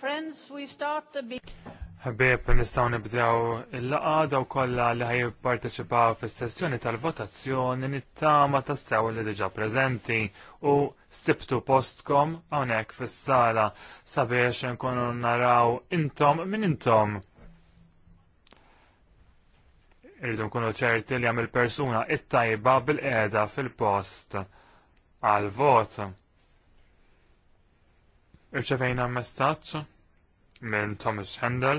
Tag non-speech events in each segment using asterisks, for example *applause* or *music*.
Friends, we start the beat. Ħbib, nistaw nibdew il-laqa daw kolla li ħaj parteċipaw fis-sessjoni tal-votazzjoni nittama ta' sew li diġa prezenti u sibtu postkom hawnhekk fis-sala sabiex nkunu naraw intom minn intom. Irridu nkunu ċerti li il persuna it-tajba bil qiegħda fil-post għal-vot. Irċevejna messaġġ minn Thomas Handel.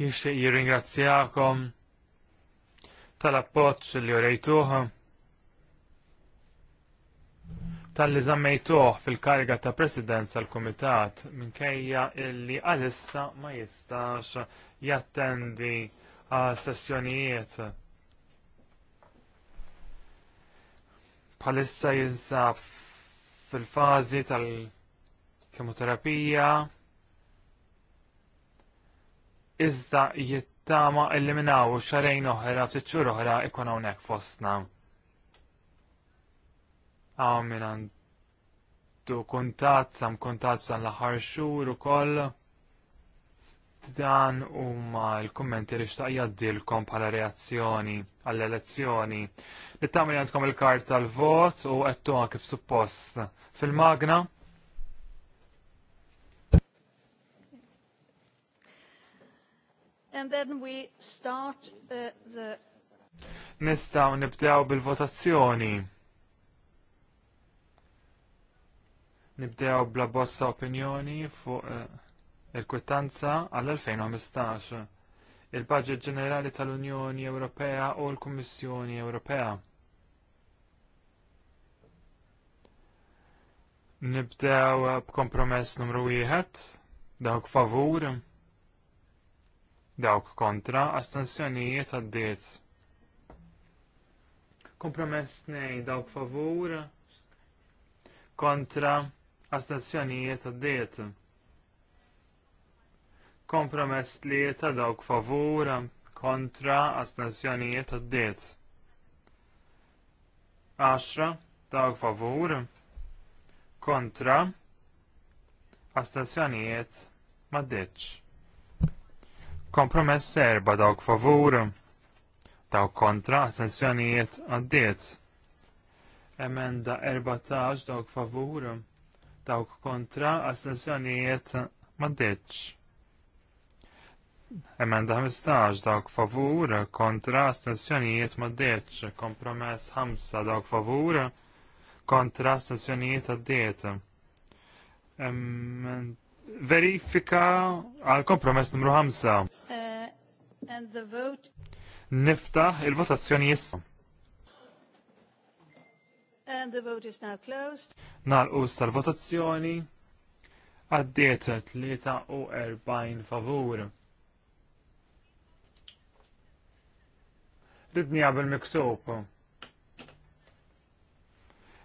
Jixtieq jirringrazzjakom tal-appoġġ li orejtuh tal-li zammejtuħ fil-karga ta' president tal-komitat minkejja illi għalissa ma jistax jattendi għal sessjonijiet bħalissa jinsab fil-fazi tal-kemoterapija iżda jittama eliminaw xarejn oħra ftit xhur oħra ikun hawnhekk fostna. Hawn min għandu kontat, sam kontat san l-aħħar xhur ukoll dan huma l-kummenti li l-kom bħala reazzjoni għall-elezzjoni li tagħmel għandkom il-kart tal-vot u għettuha kif suppost fil-magna. And then we start uh, the... Nistaw nibdew bil-votazzjoni. Nibdew bla bossa opinjoni fuq uh, il-kwittanza għall-2015 il-Budget Ġenerali tal-Unjoni Ewropea u l-Kummissjoni Ewropea. Nibdew b'kompromess numru wieħed, dawk favur, dawk kontra, astensjonijiet għaddiet. Kompromess nej dawk favur, kontra, astensjonijiet għaddiet. Kompromess li ta' dawk favur, kontra, astensjonijiet għaddiet. 10 dawk favur, kontra astensjonijiet maddeċ. Kompromess erba dawk favur, dawk kontra astensjonijiet għaddiet. Emenda 14 dawk favur, dawk kontra astensjonijiet maddeċ. Emenda 15 dawk favur kontra astensjonijiet maddeċ. Kompromess 5 dawk favur kontra stazzjonijiet għaddiet. Verifika għal kompromess numru 5. Uh, Niftaħ il-votazzjoni jissa. And the vote is now closed. Nalqu sal-votazzjoni għaddiet 43 favur. Ridni għabel miktub.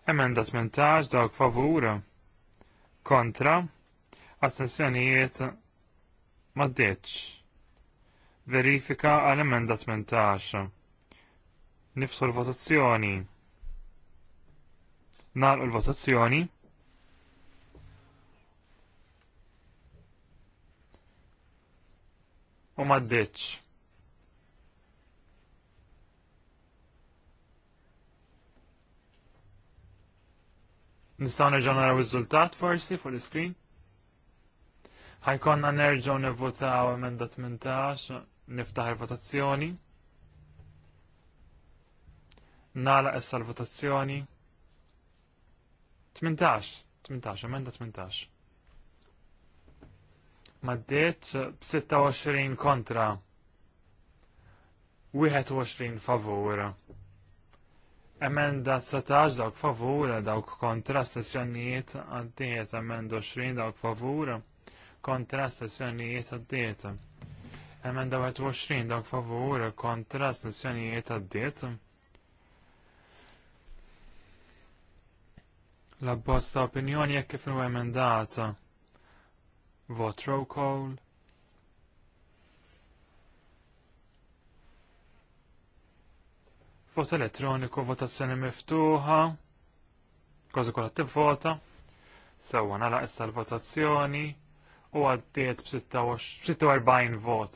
Emenda 18 dawk favur kontra astensjonijiet maddeċ. Verifika għal emenda 18. Nifsu l-votazzjoni. Nalqu l-votazzjoni. U maddeċ. Nistaw nerġaw naraw riżultat forsi fuq l-iskrin. Ħajkonna nerġaw nivvotaw emenda 18 niftaħ il-votazzjoni. Nala issa l-votazzjoni. 18, 18, emenda 18. Maddeċ b-26 kontra. 21 favura. Emenda t-satax dawk favura dawk kontra stazzjonijiet għaddiet. Emenda 20 dawk favura, kontra stazzjonijiet għaddiet. Emenda 21 dawk favura, kontra stazzjonijiet għaddiet. La bosta opinjoni jekk kif emendata. Vot roll call. Vot elettroniku, votazzjoni miftuħa, kważi kollha tivvota, sewwa nagħlaq issa l-votazzjoni u għaddiet b'46 vot.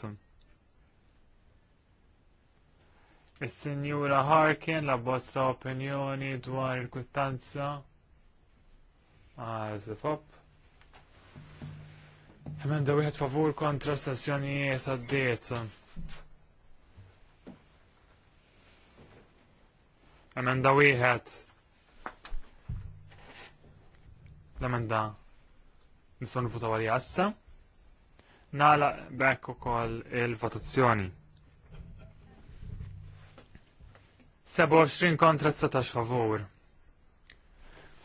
Is-Sinjura Harkin la bozza opinjoni dwar il-kwittanza għal-Fop. Ah, Emenda wieħed favur kontra stazzjonijiet għaddiet. Emenda wieħed. L-emenda nistgħu nifutaw għalija issa. Nagħlaq bekk ukoll il-votazzjoni. 27 kontra 19 favur.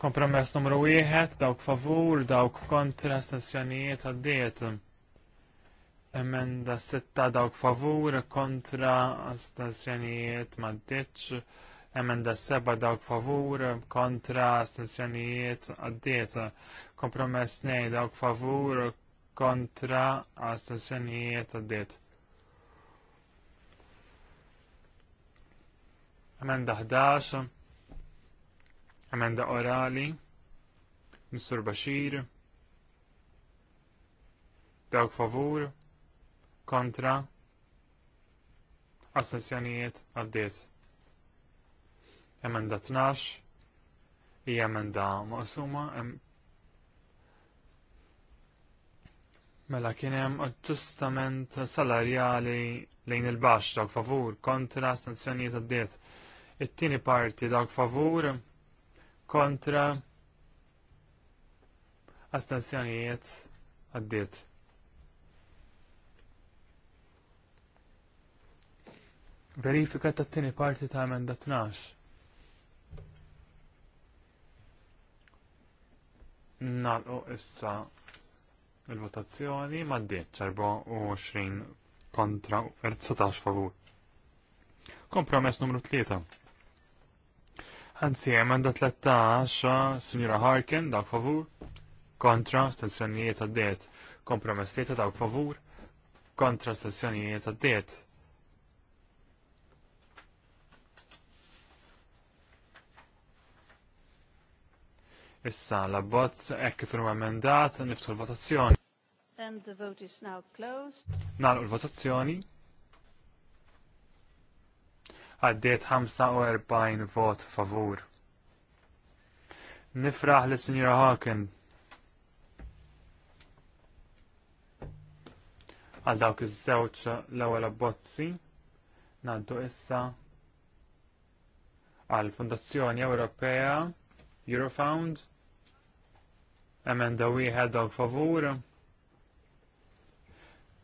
Kompromess numru 1, dawk favur, dawk kontra stazzjonijiet għaddiet. Emenda 6 dawk favur kontra stazzjonijiet maddiċ emenda seba dawk favur kontra astensjonijiet għaddiet kompromess nej dawk favur kontra astensjonijiet għaddiet emenda 11 emenda orali Mr. Bashir dawk favur kontra astensjonijiet għaddiet Emenda 12 hija emenda maqsuma Mela kien hemm aġġustament salarjali lejn il-baxx dawk favur kontra sanzjonijiet għaddiet. It-tieni parti dawk favur kontra astensjonijiet għaddiet. Verifika ta' t-tini parti ta' emenda 12. Nalqu issa il-votazzjoni ma' 24 kontra u 19 favur. Kompromess numru 3. Għanzi, emenda 13, Sinjura Harkin, dawk favur, kontra stazzjonijiet għaddiet. Kompromess 3 dawk favur, kontra stazzjonijiet għaddiet. Issa l bozz hekk kif emendat niftħu l-votazzjoni. And the vote is now closed. Nagħlqu l-votazzjoni. Għaddiet 45 vot favur. Nifraħ li Sinjora Hawken għal dawk iż-żewġ l-ewwel abbozzi. Naddu issa għal Fondazzjoni Ewropea Eurofound Emenda wieħed dawk favur.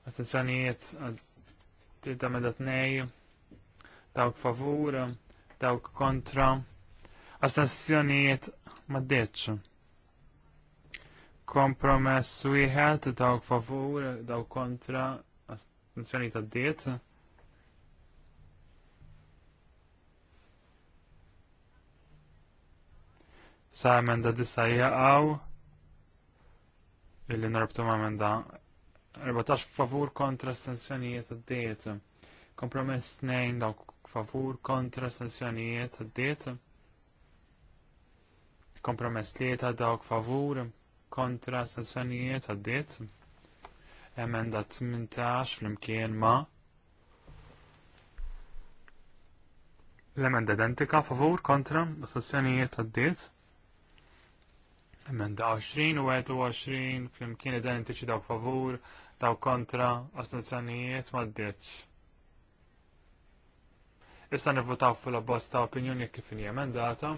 Astenzjonijiet għaddit emenda tnej. Dawk favur. Dawk kontra. Astenzjonijiet maddeċ. Kompromess wieħed dawk favur, dawk kontra. Astenzjonijiet għaddiet. sa' emenda disa jaqaw illi narbtu ma' minn 14 favur kontra sanzjonijiet għaddiet. Kompromess 2 dawk favur kontra sanzjonijiet għaddiet. Kompromess 3 dawk favur kontra sanzjonijiet għaddiet. Emenda 18 flimkien ma' l-emenda identika favur kontra sanzjonijiet għaddiet. Emenda 20 u 21 fl-imkien identiċi daw favur, daw kontra, astenzjonijiet ma ddeċ. Issa nivvotaw fuq l-abbozz ta' opinjoni kif hija emendata.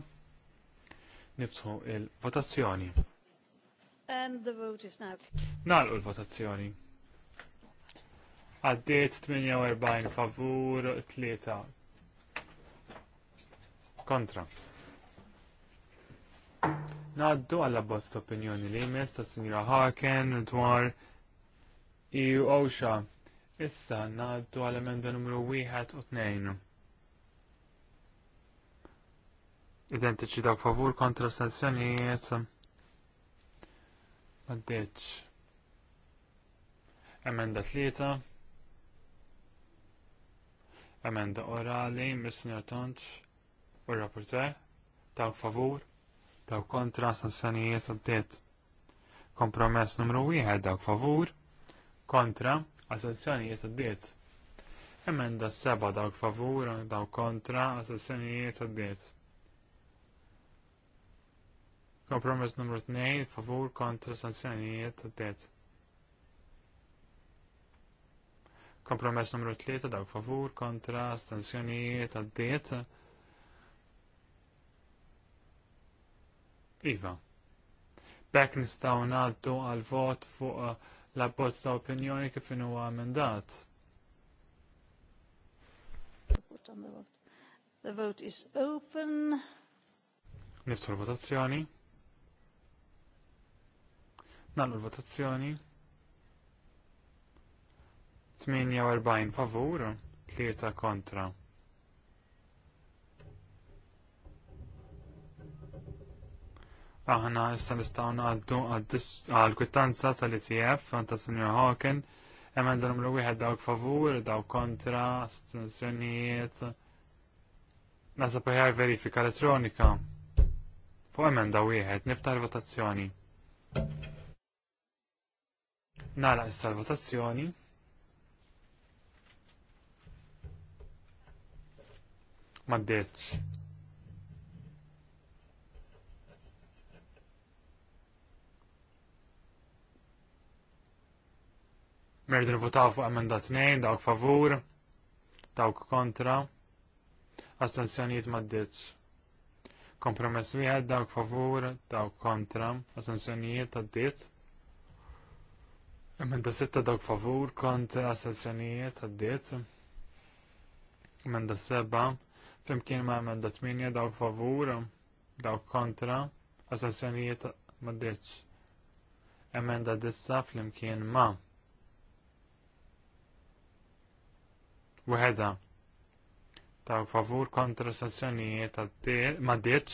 Niftħu il-votazzjoni. And the vote is now. Nalqu l-votazzjoni. Għaddiet 48 favur, 3 kontra. Naddu għalla bost opinjoni li jmess ta' Sinjura Harken dwar EU OSHA. Issa naddu għal emenda numru 1 u 2. Identiċi dak favur kontra sanzjonijiet. Għaddeċ. Emenda 3. Emenda orali, mis-sinjor Tonċ, u rapporter, dak favur daw kontra sanzjonijiet għaddiet. Kompromess numru 1 daw favur kontra sanzjonijiet għaddiet. Emenda seba daw favur daw kontra sanzjonijiet għaddiet. Kompromess numru 2 favur kontra sanzjonijiet għaddiet. Kompromess numru 3 daw favur kontra sanzjonijiet għaddiet Iva. Bek nistgħu ngħaddu għal vot fuq uh, l-abbozz ta' opinjoni kif inhu amendat. The vote is open. Niftu l-votazzjoni. Nallu l-votazzjoni. 48 favur, 3 kontra. aħna issa nistgħu ngħaddu għall-kwittanza tal-ETF ta' Senior Hawken emenda numru wieħed dawk favur, dawk kontra, astensjonijiet. Nasa ħjar verifika elettronika. Fuq emenda wieħed niftar votazzjoni. Nara issa l-votazzjoni. Ma ddeċ. Merdu nivutaw fuq emenda 2, dawk favur, dawk kontra, astensjonijiet maddiċ. Kompromess wieħed dawk favur, dawk kontra, astensjonijiet għaddiet. Emenda 6 dawk favur, kontra, astensjonijiet għaddiet. Emenda 7, flimkien ma' emenda 8 dawk favur, dawk kontra, astensjonijiet maddiċ. Emenda dissa flimkien ma' Weħeda ta' favur kontra sanzjonijiet ma' deċ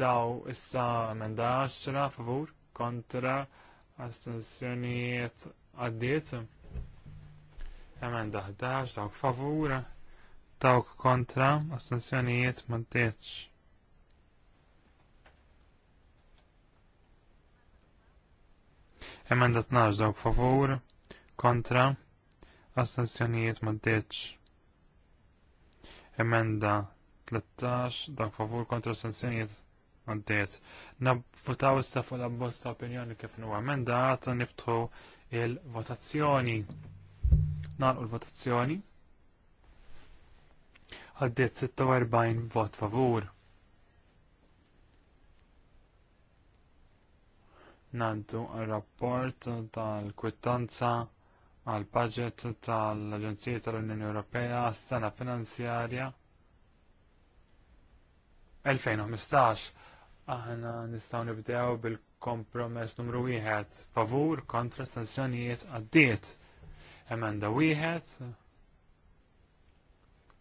daw issa menda 10 favur kontra astensjonijiet għaddiet. Emenda 11 dawk favur dawk kontra astensjonijiet ma' deċ. Emenda 12 dawk favur kontra astensjonijiet maddeċ. Emenda 13 dak favur kontra astensjonijiet maddeċ. Nabfutaw issa fuq l-abbozz ta' opinjoni kif nu emenda għata niftu il-votazzjoni. Nalqu l-votazzjoni. Għaddiet 46 vot favur. Nantu għal-rapport tal-kwittanza għal budget tal-Aġenzija tal-Unjoni Ewropea għas sena finanzjarja 2015 aħna nistgħu nibdew bil-kompromess numru wieħed favur kontra sanzjonijiet għaddiet emenda wieħed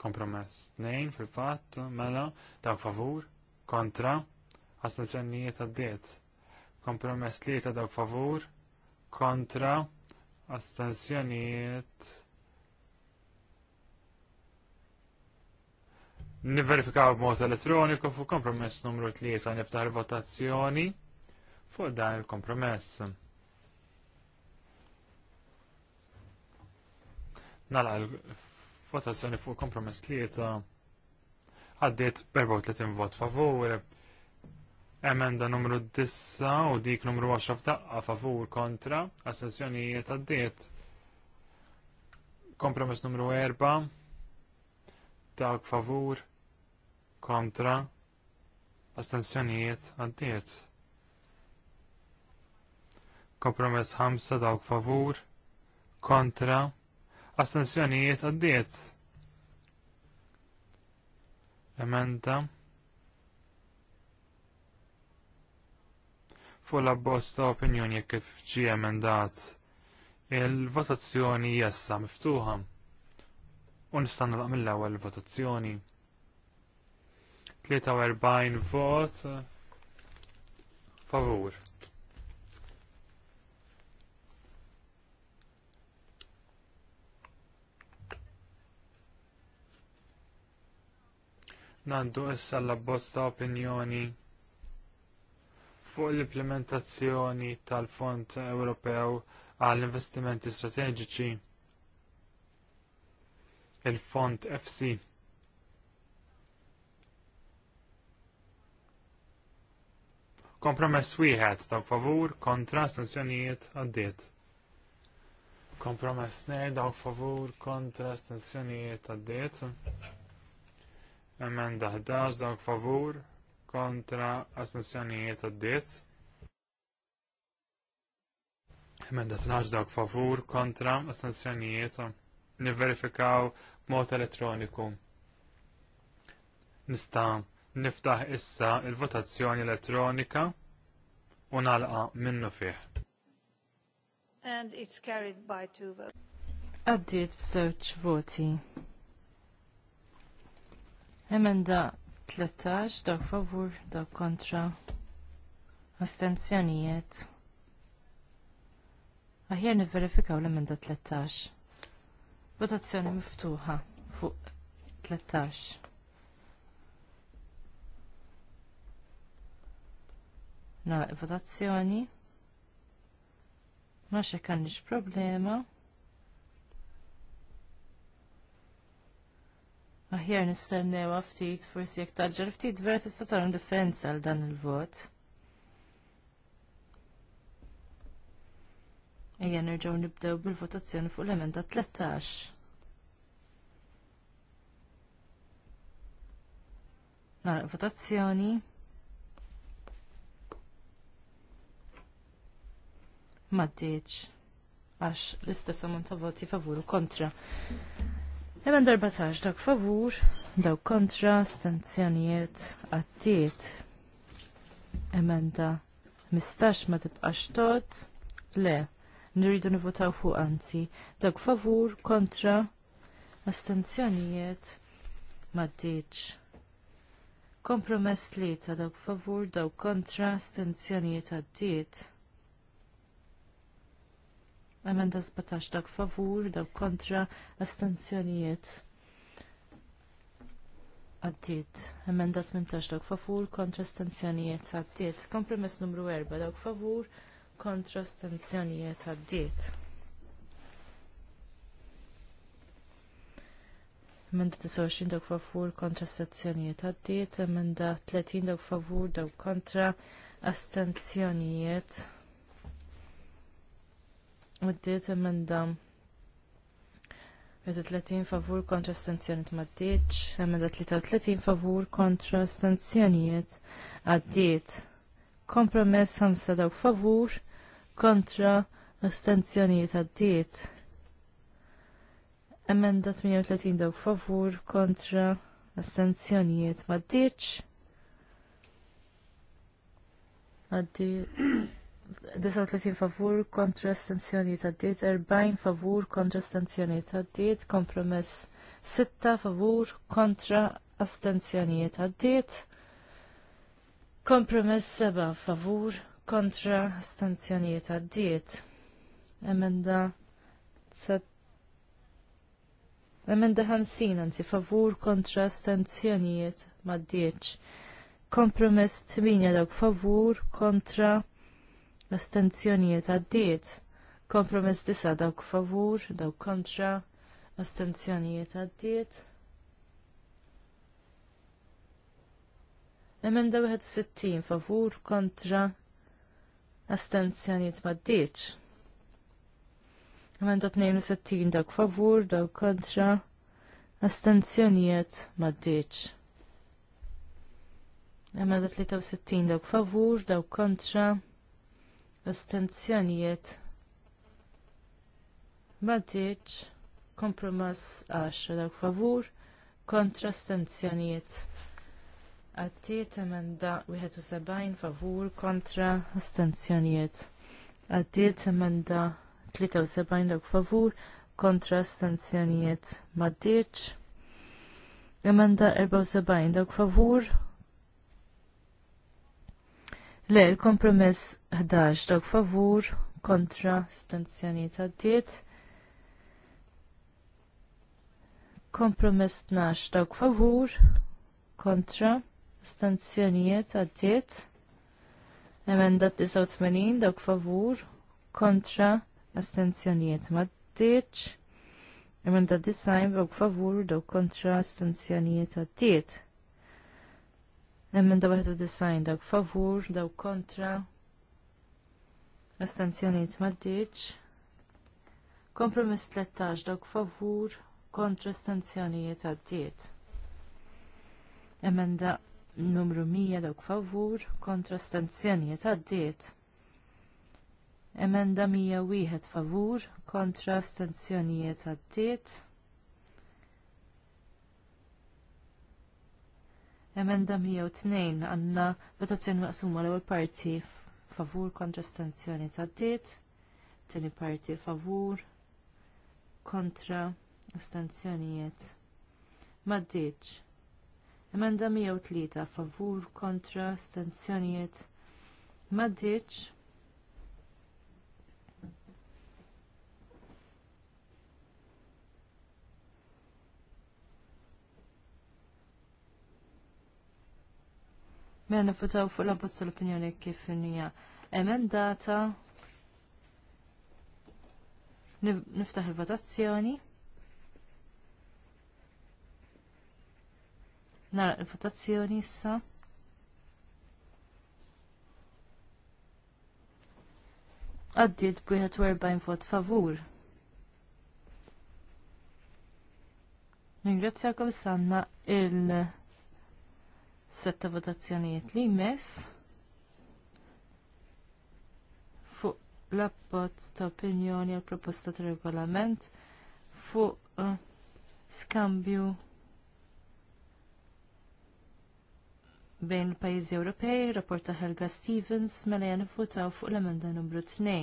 kompromess nejn fil-fatt mela ta' favur kontra għas sanzjonijiet għaddiet kompromess li ta' favur kontra astensjonijiet Niverifikaw b'mod elettroniku fuq kompromess numru 3 niftaħ votazzjoni fuq dan il-kompromess. Nala votazzjoni fuq kompromess 3 għaddiet 34 vot favur Emenda numru 9 u dik numru 10 f'daqqa favur kontra assenzjonijiet għaddiet. Kompromess numru 4 dawk favur kontra astensjonijiet għaddiet. Kompromess 5 dawk favur kontra astensjonijiet għaddiet. Emenda fuq l-abbozz ta' opinjoni kif ġie emendat il-votazzjoni jessa miftuħa. U nista' laq mill-ewwel votazzjoni. 43 vot favur. Nandu issa l-abbozz ta' opinjoni fuq l-implementazzjoni tal-Fond Ewropew għall-investimenti strateġiċi il-fond FC. Kompromess wieħed ta' favur kontra sanzjonijiet għaddiet. Kompromess nej daw favur kontra sanzjonijiet għaddiet. Emenda 11 daw favur kontra assenzjonijiet għaddiet. Emenda 12 dawk favur kontra assenzjonijiet. niverifikaw b'mod elettroniku. Nista niftaħ issa il-votazzjoni elettronika u nalqa minnu fih. And it's carried by two votes. Għaddiet b'żewġ voti. Emenda 13 dak favur dak kontra astenzjonijiet. Aħjar nivverifikaw l-emenda 13. Votazzjoni miftuħa fuq 13. Na votazzjoni. Ma xe kanniex problema. Aħjar nistennew ftit forsi jekk taġġar ftit vera tista' tagħmel differenza għal dan il-vot. Ejja nerġgħu nibdew bil-votazzjoni fuq l-emenda 13. Nara votazzjoni. Maddiċ. Għax l-istess ammont ta' voti favuru kontra. Hemen darba saġ dak favur, daw kontra stanzjonijiet għattiet. Emenda mistax ma tibqax tot, le, nirridu nivotaw fuq anzi, dak favur kontra astenzjonijiet ma ddiċ. Kompromess li ta' dak favur daw kontra astenzjonijiet għaddiet. Emenda 17 dak favur, dak kontra, astenzjonijiet. Għaddiet. Emenda 18 dak favur, kontra astenzjonijiet. Għaddiet. Kompromess numru 4 dak favur, kontra astenzjonijiet. Għaddiet. Emenda 29 dak favur kontra astenzjonijiet għaddiet, emenda 30 dak favur dawk kontra astenzjonijiet. Mud-diet emenda 30 favur kontra stanzjoniet maddiċ, emenda 33 favur kontra stanzjoniet għaddiet. Kompromess 5 daw favur kontra stanzjoniet għaddiet. Emenda 38 daw favur kontra stanzjoniet maddiċ. Għaddiet. 39 favur kontra stanzjoni ta' diet, 40 favur kontra stanzjoni ta' diet, kompromess 6 favur kontra astenzjonijiet ta' diet, kompromess 7 favur kontra stanzjoni ta' diet. Emenda Emenda 50 anzi favur kontra stanzjonijiet ma' diet. Kompromess 8 dawk favur kontra astenzjonijiet għaddiet. Kompromess disa dawk favur, dawk kontra, astenzjonijiet għaddiet. Emenda 61 favur kontra astenzjonijiet maddiċ. Emenda 62 dawk favur, dawk kontra, astenzjonijiet maddiċ. Emenda 63 dawk favur, dawk kontra, astenzjonijiet Maddiċ, kompromess 10 dak favur, kontra astenzjonijiet. Għattiet emenda 71 favur kontra astenzjonijiet. Għattiet emenda 73 dak favur kontra astenzjonijiet. Maddiċ, emenda 74 dak favur Le, il-kompromess 11 dawk favur kontra ta' għaddiet. Kompromess 12 dawk favur kontra ta' diet. Emenda 89 dawk favur kontra astenzjonijiet diet. Emenda 90 dawk favur dawk kontra astenzjonijiet għaddiet. Emenda waħda design dawk favur, dawk kontra. Astanzjoni maddiċ. Kompromiss 13 dawk favur, kontra astenzjonijiet għaddiet. Emenda numru 100 dawk favur, kontra astenzjonijiet għaddiet. Emenda 101 favur, kontra astenzjonijiet għaddiet. Emenda 102 għanna votazzjoni maqsuma l-ewwel parti favur kontra stanzjoni tad dit, tieni parti favur kontra stanzjonijiet Maddiċ. Emenda 103 favur kontra astenzjonijiet. Maddiċ. Mela nifutaw fuq la bozza l-opinjoni kif hija emendata. Niftaħ il-votazzjoni. Nara il-votazzjoni issa. Għaddiet b-41 vot favur. Ningrazzjakom sanna il- setta votazzjonijiet li mess fuq l appoz ta' opinjoni għal proposta ta' regolament fuq uh, skambju bejn il-pajjiżi Ewropej, rapport ta' Helga Stevens, mela jenifutaw fuq l-emenda numru 2.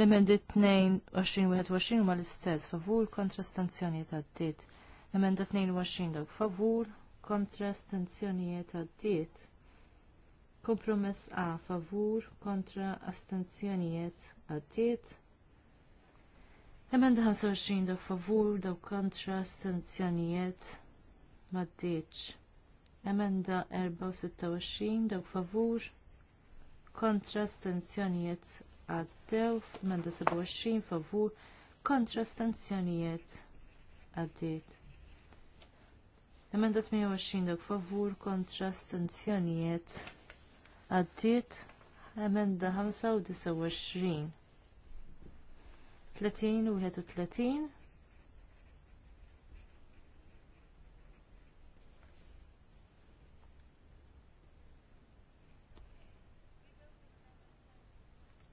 L-emendi 22-21 ma l-istess favur kontra stanzjonijiet għaddit. Emenda 22 dawk favur kontra stanzjonijiet għaddit. Kompromess A favur kontra astenzjonijiet għaddiet. Emenda 25 dawk favur dawk kontra astenzjonijiet maddiċ. Emenda 26 dawk favur kontra astenzjonijiet għaddew minn 27 favur kontra stanzjonijiet għaddiet. Emenda 28 dak favur kontra stanzjonijiet għaddiet emenda 25 30 u 31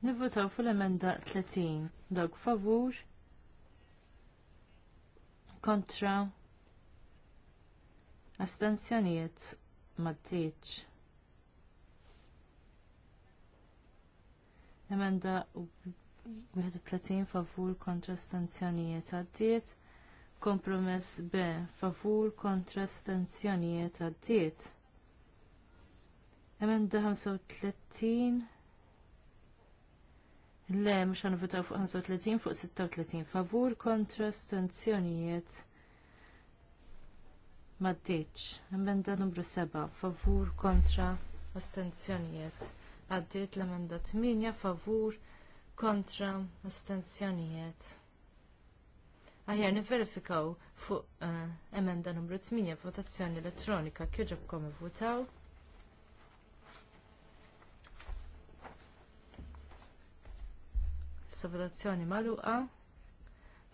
Nivvotaw fuq l-emenda 30. Dog favur. Kontra. Astenzjonijiet maddiċ. Emenda 31 favur kontra astenzjonijiet għaddiet. Kompromess B favur kontra astenzjoniet għaddiet. Emenda 35 Le, mux għan votaw fuq 35 fuq 36. Favur kontra stanzjonijiet. Maddiċ. Emenda numru 7. Favur kontra astenzjonijiet. Għaddit l-emenda 8. Favur kontra astenzjonijiet. Aħjar niverifikaw fuq eh, emenda numru 8 votazzjoni elettronika kieġobkom votaw. Issa votazzjoni magħluqa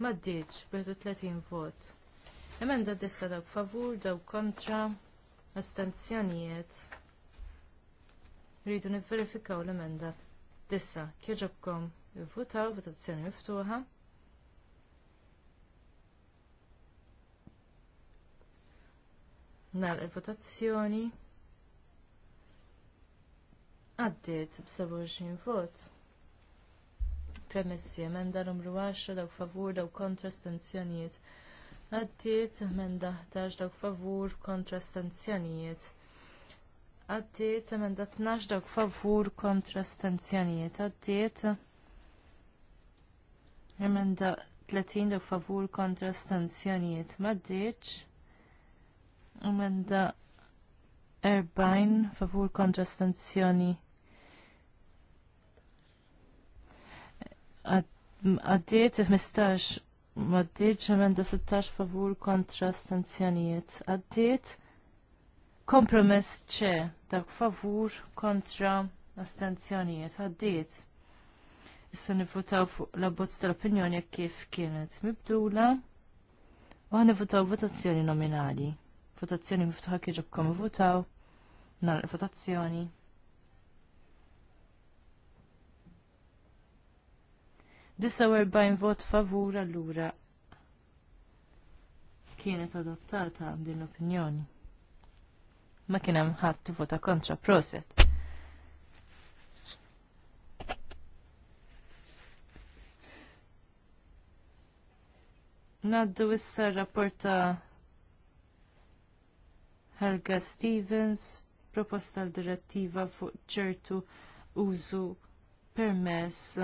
maddiċ berdu 30 vot. Emenda dissa dawk favur, dawk kontra, astenzjonijiet. Rridu nifverifikaw l-emenda. Dissa, kieġobkom votaw votazzjoni miftuħa. Nar il-votazzjoni. Għaddiet b'27 vot. Premessi, emenda numru 10, dawk favur, dawk kontra stanzjonijiet. Għaddiet, emenda 11, dawk favur, kontra stanzjonijiet. Għaddiet, emenda 12, dawk favur, kontra stanzjonijiet. Għaddiet, emenda 30, dawk favur, kontra stanzjonijiet. Maddiċ, emenda 40, favur, kontra stanzjonijiet għaddiet 15 għaddiet ġemenda 16 favur kontra stanzjonijiet. Għaddiet kompromess ċe dak favur kontra astenzjonijiet. Għaddiet. Issa nifutaw fuq la bozz tal-opinjoni kif kienet mibdula u għan nifutaw votazzjoni nominali. Votazzjoni miftuħa kieġobkom votaw nal votazzjoni. 49 vot favur allura kienet adottata din l-opinjoni. Ma kien hemm ħadd vota kontra proset. Naddu issa rapporta Helga Stevens proposta l-direttiva fuq ċertu użu permess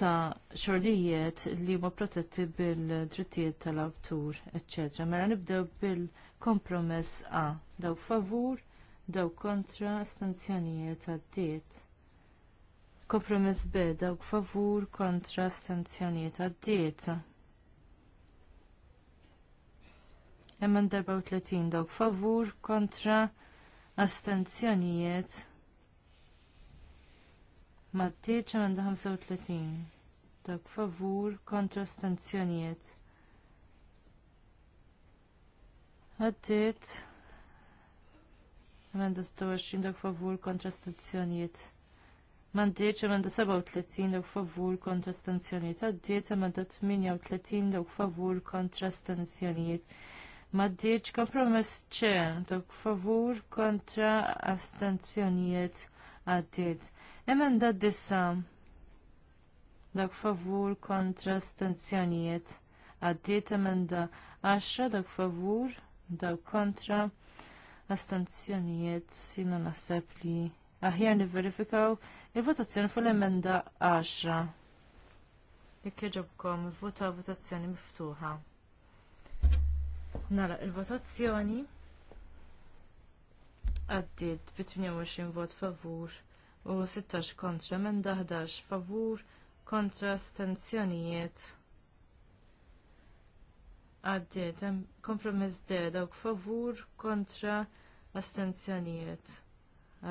ta' xorlijiet li huma protetti bil-drittijiet tal-awtur, etc. Mela nibdew bil-kompromess A, daw favur, daw kontra stanzjonijiet għaddiet. Kompromess B, daw favur kontra stanzjonijiet għaddiet. Emman tletin dawk favur kontra astenzjonijiet Mattiċ għanda 35. Dak favur kontra stanzjonijiet. Għaddit. Amenda 26 dak favur kontra stanzjonijiet. Mandiċ amenda 37 dak favur kontra stanzjonijiet. Għaddit amenda 38 dak favur kontra stanzjonijiet. Maddiċ kompromess ċe dak favur kontra astenzjonijiet għaddit. Emenda dissa dak favur kontra stanzjonijiet għaddiet emenda għaxra dak favur dak kontra stanzjonijiet jina naħseb li aħjar niverifikaw il-votazzjoni fuq l-emenda 10. Jekk jġobkom vota votazzjoni miftuħa. Nara il-votazzjoni għaddit bi 28 vot favur u 16 kontra minn 11 favur kontra stenzjonijiet. Għaddit kompromiss D dawk favur kontra astenzjonijiet.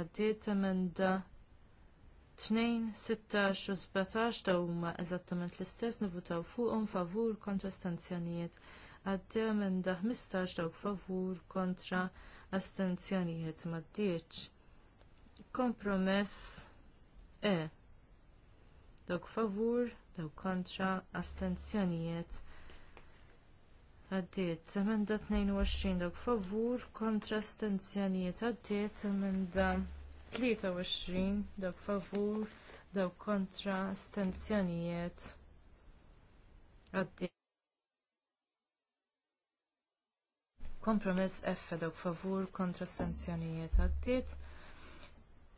Għaddit emenda 2, 16 u 17 ta huma eżattament l-istess nivutaw fuqhom favur kontra stenzjonijiet. Għaddit emenda 15 dawk favur kontra astenzjonijiet astenzjonijiet maddiċ. Kompromess E. Dawk favur, dawk kontra, astenzjonijiet għaddiet. Emenda 22 dawk favur, kontra astenzjonijiet għaddiet. Emenda 23 dawk favur, dawk kontra astenzjonijiet għaddiet. Kompromess F dawk favur kontra sanzjonijiet għaddiet.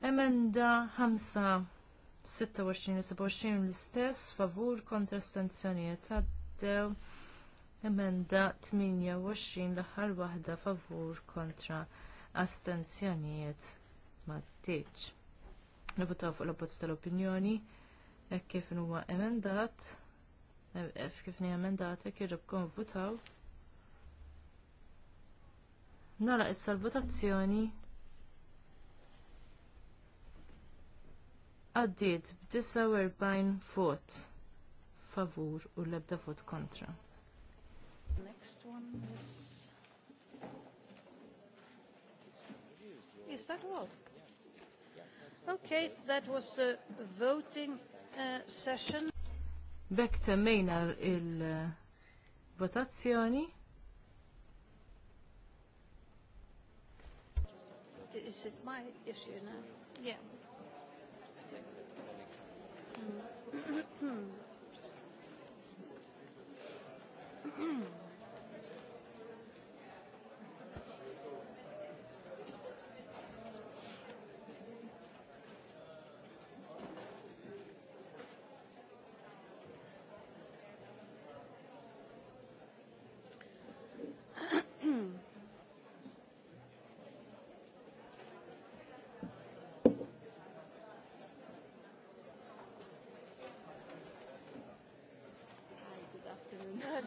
Emenda 5 26-27 l-istess favur kontra sanzjonijiet għaddew. Emenda 28 l-aħħar waħda favur kontra astenzjonijiet mat-tieċ. Nivutaw fuq l-abbozz tal-opinjoni hekk kif huwa emendat, kif ni emendat, hekk irribkom Nara issa l-votazzjoni. Għaddiet b'49 vot favur u l-ebda vot kontra. Next one is... Is that all? Okay, that was the voting uh, session. Bek temmejna il-votazzjoni. Uh, is it my issue now? Yeah. Mm. hmm *coughs* *coughs* *coughs*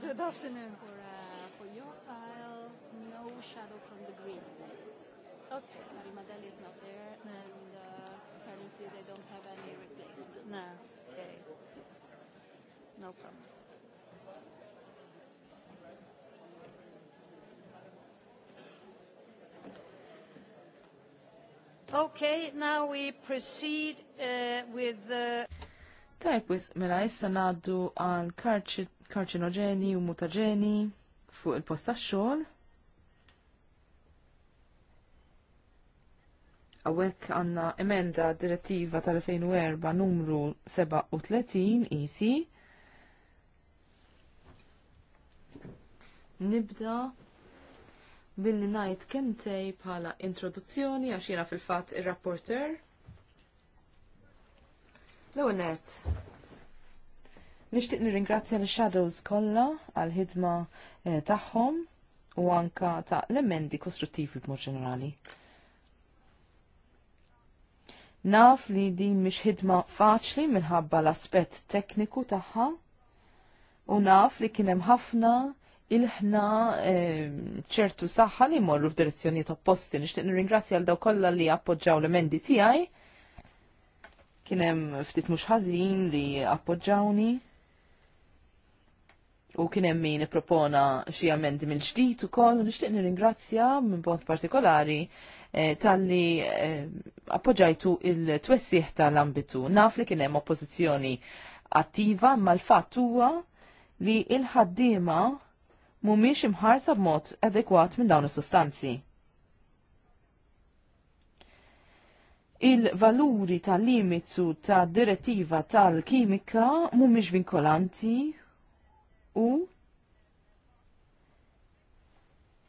Good afternoon for, uh, for your file. No shadow from the Greens. Okay. Marimadel is not there, no. and uh, apparently they don't have any replacement. No. Okay. No problem. Okay, now we proceed uh, with the... Tajb, wis, mela jissa naddu għal karċi karċinoġeni u mutaġeni fuq il-post tax-xogħol. Għawek għanna emenda direttiva tal-2004 numru 37 EC. Nibda billi najt kentej bħala introduzzjoni għax jiena fil-fatt ir-rapporter. L-ewwel Nixtieq nirringrazzja l-Shadows kollha għal-ħidma eh, tagħhom u anka ta' l-emendi kostruttivi b'mod ġenerali. Naf li din mhix ħidma faċli minħabba l-aspett tekniku tagħha u naf li kien hemm ħafna ilħna eh, ċertu saħħa li morru f'direzzjonijiet opposti. Nixtieq nirringrazzja għal daw kollha li appoġġaw l-emendi tiegħi. Kien hemm ftit mhux ħażin li appoġġawni u kien hemm min ippropona xi amendi mill-ġdid ukoll u nixtieq nirringrazzja minn bont partikolari tal eh, talli eh, appoġġajtu il-twessieħ tal-ambitu. Naf li kien hemm oppożizzjoni attiva mal l-fatt huwa li il-ħaddiema mhumiex imħarsa b'mod adekwat minn dawn is-sustanzi. Il-valuri tal-limitu tad direttiva tal-kimika mhumiex vinkolanti u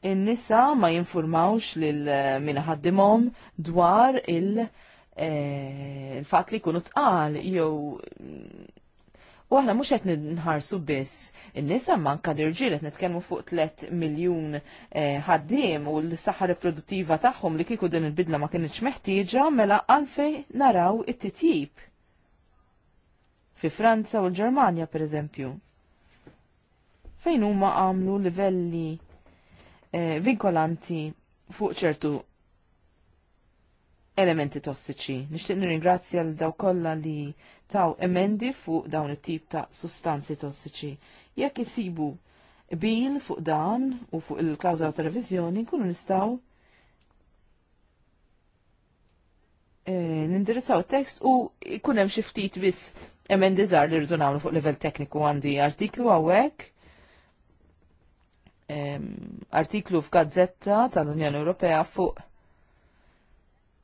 in-nisa ma jinformawx lil eh, min ħaddimhom dwar il- eh, il-fat li kunu tqal jew mm, u aħna mhux qed nħarsu biss in-nisa manka dirġiel qed nitkellmu fuq 3 miljun eh, ħaddiem u l-saħħa reproduttiva tagħhom li kieku din il-bidla ma kienieċ meħtieġa mela għalfej naraw it-titjib. Fi Franza u l-Ġermanja pereżempju fejn huma għamlu livelli eh, vinkolanti fuq ċertu elementi tossiċi. Nixtieq nirringrazzja l daw kollha li taw emendi fuq dawn it-tip ta' sustanzi tossiċi. Jekk isibu bil fuq dan u fuq il-klawżola ta' reviżjoni nkunu nistgħu eh, nindirizzaw tekst u jkun hemm xi ftit biss emendi żgħar li rridu nagħmlu fuq livell tekniku għandi artiklu hawnhekk artiklu f'gazzetta tal-Unjoni Ewropea fuq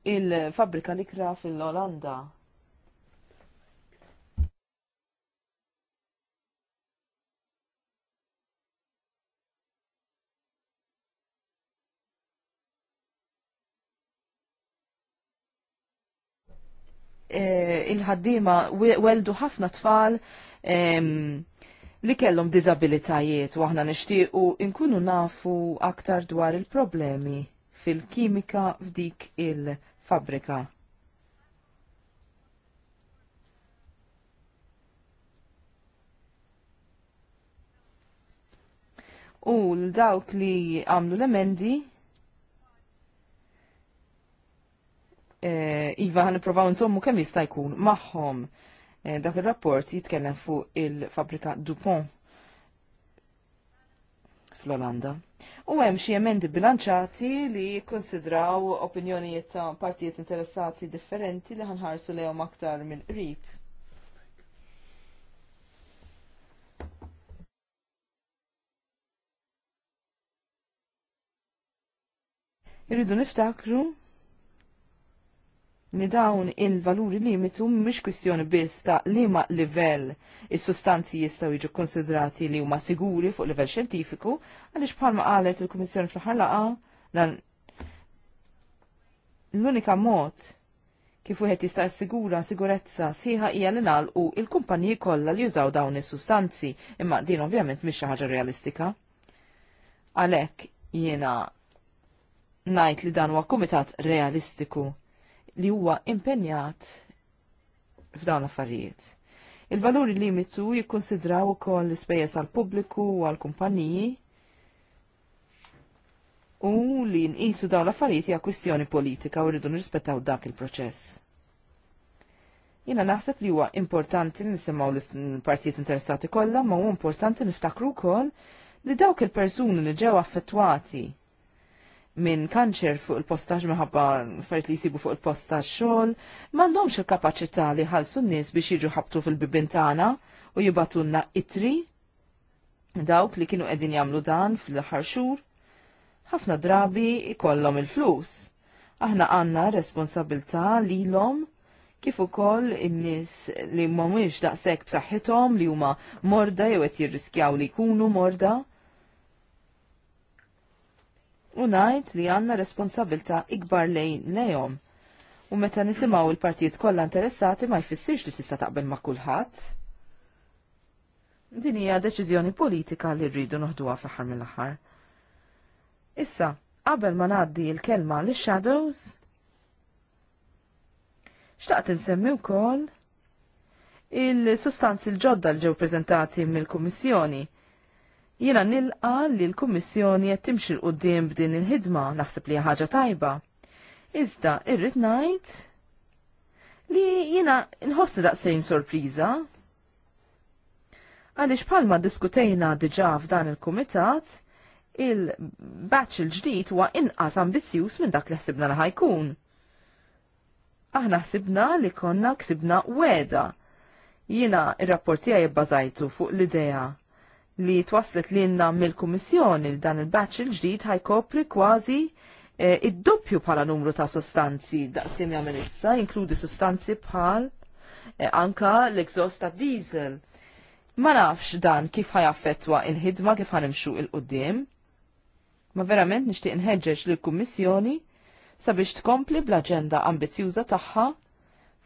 il fabbrika li kra fil-Olanda. Eh, il-ħaddima weldu ħafna tfal li kellhom diżabilitajiet u aħna nixtiequ inkunu nafu aktar dwar il-problemi fil-kimika f'dik il-fabrika. U l-dawk li għamlu l-emendi eh, Iva għan provaw insommu kem jista' jkun magħhom Eh, dak il-rapport jitkellem fuq il-fabrika Dupont fl-Olanda. U hemm xi emendi bilanċati li jikkonsidraw opinjonijiet ta' partijiet interessati differenti li ħanħarsu lehom aktar mill qrib. Irridu niftakru li dawn il-valuri limitu mhix kwistjoni biss ta' liema livell is-sustanzi jistgħu jiġu konsidrati li huma siguri fuq livell xjentifiku għaliex bħalma qalet il-Kummissjoni fl-aħħar dan l-unika mod kif wieħed jista' assigura sigurezza sħiħa hija li nagħlqu il-kumpaniji kollha li jużaw dawn is-sustanzi, imma din ovvjament mhix xi ħaġa realistika. Għalhekk jiena ngħid li dan huwa kumitat realistiku li huwa impenjat f'dawn l-affarijiet. Il-valuri limitu jikkonsidraw ukoll l-ispejjeż għal pubbliku u għal kumpaniji u li nqisu dawn l-affarijiet hija kwistjoni politika u rridu nirrispettaw dak il-proċess. Jiena naħseb li huwa importanti nisimgħu l-partijiet interessati kollha, ma huwa importanti niftakru wkoll li dawk il-persuni li ġew affettwati minn kanċer fuq il-postax minħabba fajt li jisibu fuq il-postax xogħol, m'għandhomx il-kapaċità li ħalsu n-nies biex jiġu ħabtu fil-bibin tagħna u jibatunna itri dawk li kienu qegħdin jagħmlu dan fl-aħħar xhur. Ħafna drabi ikollom il-flus. Aħna għandna l lilhom kif ukoll in-nies li mhumiex daqshekk b'saħħithom li huma morda jew qed jirriskjaw li jkunu morda u li għanna responsabilta ikbar lejn nejom. U meta nisimaw il-partijiet kollha interessati ma jfissirx li tista' taqbel ma' kulħadd. Din hija deċiżjoni politika li rridu noħduha fl-aħħar mill-aħħar. Issa, qabel ma ngħaddi l-kelma li shadows xtaqt insemmi wkoll il-sustanzi l-ġodda li ġew preżentati mill-Kummissjoni Jiena nilqa li l-Kummissjoni qed timxi l-qudiem b'din il-ħidma naħseb li ħaġa tajba. Iżda irrid ngħid li jiena nħossni daqsejn sorpriża. Għaliex bħalma diskutejna diġà f'dan il-kumitat, il-batch il-ġdid huwa inqas ambizzjuż minn dak li ħsibna li ħajkun. Aħna ħsibna li konna ksibna weda. Jiena ir-rapportija jibbażajtu fuq l-idea li twaslet lilna mill-Kummissjoni li dan il-batch il-ġdid ħajkopri kważi eh, id-doppju bħala numru ta' sostanzi daqskemm jagħmel issa, jinkludi sostanzi bħal eh, anka l-exhaust ta' diesel. Ma nafx dan kif ħajaffettwa il-ħidma kif ħanimxu il-qudiem. Ma verament nixtieq inħeġġeġ lill-Kummissjoni sabiex tkompli bl-aġenda ambizjuża tagħha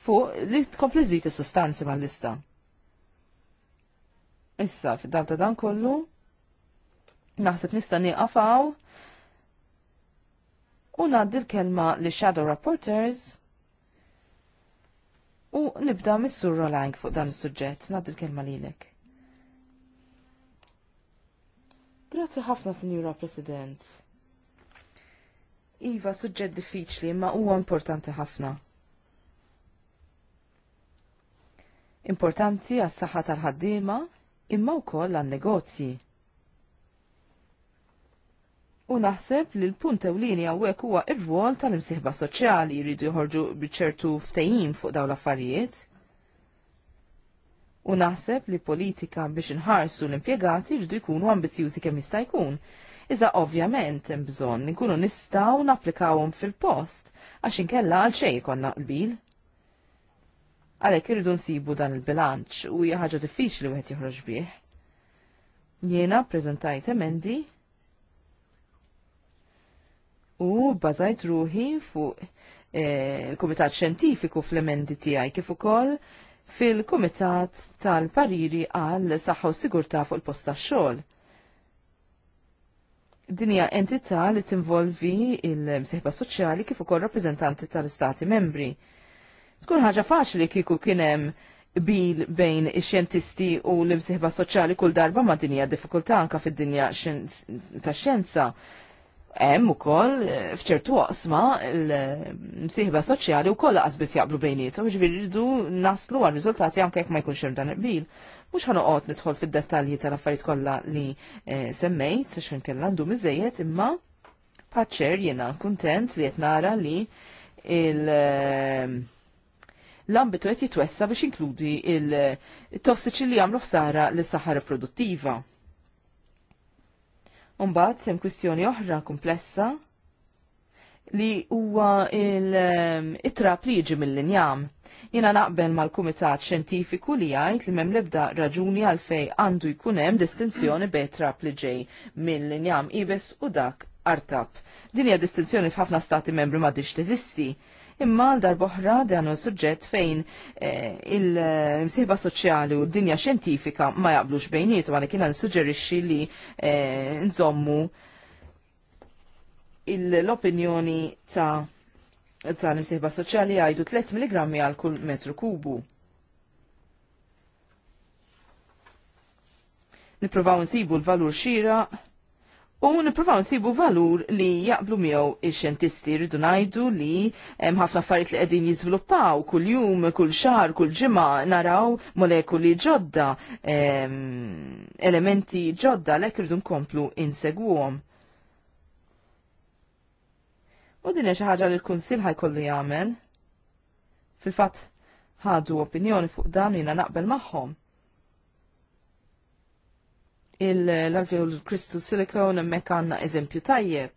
fuq li tkompli żid is-sustanzi mal-lista. Issa, fid-dawl ta' dan kollu, naħseb nista' nieqafaw u ngħaddi l-kelma li Shadow Rapporters u nibda mis-sur Rolang fuq dan is-suġġett, ngħaddi l-kelma lilek. Grazzi ħafna, Sinjura President. Iva, suġġett diffiċli, ma huwa importanti ħafna. Importanti għas saħħa tal-ħaddiema, imma wkoll għan-negozji. U naħseb li l-punt ewlieni għawek huwa r-rwol tal-imsieħba soċjali jridu jħorġu biċertu ftejim fuq dawn l-affarijiet. U naħseb li politika biex inħarsu l-impjegati jridu jkunu ambizjużi kemm jista' jkun. Iżda ovvjament hemm bżonn nkunu nistgħu napplikawhom fil-post għax inkella għal xejn ikollna qbil. Għalhekk irridu nsibu dan il-bilanċ u hija ħaġa diffiċli wieħed joħroġ bih. Jiena ppreżentajt emendi u bazajt ruħi fuq eh, il-Kumitat Xjentifiku fl-emendi tiegħi kif ukoll fil-Kumitat tal-Pariri għal Saħħa u sigurta fuq il posta tax-xogħol. Din hija entità li tinvolvi il-msieħba soċjali kif ukoll rappreżentanti tal-Istati membri. Tkun ħaġa faċli kieku kien hemm bil bejn ix-xjentisti u l imsiħba soċjali kull darba ma' dinja diffikultà anka fid-dinja tax-xjenza. Hemm ukoll eh, f'ċertu waqsma l-msieħba soċjali wkoll laqas biss jaqblu bejniethom, ġifieri rridu naslu għal riżultati anke jekk ma jkunx hemm dan il bil Mhux ħanoqgħod nidħol fid-dettalji tal-affarijiet kollha li eh, semmejt xejn kellha għandu miżejjed imma paċċer jiena kuntent li qed nara li il- eh, l-ambitu qed jitwessa biex inkludi il-tossiċi li jagħmlu ħsara lis saħħa produttiva. Umbagħad sem kwistjoni oħra komplessa li huwa il-trap ehm, li jiġi mill-linjam. Jena naqbel mal-Kumitat Xjentifiku li jgħid li m'hemm l-ebda raġuni għalfej għandu jkun hemm distinzjoni bejn trap li ġej mill-linjam ibes u dak artab. Din hija distinzjoni f'ħafna stati membri ma diġ teżisti imma għal darboħra dan suġġett fejn eh, il msihba soċjali u d-dinja xjentifika ma jaqblux bejnietu għalhekk n-sugġerixi li eh, nżommu l-opinjoni ta' tal imsiħba soċjali għajdu 3 mg għal kull metru kubu. Niprovaw nsibu l-valur xira U niprofaw nsibu valur li jaqblu miegħu ix-xjentisti rridu ngħidu li hemm ħafna affarijiet li qegħdin jiżviluppaw kuljum, kull xahar, kull ġimgħa naraw molekuli ġodda, elementi ġodda lek irridu nkomplu insegwuhom. U din xi ħaġa li l-Kunsill ħajkollu jagħmel. Fil-fatt ħadu opinjoni fuq dan jiena naqbel magħhom l-alveolar crystal silicone hemmhekk għandna eżempju tajjeb.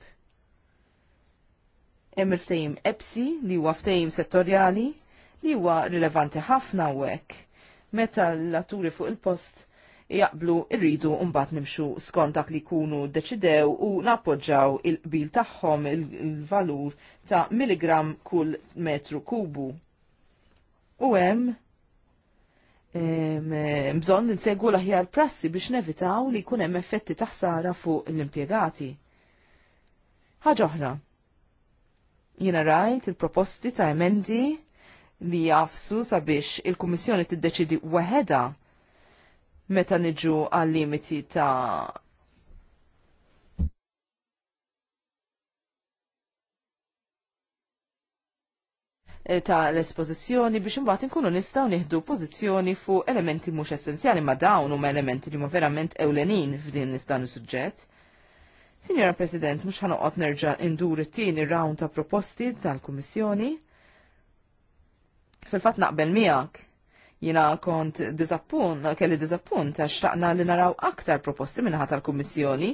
Hemm il-ftehim EPSI li huwa ftehim settorjali li huwa rilevanti ħafna hekk. Meta l-atturi fuq il-post jaqblu irridu mbagħad nimxu skont dak li jkunu deċidew u nappoġġaw il-qbil tagħhom il-valur ta' milligram kull metru kubu. U hemm bżonn insegwu l-aħjar prassi biex nevitaw li jkun hemm effetti taħsara fuq l-impjegati. Ħaġa oħra. Jiena rajt il-proposti ta' emendi li jafsu sabiex il-Kummissjoni tiddeċidi weħeda meta niġu għal limiti ta' Eh, ta' l-espożizzjoni biex imbagħad inkunu nistgħu nieħdu pożizzjoni fuq elementi mhux essenzjali ma' dawn huma elementi li huma verament ewlenin f'din dan is-suġġett. Sinjora President, mhux ħanoqgħod nerġa' indur it-tieni round ta' proposti tal-Kummissjoni. Fil-fatt naqbel miegħek jina kont dizappun, kelli dizappun ta' xtaqna li naraw aktar proposti minnaħa tal-Kummissjoni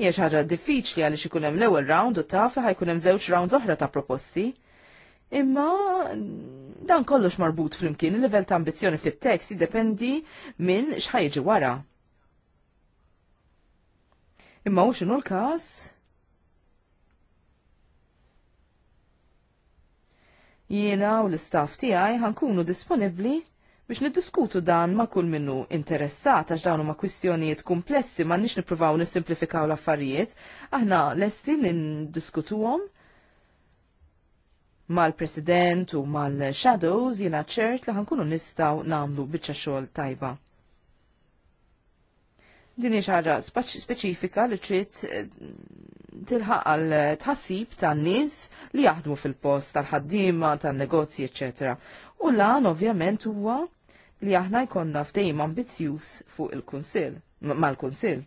hija xi ħaġa diffiċli għaliex ikun hemm l-ewwel round u taf li ħajkun hemm żewġ rounds oħra ta' proposti. Imma dan kollox marbut flimkien il-level ta' ambizjoni fit-tekst jiddependi minn xħajġi wara. Imma u xinu l-kas? Jiena u l-istaff tiegħi ħankunu disponibbli biex niddiskutu dan ma' kull minnu interessat għax dawn huma kwistjonijiet komplessi ma' nix nippruvaw nisimplifikaw l-affarijiet, aħna lesti li ndiskutuhom mal-President u mal-Shadows jina ċert li ħankunu nistaw namlu bieċa xogħol tajba. Din hija ħaġa speċifika li trid eh, tilħaq għal tħassib tan-nies li jaħdmu fil-post tal-ħaddiema, tan-negozji, eċetera. U lan ovvjament huwa li aħna jkollna ftehim ambizzjuż fuq il-Kunsill, mal-Kunsill.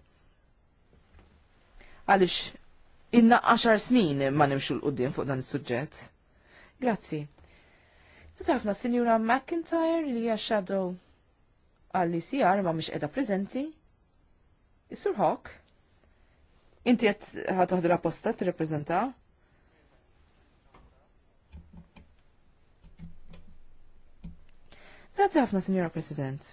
Għaliex inna 10 snin ma nimxu l-qudiem fuq dan is-suġġett. Grazzi. Nisafna Sinjura McIntyre li hija shadow għalli sijar ma mhix qiegħda preżenti. Is-Sur Hawk, inti qed ħadd la posta tirrepreżenta? Grazzi ħafna, Signora President.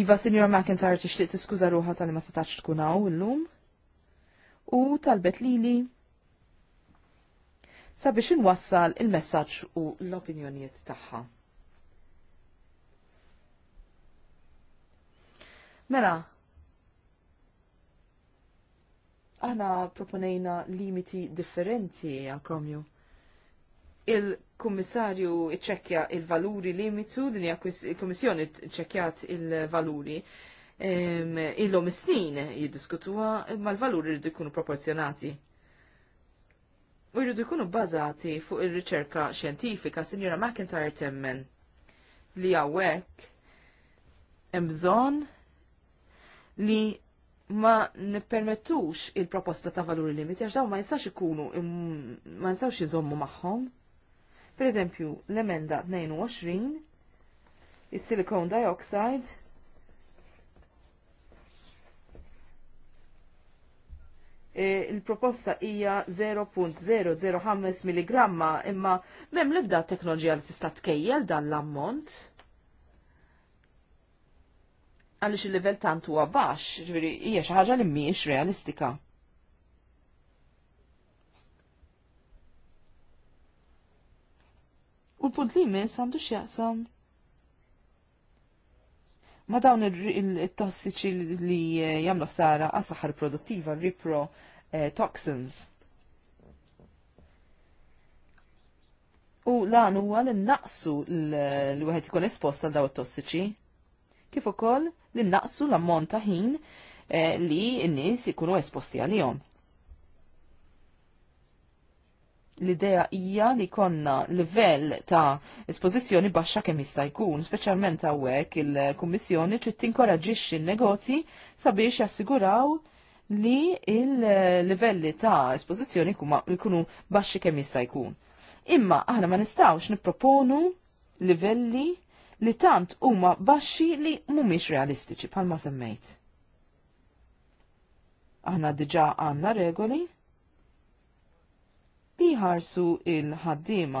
Iva, Signora McIntyre, tixtieq tiskuża ruħha tal-ma setax tkun hawn illum? u talbet lili sabiex inwassal il-messaġġ u l-opinjonijiet tagħha. Mela, aħna proponejna limiti differenti għal kromju. Il-kummissarju iċċekkja il-valuri limitu, din hija kummissjoni iċċekkjat il-valuri illum snin jiddiskutuha ma l-valuri jridu jkunu proporzjonati. U jridu jkunu bbażati fuq ir-riċerka xjentifika Sinjora McIntyre temmen li hawnhekk hemm bżonn li ma nippermettux il-proposta ta' valuri limiti, għax daw ma jistax ikunu, ma jistax jizommu maħħom. Per eżempju, l-emenda 22, il-silicon dioxide, E, il-proposta hija 0.005 mg imma m'hemm l ibda teknoloġija li tista' tkejjel dan l-ammont. Għaliex il-livell tant huwa baxx, ġifieri hija xi ħaġa li mhijiex realistika. U punt li jmiss għandu x'jaqsam ma dawn il-tossiċi li eh, jamlu ħsara għas produttiva, ripro eh, toxins. U lan huwa li naqsu l-wieħed ikun esposta għal daw it-tossiċi. Kif ukoll li naqsu l-ammont ta' ħin eh, li n-nies ikunu esposti għalihom. l-idea hija li konna livell ta' espożizzjoni baxxa kemm jista' jkun, speċjalment hawnhekk il-Kummissjoni trid tinkoraġġix n-negozji sabiex jassiguraw li il-livelli ta' espożizzjoni jkunu baxxi kemm jista' jkun. Imma aħna ma nistgħux nipproponu livelli li tant huma baxxi li mhumiex realistiċi bħalma semmejt. Aħna diġà għandna regoli li jħarsu il-ħaddiema.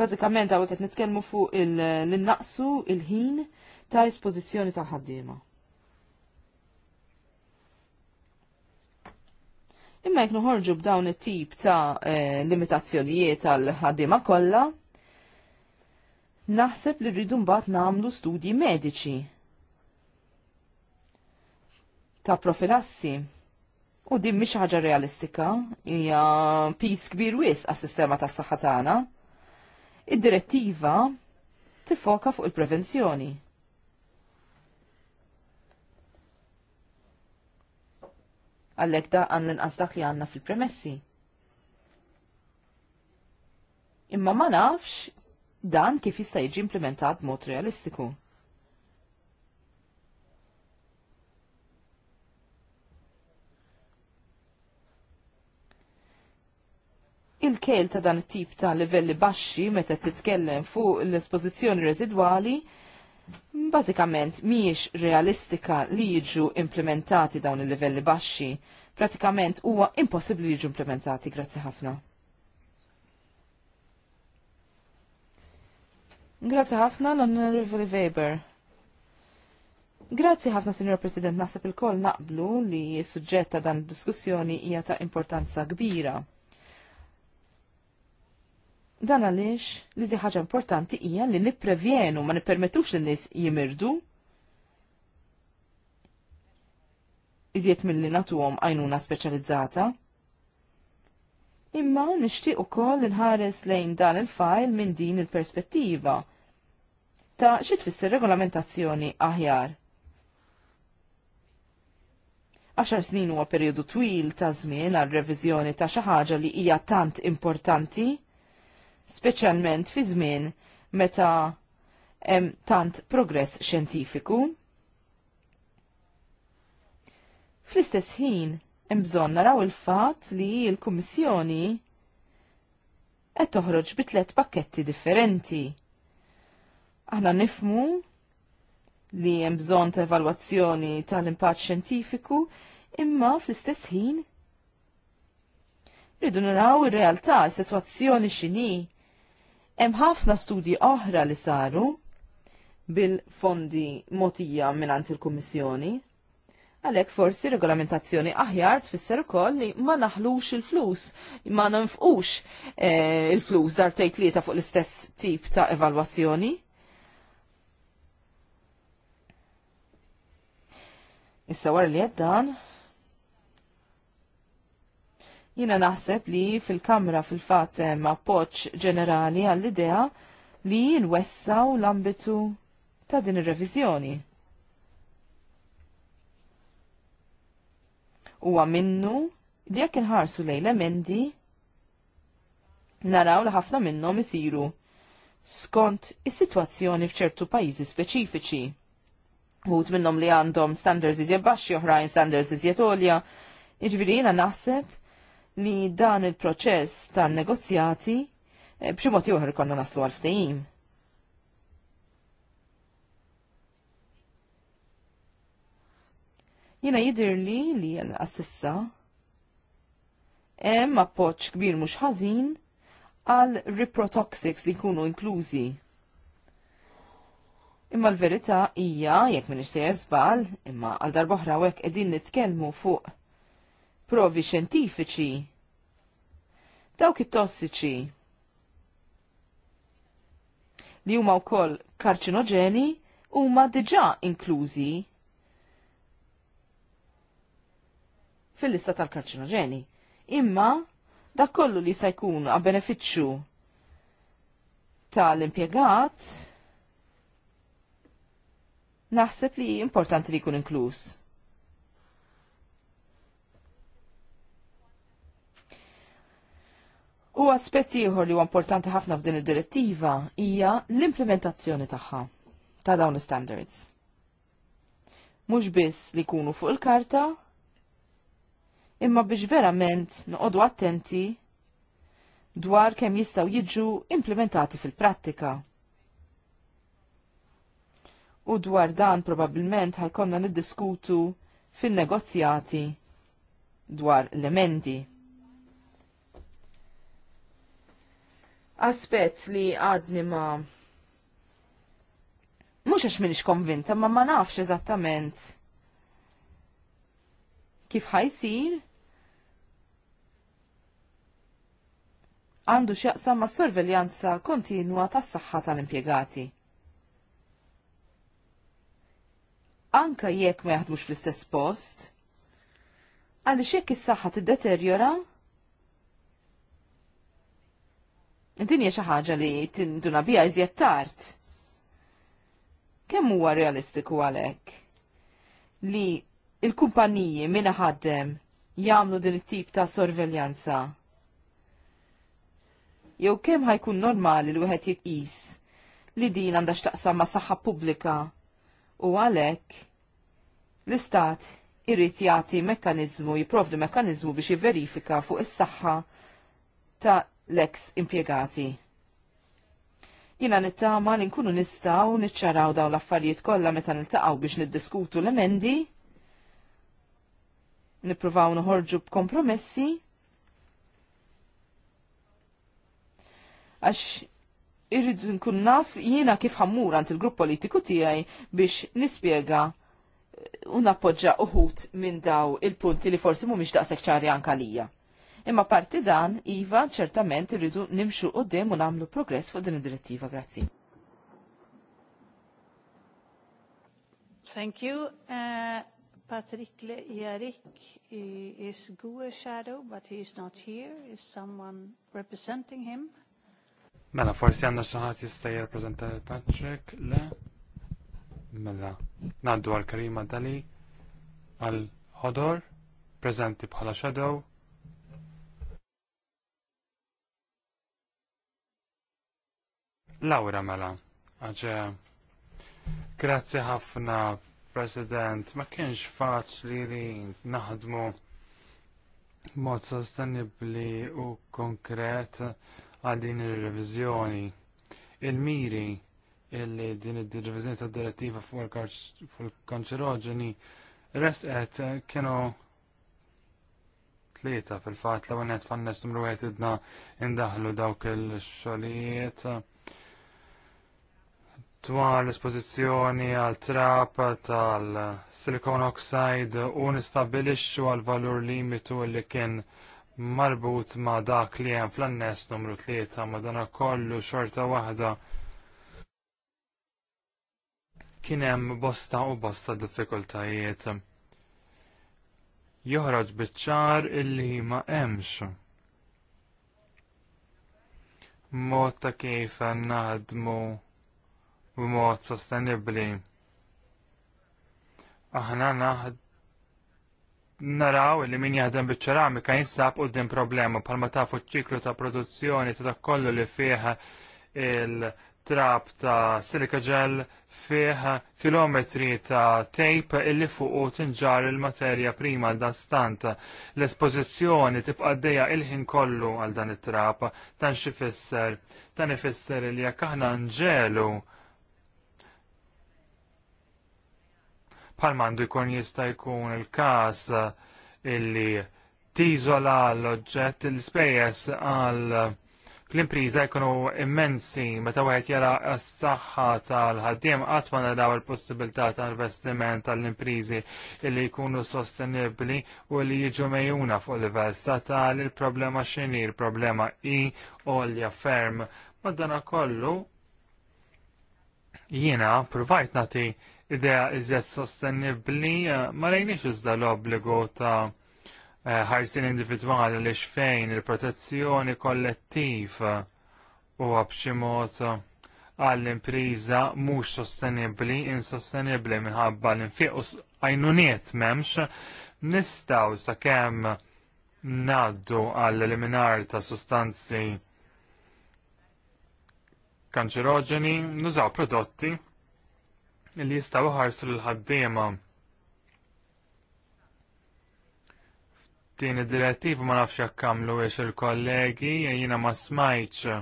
Bazzikament għawek qed nitkellmu fuq il-naqsu il-ħin ta' espożizzjoni ta' ħaddiema. Imma jek nħorġu b'dawn it-tip ta' eh, limitazzjonijiet għal ħaddiema kollha, naħseb li rridu mbagħad nagħmlu studji mediċi ta' profilassi. U din mhix ħaġa realistika, hija pis kbir wis għas-sistema tas-saħħa tagħna. Id-direttiva tifoka fuq il-prevenzjoni. Għallek da għan l-inqas li għanna fil-premessi. Imma ma nafx dan kif jista' jiġi implementat mod realistiku. il-kel ta' dan it-tip ta' livelli baxxi meta titkellem fuq l-espożizzjoni residwali Bażikament mhijiex realistika li jiġu implementati dawn il-livelli baxxi. Pratikament huwa impossibbli jiġu implementati, grazzi ħafna. Grazzi ħafna l-Onorevoli Weber. Grazzi ħafna, Signor President, nasib il-koll naqblu li s sujġetta ta' dan diskussjoni hija ta' importanza kbira. Dan għaliex li zi ħaġa importanti hija li nipprevjenu ma nippermettux li nies jimirdu iżjed mill-li natuhom għajnuna speċjalizzata. Imma nixtieq ukoll inħares lejn dan il-fajl minn din il-perspettiva ta' xi tfisser regolamentazzjoni aħjar. Għaxar snin huwa perjodu twil ta' żmien għal reviżjoni ta' xi ħaġa li hija tant importanti speċjalment fi żmien meta hemm tant progress xjentifiku. Fl-istess ħin, hemm bżonn naraw il-fatt li l-Kummissjoni qed toħroġ bi tliet pakketti differenti. Aħna nifmu li hemm bżonn ta' evalwazzjoni tal-impatt xjentifiku, imma fl-istess ħin rridu naraw ir-realtà, is-sitwazzjoni x'inhi Hemm ħafna studji oħra li saru bil-fondi motija mingħand il-Kummissjoni. Għalhekk forsi regolamentazzjoni aħjar tfisser ukoll li ma naħlux il-flus, ma nonfqux eh, il-flus li ta' fuq l-istess tip ta' evalwazzjoni. Issa war li dan, Jina naħseb li fil-Kamra fil-fat ma poċ ġenerali għall-idea li jinwessaw l-ambitu ta' din ir-reviżjoni. Huwa minnu li jekk inħarsu lejn l-emendi naraw li ħafna minnhom isiru skont is-sitwazzjoni f'ċertu pajjiżi speċifiċi. Wut minnhom li għandhom standards iżjed baxxi oħrajn standards iżjed għolja, jiġifieri naħseb li dan il-proċess tan-negozjati eh, b'xi mod konna naslu għal ftehim. Jiena jidir li l-assissa hemm appoġġ kbir mhux ħażin għal riprotoxics li jkunu inklużi Imma l-verità hija jekk minix ixtejja żbal, imma għal darboħra wek qegħdin nitkellmu fuq provi xjentifiċi dawk it-tossiċi li huma wkoll karċinoġeni huma diġà inklużi fil-lista tal-karċinoġeni. Imma dak kollu li se jkun għal tal-impjegat naħseb li importanti li jkun inkluż. U aspett ieħor li huwa importanti ħafna f'din id-direttiva hija l-implementazzjoni tagħha ta' dawn standards Mhux biss li jkunu fuq il-karta, imma biex verament noqogħdu attenti dwar kemm jistgħu jiġu implementati fil-prattika. U dwar dan probabbilment ħajkonna niddiskutu fin-negozjati dwar l-emendi. aspett li għadni ma mux għax minix konvinta, ma ma nafx eżattament kif ħajsir għandu x'jaqsam ma' sorveljanza kontinwa tas-saħħa tal-impjegati. Anka jekk ma jaħdmux fl-istess post, għaliex jekk is-saħħa tiddeterjora, Din hija xi ħaġa li tinduna biha iżjed tard. Kemm huwa realistiku għalhekk li il-kumpaniji minn ħaddem jagħmlu din it-tip ta' sorveljanza? Jew kemm ħajkun normali li wieħed jitqis li din għandha x'taqsam ma' saħħa pubblika u għalhekk l-istat irrid jagħti mekkaniżmu, jipprovdi mekkaniżmu biex jiverifika fuq is-saħħa ta' l-eks impiegati. Jina nittama li nkunu nistaw nitxaraw daw l-affarijiet kollha meta niltaqgħu biex niddiskutu l-emendi, nippruvaw noħorġu b'kompromessi, għax irridu nkun naf jiena kif ħammur għand il-grupp politiku tiegħi biex nispjega u nappoġġa uħut minn daw il-punti li forsi mhumiex daqshekk ċari anka lija. Imma parti dan, Iva, ċertament irridu nimxu u u namlu progress fuq din id-direttiva. Grazzi. Thank you. Uh, Patrick Jarik is GUE shadow, but he is not here. Is someone representing him? Mela, forsi għanna xaħat jistaj jirrepresenta Patrick, le? Mela, naddu għal Karima Dali, għal Hodor, prezenti bħala shadow, Laura mela, għaxe, grazzi ħafna, President, ma kienx faċli li naħdmu mod sostenibli u konkret għal din ir-reviżjoni. Il-miri illi din id-revizjoni tad direttiva fuq il-kanċeroġeni rest qed kienu tlieta fil-fatt l għonet fan-nes numru għet idna indaħlu dawk il-xogħlijiet dwar l ispożizzjoni għal trap tal-silicon oxide u nistabilixxu għal valur limitu li kien marbut ma dak li hemm fl-annes numru tlieta ma dan kollu xorta waħda kien hemm bosta u bosta diffikultajiet. Joħroġ biċ-ċar illi ma hemmx. Mod ta' kif naħdmu u mod sostenibli. Aħna naħd naraw li min jaħdem biċ-ċeramika jinsab u din problema palma tafu ċiklu ta' produzzjoni ta' kollu li fih il-trap ta' silika ġel fih kilometri ta' tape illi fuq u tinġar il-materja prima għal dan stant. L-espożizzjoni tibqa' dejja il-ħin kollu għal dan it-trap, tan xifisser, tan ifisser li jekk aħna nġelu bħal mandu jkun jista' jkun il-każ eh, illi tiżola l-oġġett l-ispejjeż għal l-impriża jkunu immensi meta wieħed jara s-saħħa tal-ħaddiem qatt ma naraw il-possibilità ta' investiment tal-impriżi li jkunu sostenibbli u li jiġu mejjuna fuq livell statal il-problema x'inhi il-problema i olja ferm. dan kollu jiena provajt nagħti idea iżjed sostenibbli eh, ma rejniex iżda l-obbligu ta' eh, ħarsin individwali li xfejn il-protezzjoni kollettiv eh, u b'xi mod għall-impriża mhux sostenibbli, insostenibbli minħabba l-infiq u għajnuniet m'hemmx, nistgħu sakemm ngħaddu għall-eliminar ta' sustanzi kanċeroġeni, nużaw prodotti li jistaw ħarsu l-ħaddiema. F'din id-direttiva ma nafx jekk kamlu biex il-kollegi jiena ma smajċ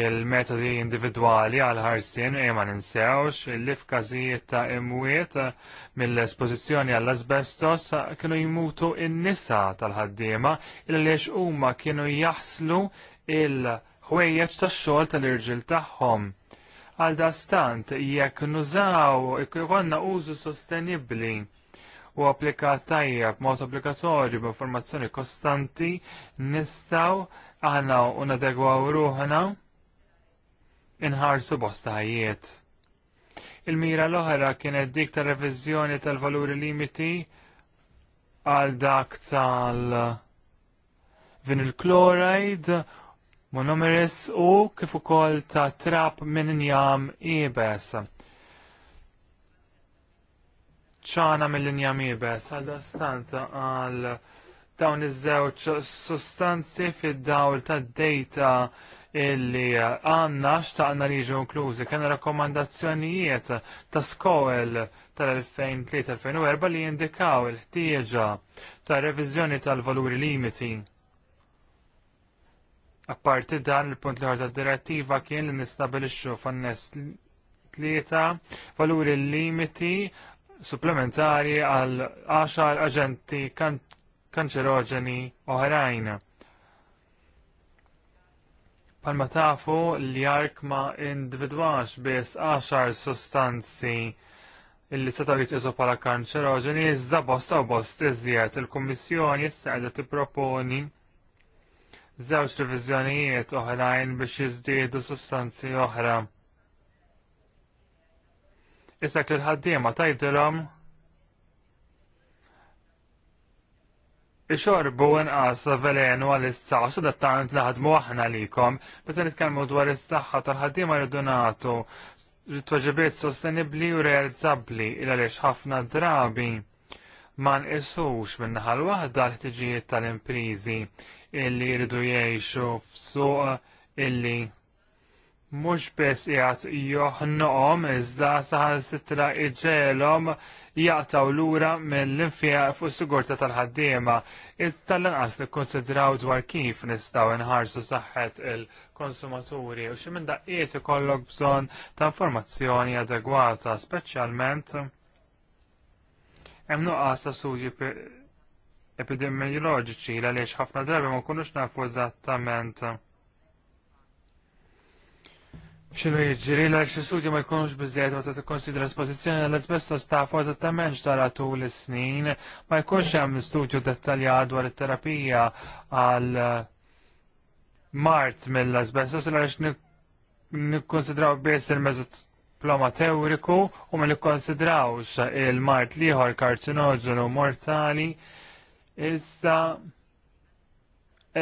il-metodi individwali għal ħarsien e ma ninsewx li f'każijiet ta' imwiet mill-espożizzjoni għall-asbestos kienu jmutu in-nisa tal-ħaddiema il għaliex huma kienu jaħslu il-ħwejjeġ tax-xogħol tal-irġil tagħhom. Għal dastant, jekk nużaw, ikonna użu sostenibli u applikat tajjeb, b'mod obbligatorju b'informazzjoni kostanti, nistaw aħna u nadegwaw ruħna inħarsu bosta ħajiet. Il-mira l-oħra kienet dik ta' reviżjoni tal-valuri limiti għal dak tal vinil chloride monomeris u kif ukoll ta' trap minn injam ibes. ċana mill-injam ibes għal stanza għal dawn iż-żewġ sostanzi fid-dawl ta' data illi għanna xtaqna li ġu inklużi kena rakkomandazzjonijiet ta' skowel tal-2003-2004 li jindikaw il-ħtieġa ta' revizjoni tal-valuri limiti Apparti dan il-punt li ħarta direttiva kien li nistabilixxu fan-nes tlieta valuri limiti supplementari għal 10 aġenti kan kanċeroġeni oħrajn. Palma tafu li jark ma individwax biss 10 sostanzi illi setaw jitqisu bħala kanċeroġeni iżda bosta u bost iżjed il-Kummissjoni issa qiegħda tipproponi proponi żewġ reviżjonijiet oħrajn biex jiżdiedu sustanzi oħra. Issa il ħaddiema tajdilhom Ixorbu inqas velenu għal-issa, għax da tant li aħna likom, meta nitkellmu dwar is-saħħa tal-ħaddiema li donatu, tweġibiet sostenibbli u realizzabbli il għaliex ħafna drabi ma nqisux min waħda l-ħtiġijiet tal-imprizi illi jridu jgħixu f'suq illi mhux biss jgħat joħnuqom iżda saħal sitra iġelhom jaqtaw lura mill-infjaq fuq sigurta tal-ħaddiema. Tal-lanqas konsidraw dwar kif nistgħu nħarsu saħħet il-konsumaturi u xi minn daqqiet ikollok bżonn ta' informazzjoni adegwata, speċjalment Hemm nuqqas ta' studji epidemioloġiċi l għaliex ħafna drabi ma kunux nafu eżattament X'inhu jiġri l xi studji ma jkunux biżejjed meta tikkonsidra espożizzjoni l-asbestos tafu eżattament x'tara tul is-snin, ma jkunx hemm studju dettaljat dwar it-terapija għal mart mill-asbestos l għaliex nikkonsidraw biss il mezzu diploma teoriku u ma nikkonsidrawx il-mart liħor karċinoġenu mortali issa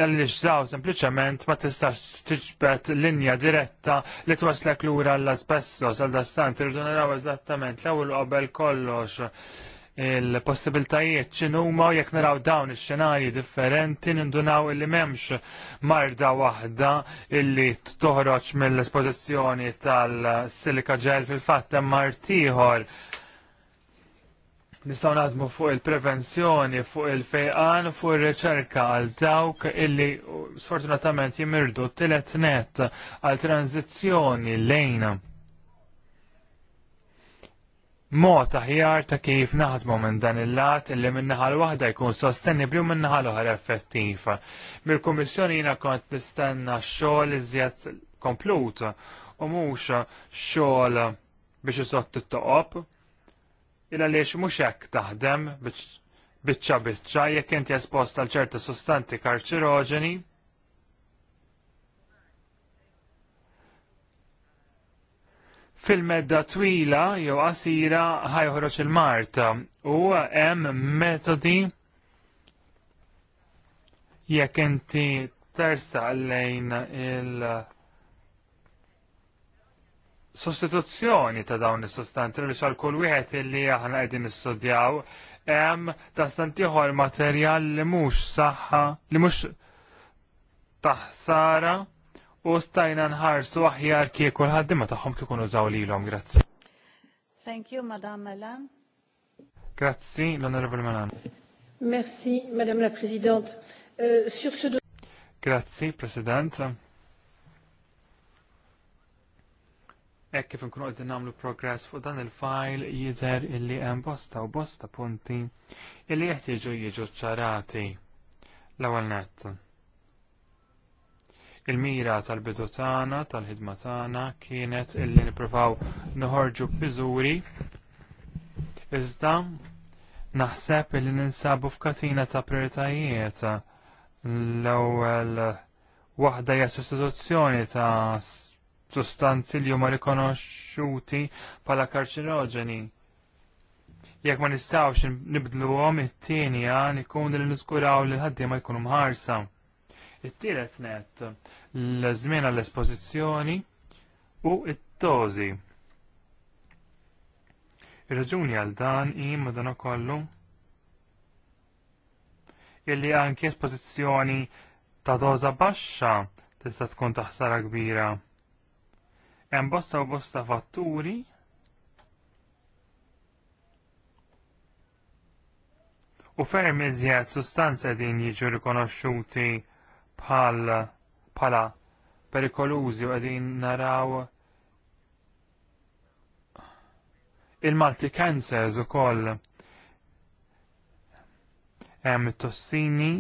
għalix daw sempliciment ma tistax tiġbet linja diretta li twaslek lura l-asbestos għal dastant irridu naraw eżattament l-ewwel qabel kollox il-possibiltajiet ċinuma u jekk naraw dawn ix-xenarji differenti nindunaw illi m'hemmx marda waħda illi toħroġ mill-espożizzjoni tal-silika ġel fil-fatt hemm Nistaw nistgħu fuq il-prevenzjoni, fuq il-fejqan, fuq ir-riċerka għal dawk illi sfortunatament jimirdu t-tilet net għal tranzizjoni lejna mod aħjar ta' kif naħdmu minn dan il-lat illi minn naħal waħda jkun sostenibli u minn l-oħra effettiv. mil kummissjoni jina kont nistenna xogħol iżjed komplut u mhux xogħol biex isott it-toqob. Illa għaliex mhux hekk taħdem biċċa biċċa jekk inti espost għal ċerti sostanti karċeroġeni fil-medda twila jew qasira ħajħroġ il-Marta u hemm metodi jekk inti tersa lejn il- sostituzzjoni ta' dawn is-sostanti li xal kull wieħed illi aħna qegħdin nistudjaw hemm ta' stantiħor materjal li mhux saħħa li mhux taħsara u stajna nħarsu aħjar kieku l-ħaddima tagħhom kieku nużaw lilhom. Grazzi. Thank you, Madame Melan. Grazzi, l-Onorevole Melan. Merci, Madame la Presidente. Euh, sur ce Grazzi, President. Ek kif nkunu qegħdin nagħmlu progress fuq dan il-file jidher illi hemm bosta u bosta punti illi jeħtieġu jiġu ċarati l-ewwel nett. Il-mira tal-bidu tagħna, tal-ħidma tagħna kienet illi nippruvaw noħorġu b'iżuri iżda naħseb illi ninsabu f'katina ta' prioritajiet l-ewwel waħda hija sostituzzjoni ta' sustanzi li huma rikonoxxuti bħala karċinoġeni jekk ma nistgħux nibdluhom it-tieni ikun li niskuraw li l-ħaddiema jkunu mħarsa. It-tielet net l-żmien għall-espożizzjoni u it tożi Ir-raġuni għal dan hi madankollu illi anki espożizzjoni ta' doża baxxa tista' tkun taħsara kbira. Hemm bosta u bosta fatturi u ferm iżjed sustanza din jiġu rikonoxxuti bħal bħala perikolużi u qegħdin naraw il-Malti Cancers ukoll hemm tossini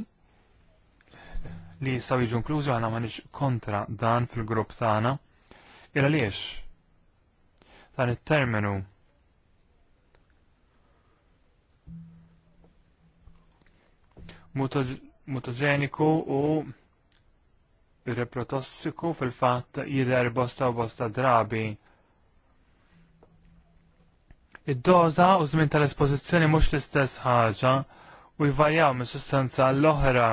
li jistgħu jiġu inkluzi għana m'għandix kontra dan fil-grupp tagħna. Il liex dan it-terminu mutaġeniku u Ir-reprotossiku fil-fatt jidher bosta u bosta drabi. Id-doża u żmien tal-espożizzjoni mhux l-istess ħaġa u jvarjaw minn sustanza l-oħra.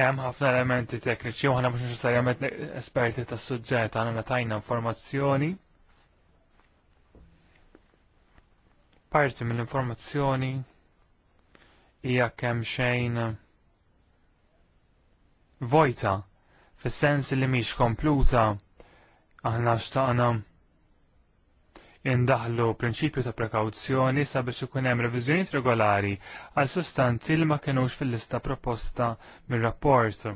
Hemm ħafna elementi tekniċi u ħana mhux neċessarjament esperti tas-suġġett għandna natajna informazzjoni. Parti mill-informazzjoni hija kemm xejn vojta fis-sens li mhix kompluta aħna xtaqna indaħlu prinċipju ta' prekawzjoni sabiex ikun hemm reviżjonijiet regolari għal sustanzi li ma kinux fil-lista proposta mir-rapport.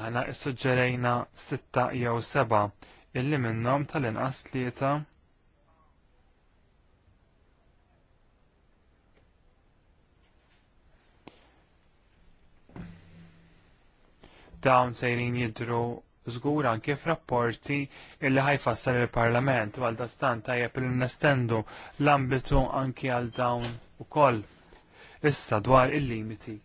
Aħna issuġġerejna sitta jew seba' illi minnhom tal-inqas tlieta dawn sejrin jidru żgur anke f'rapporti illi ħajfassal il-Parlament għal stant tajjeb li nestendu l-ambitu anke għal dawn ukoll. Issa dwar il-limiti.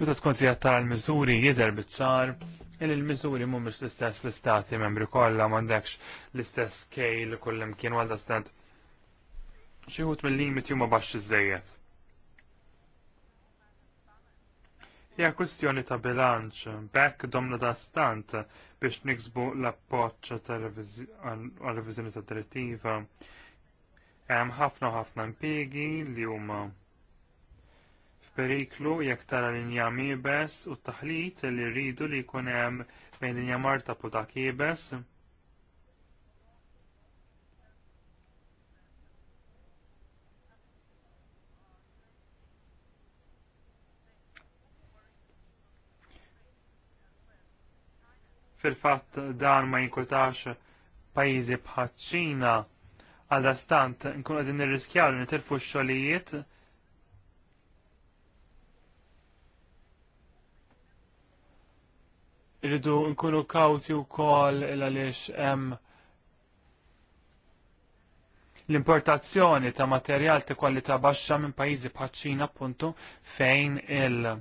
Meta tkun qed tara l-miżuri jidher biċ-ċar il l-miżuri mhumiex l-istess fl-istati membri kollha m'għandekx l-istess li kullim kien għalda stant xieħut mill-limiti huma baxx iżejjed. hija kwistjoni ta' bilanċ, bekk domna da' stant biex niksbu l-appoċ għal-revizjoni ta' direttiva. Hemm ħafna ħafna impjiegi li huma f'periklu jekk tara linja miebes u t taħlit li rridu li jkun hemm bejn linja marta u dak ibes. Fil-fatt dan ma jinkultax pajizi bħacċina għal stant nkun għadin nirriskjaw li nitilfu xolijiet xogħlijiet irridu nkunu kawti wkoll l-għalix hemm l-importazzjoni ta' materjal ta' kwalità baxxa minn pajjiżi bħacċina appuntu fejn il-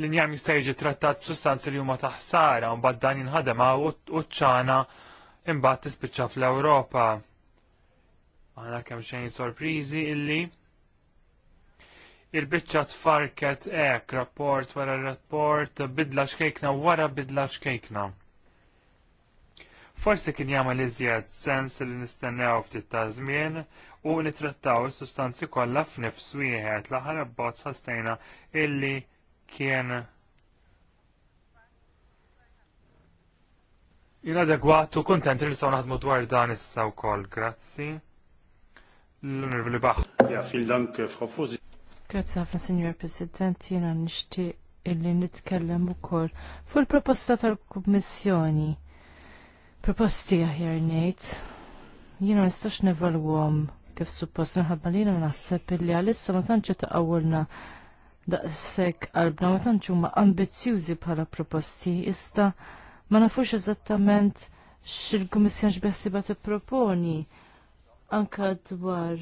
l-injam jista' jiġi trattat b'sustanzi li huma taħsara u mbagħad dan jinħadem u ċana imbagħad tispiċċa fl-Ewropa. Aħna kemm xejn sorpriżi illi il-biċċa tfarket ek, rapport wara rapport, bidla xkejkna wara bidla xkejkna. Forsi kien jagħmel iżjed sens li nistennew ftit ta' żmien u nitrattaw is-sustanzi kollha f'nifs wieħed l-aħħar abbozz ħastejna illi kien inadegwatu, kontent li nistgħu naħdmu dwar dan issa wkoll. Grazzi. L-Onorevoli Baħ. Ja, fil-dank, äh, Grazzi ħafna, Signor President, jiena nixtieq illi nitkellem ukoll fuq il-proposta tal-Kummissjoni. Proposti aħjar ngħid. Jiena nistax nevalwhom kif suppost minħabba li naħseb illi għalissa ma tantx taqawwilna daqshekk qalbna ma tantx huma ambizzjużi bħala proposti, iżda ma nafux eżattament x'il-Kummissjon x'beħsiba tipproponi anka dwar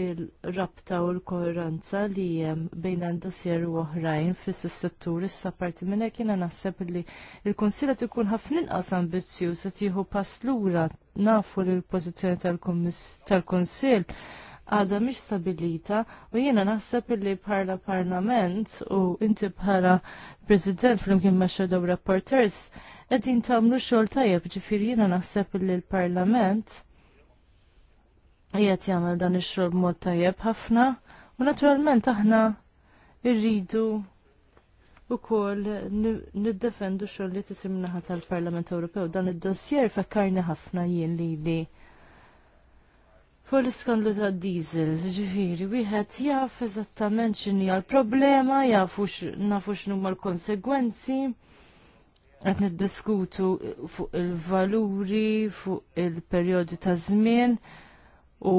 il-rabta u l-koherenza li jem bejn għandasjer u oħrajn fis settur issa parti minna kiena naħseb li il-konsilat ikun ħafna inqas ambizzjuż se pas pass lura nafu l-pożizzjoni tal-Konsil tal konsil għadha mhix stabilita u jiena naħseb li bħala parlament u inti bħala president flimkien ma' daw rapporters qegħdin tagħmlu xogħol tajjeb ġifieri jiena naħseb li l-parlament qiegħed jagħmel dan ix-xogħol b'mod tajjeb ħafna u naturalment aħna rridu u kol niddefendu xol li tisimnaħa tal-Parlament Ewropew. Dan id-dossier fakkarni ħafna jien li li fuq l-iskandlu ta' diesel, ġifiri, wieħed jaf eżattament x'inhi l-problema, jafu nafu x'numa l-konsegwenzi, qed niddiskutu fuq il-valuri, fuq il-perjodu ta' żmien u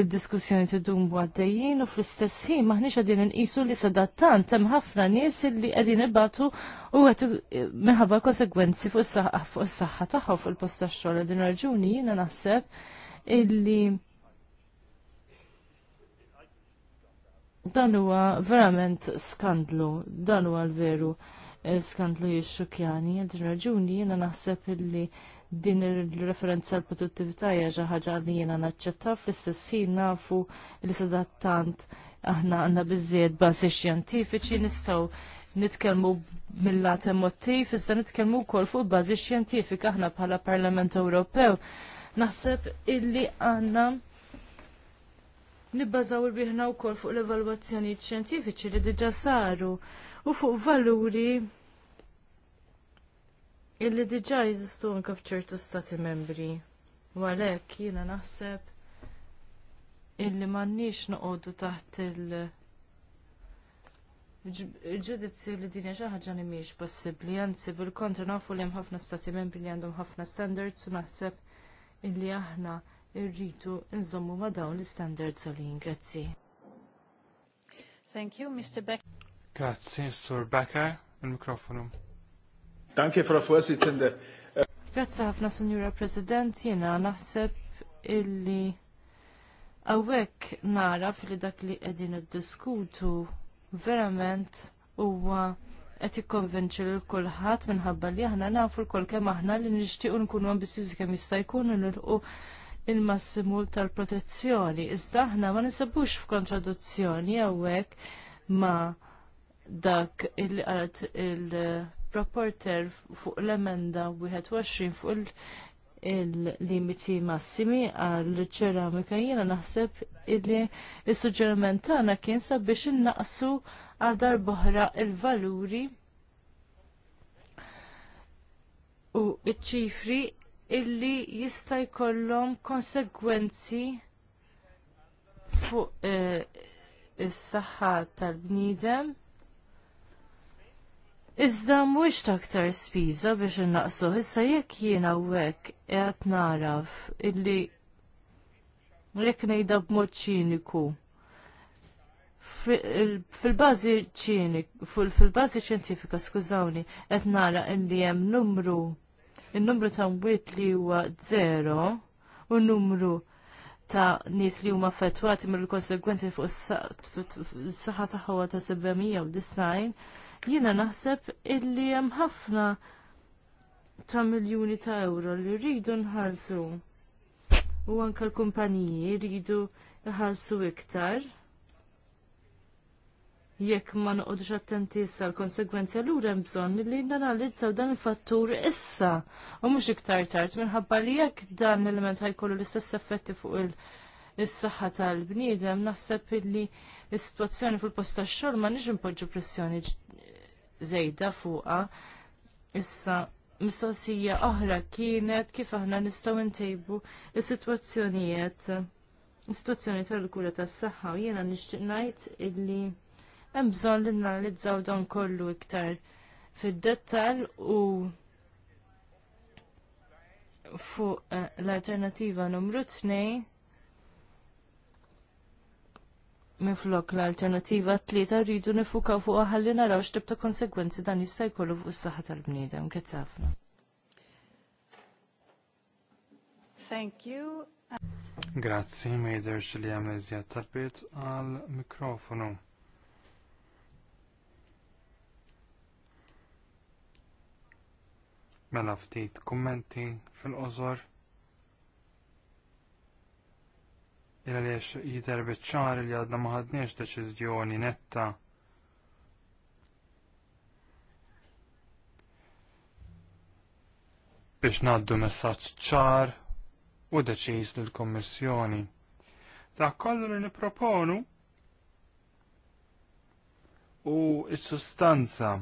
il-diskussjoni tidum għaddejjin, u fl-istess ħin maħniex qegħdin inqisu li sadattant hemm ħafna nies li qegħdin ibatu u qed e, minħabba konsegwenzi fuq is-saħħa tagħhom fuq il-post tax-xogħol din raġuni jiena naħseb illi Dan huwa verament skandlu, dan huwa l-veru eh, skandlu jixxukjani, għad raġuni jena naħseb illi din il-referenza l-produttività hija xi ħaġa li jiena naċċetta fl-istess ħin nafu li sadattant aħna għandna biżjed bażi xjentifiċi nistgħu nitkellmu mill-lat emottiv, iżda nitkellmu wkoll fuq bażi xjentifika aħna bħala Parlament Ewropew. Naħseb illi għandna nibbażaw il u wkoll fuq l-evalwazzjoni ċentifiċi li diġà saru u fuq valuri illi diġà jeżistu anke f'ċertu stati membri. U għalhekk jiena naħseb illi m'għandniex noqogħdu taħt il- ġudizzju li din xi ħaġa li mhijiex possibbli, anzi bil-kontra nafu li hemm ħafna stati membri li għandhom ħafna standards u naħseb illi aħna irridu nżommu ma dawn l-standards għolin. Grazzi. Thank you, Mr. Becker. Grazzi, Sir Becker. Il-mikrofonu. Danke, Frau Vorsitzende. Grazzi ħafna, Signora President. Jena naħseb illi għawek nara fil dak li għedin id-diskutu verament huwa qed ikkonvinċi lil kulħadd minħabba li aħna nafu l-kol kemm aħna li nixtiequ nkunu ambizjużi kemm jista' jkun u il-massimu tal-protezzjoni. Iżda aħna ma nisabux f'kontraduzzjoni hawnhekk ma dak il qalet il-proporter fuq l-emenda 21 fuq il-limiti massimi għal ċeramika jiena naħseb illi il-suġġerament tagħna kien sabiex innaqsu għal darboħra il-valuri u iċ ċifri illi jista' jkollhom konsegwenzi fuq eh, is-saħħa tal-bniedem. Iżda mhuwiex taktar spiża biex innaqsu, issa jekk jien hawnhekk qed naraf illi jekk ngħidha b'mod ċiniku. Fil-bażi ċinik, fil-bażi ċjentifika, skużawni, qed nara illi hemm numru il-numru ta' mwiet li huwa zero u n-numru ta' nis li huma fetwati mill-konsegwenzi fuq is-saħħa tagħha ta' 790, jiena naħseb illi hemm ħafna ta' miljuni ta' euro li rridu nħallsu. U anke l-kumpaniji rridu jħallsu iktar jekk ma noqogħdux attenti issa l-konsegwenzi l hemm bżonn li nanalizzaw dan il-fattur issa u mhux iktar tard minħabba li jekk dan l-element ħajkollu l-istess effetti fuq il-saħħa tal-bniedem naħseb illi is-sitwazzjoni fil-post tax-xogħol ma nix impoġġu pressjoni żejda fuqha. Issa mistoqsija oħra kienet kif aħna nistgħu ntejbu is-sitwazzjonijiet is-sitwazzjoni tal-kura tas-saħħa u jiena nixtieq ngħid illi hemm bżonn li nanalizzaw dan kollu iktar fid-dettall u fuq eh, l-alternativa numru 2 miflok l-alternativa 3 rridu nifukaw fuq ħalli naraw x'tib ta' konsegwenzi dan jista' jkollu fuq is-saħħa tal-bniedem. Grazzi ħafna. Thank you. Grazzi, ma jidirx li għamil tal-bit għal mikrofonu. Mela ftit kummenti fil-qosor. il għaliex jiter bitċar li għadna maħadniex deċizjoni netta biex naddu messaċ ċar u deċiż l kommissjoni Dak kollu li niproponu u s-sustanza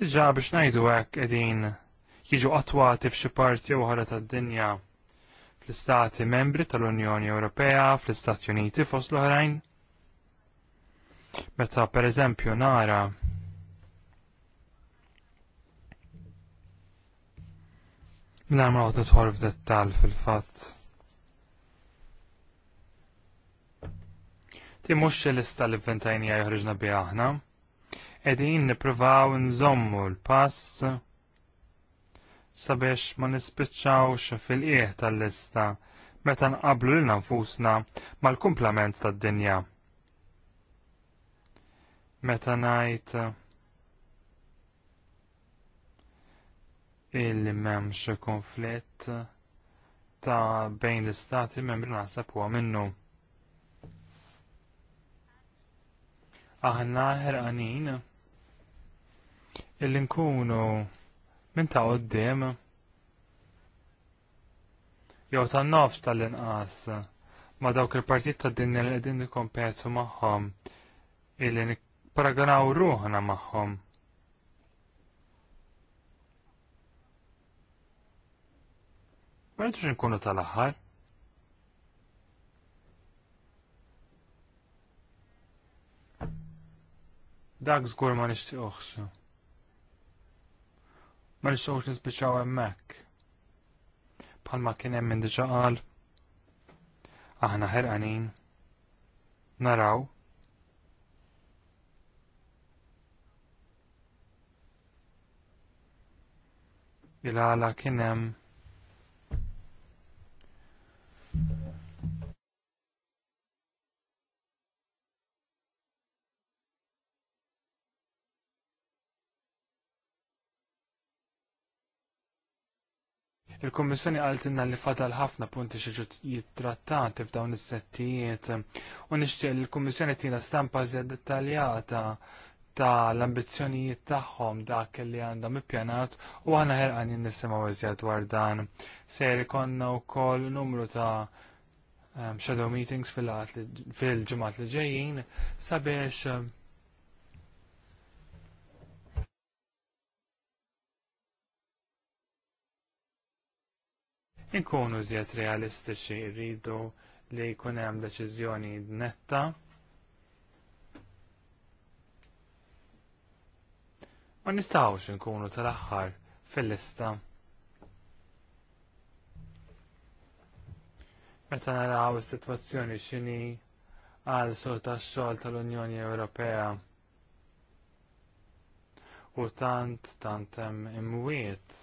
Diġà biex ngħidu hekk qegħdin jiġu attwati f'xi parti oħra tad-dinja fl-istati membri tal-Unjoni Ewropea, fl-Istati Uniti fost l-oħrajn. Meta pereżempju nara Minar ma għodna tħorf dettal fil-fatt. Ti mux l-lista li ventajni għajħriġna bi aħna qegħdin nippruvaw nżommu l-pass sabiex ma nispiċċawx fil-qieħ tal-lista meta nqablu lil nfusna mal-kumplament tad-dinja. Meta ngħid illi m'hemmx konflitt ta' bejn l-istati membri naħseb huwa minnu. Aħna ħerqanin illi nkunu minn ta' qoddim jew ta' nofs tal-inqas ma' dawk il-partit ta' dinja li qegħdin nikkompetu magħhom illi nipparagonaw ruħna magħhom. Ma rridux nkunu tal-aħħar. Dak żgur ma nixtieqx ma nixtiequx nispiċċaw hemmhekk. Palma kien hemm min diġà qal aħna ħerqanin naraw il-għala kien hemm Il-Kommissjoni inna li fadal ħafna punti xieġu jittrattati f'dawn is-settijiet u nixtieq il kommissjoni tina stampa żjed dettaljata ta' l-ambizjonijiet tagħhom dak li għandhom ippjanat u għana ħerqanin nisimgħu iżjed dwar dan. Ser ikonna wkoll numru ta' um, shadow meetings fil-ġimgħat li ġejjin sabiex um, inkunu żjed realistiċi rridu li jkun hemm deċiżjoni netta. Ma nistgħux inkunu tal-aħħar fil-lista. Meta naraw is-sitwazzjoni x'inhi għal sur tax-xogħol tal-Unjoni Ewropea u tant tant hemm imwiet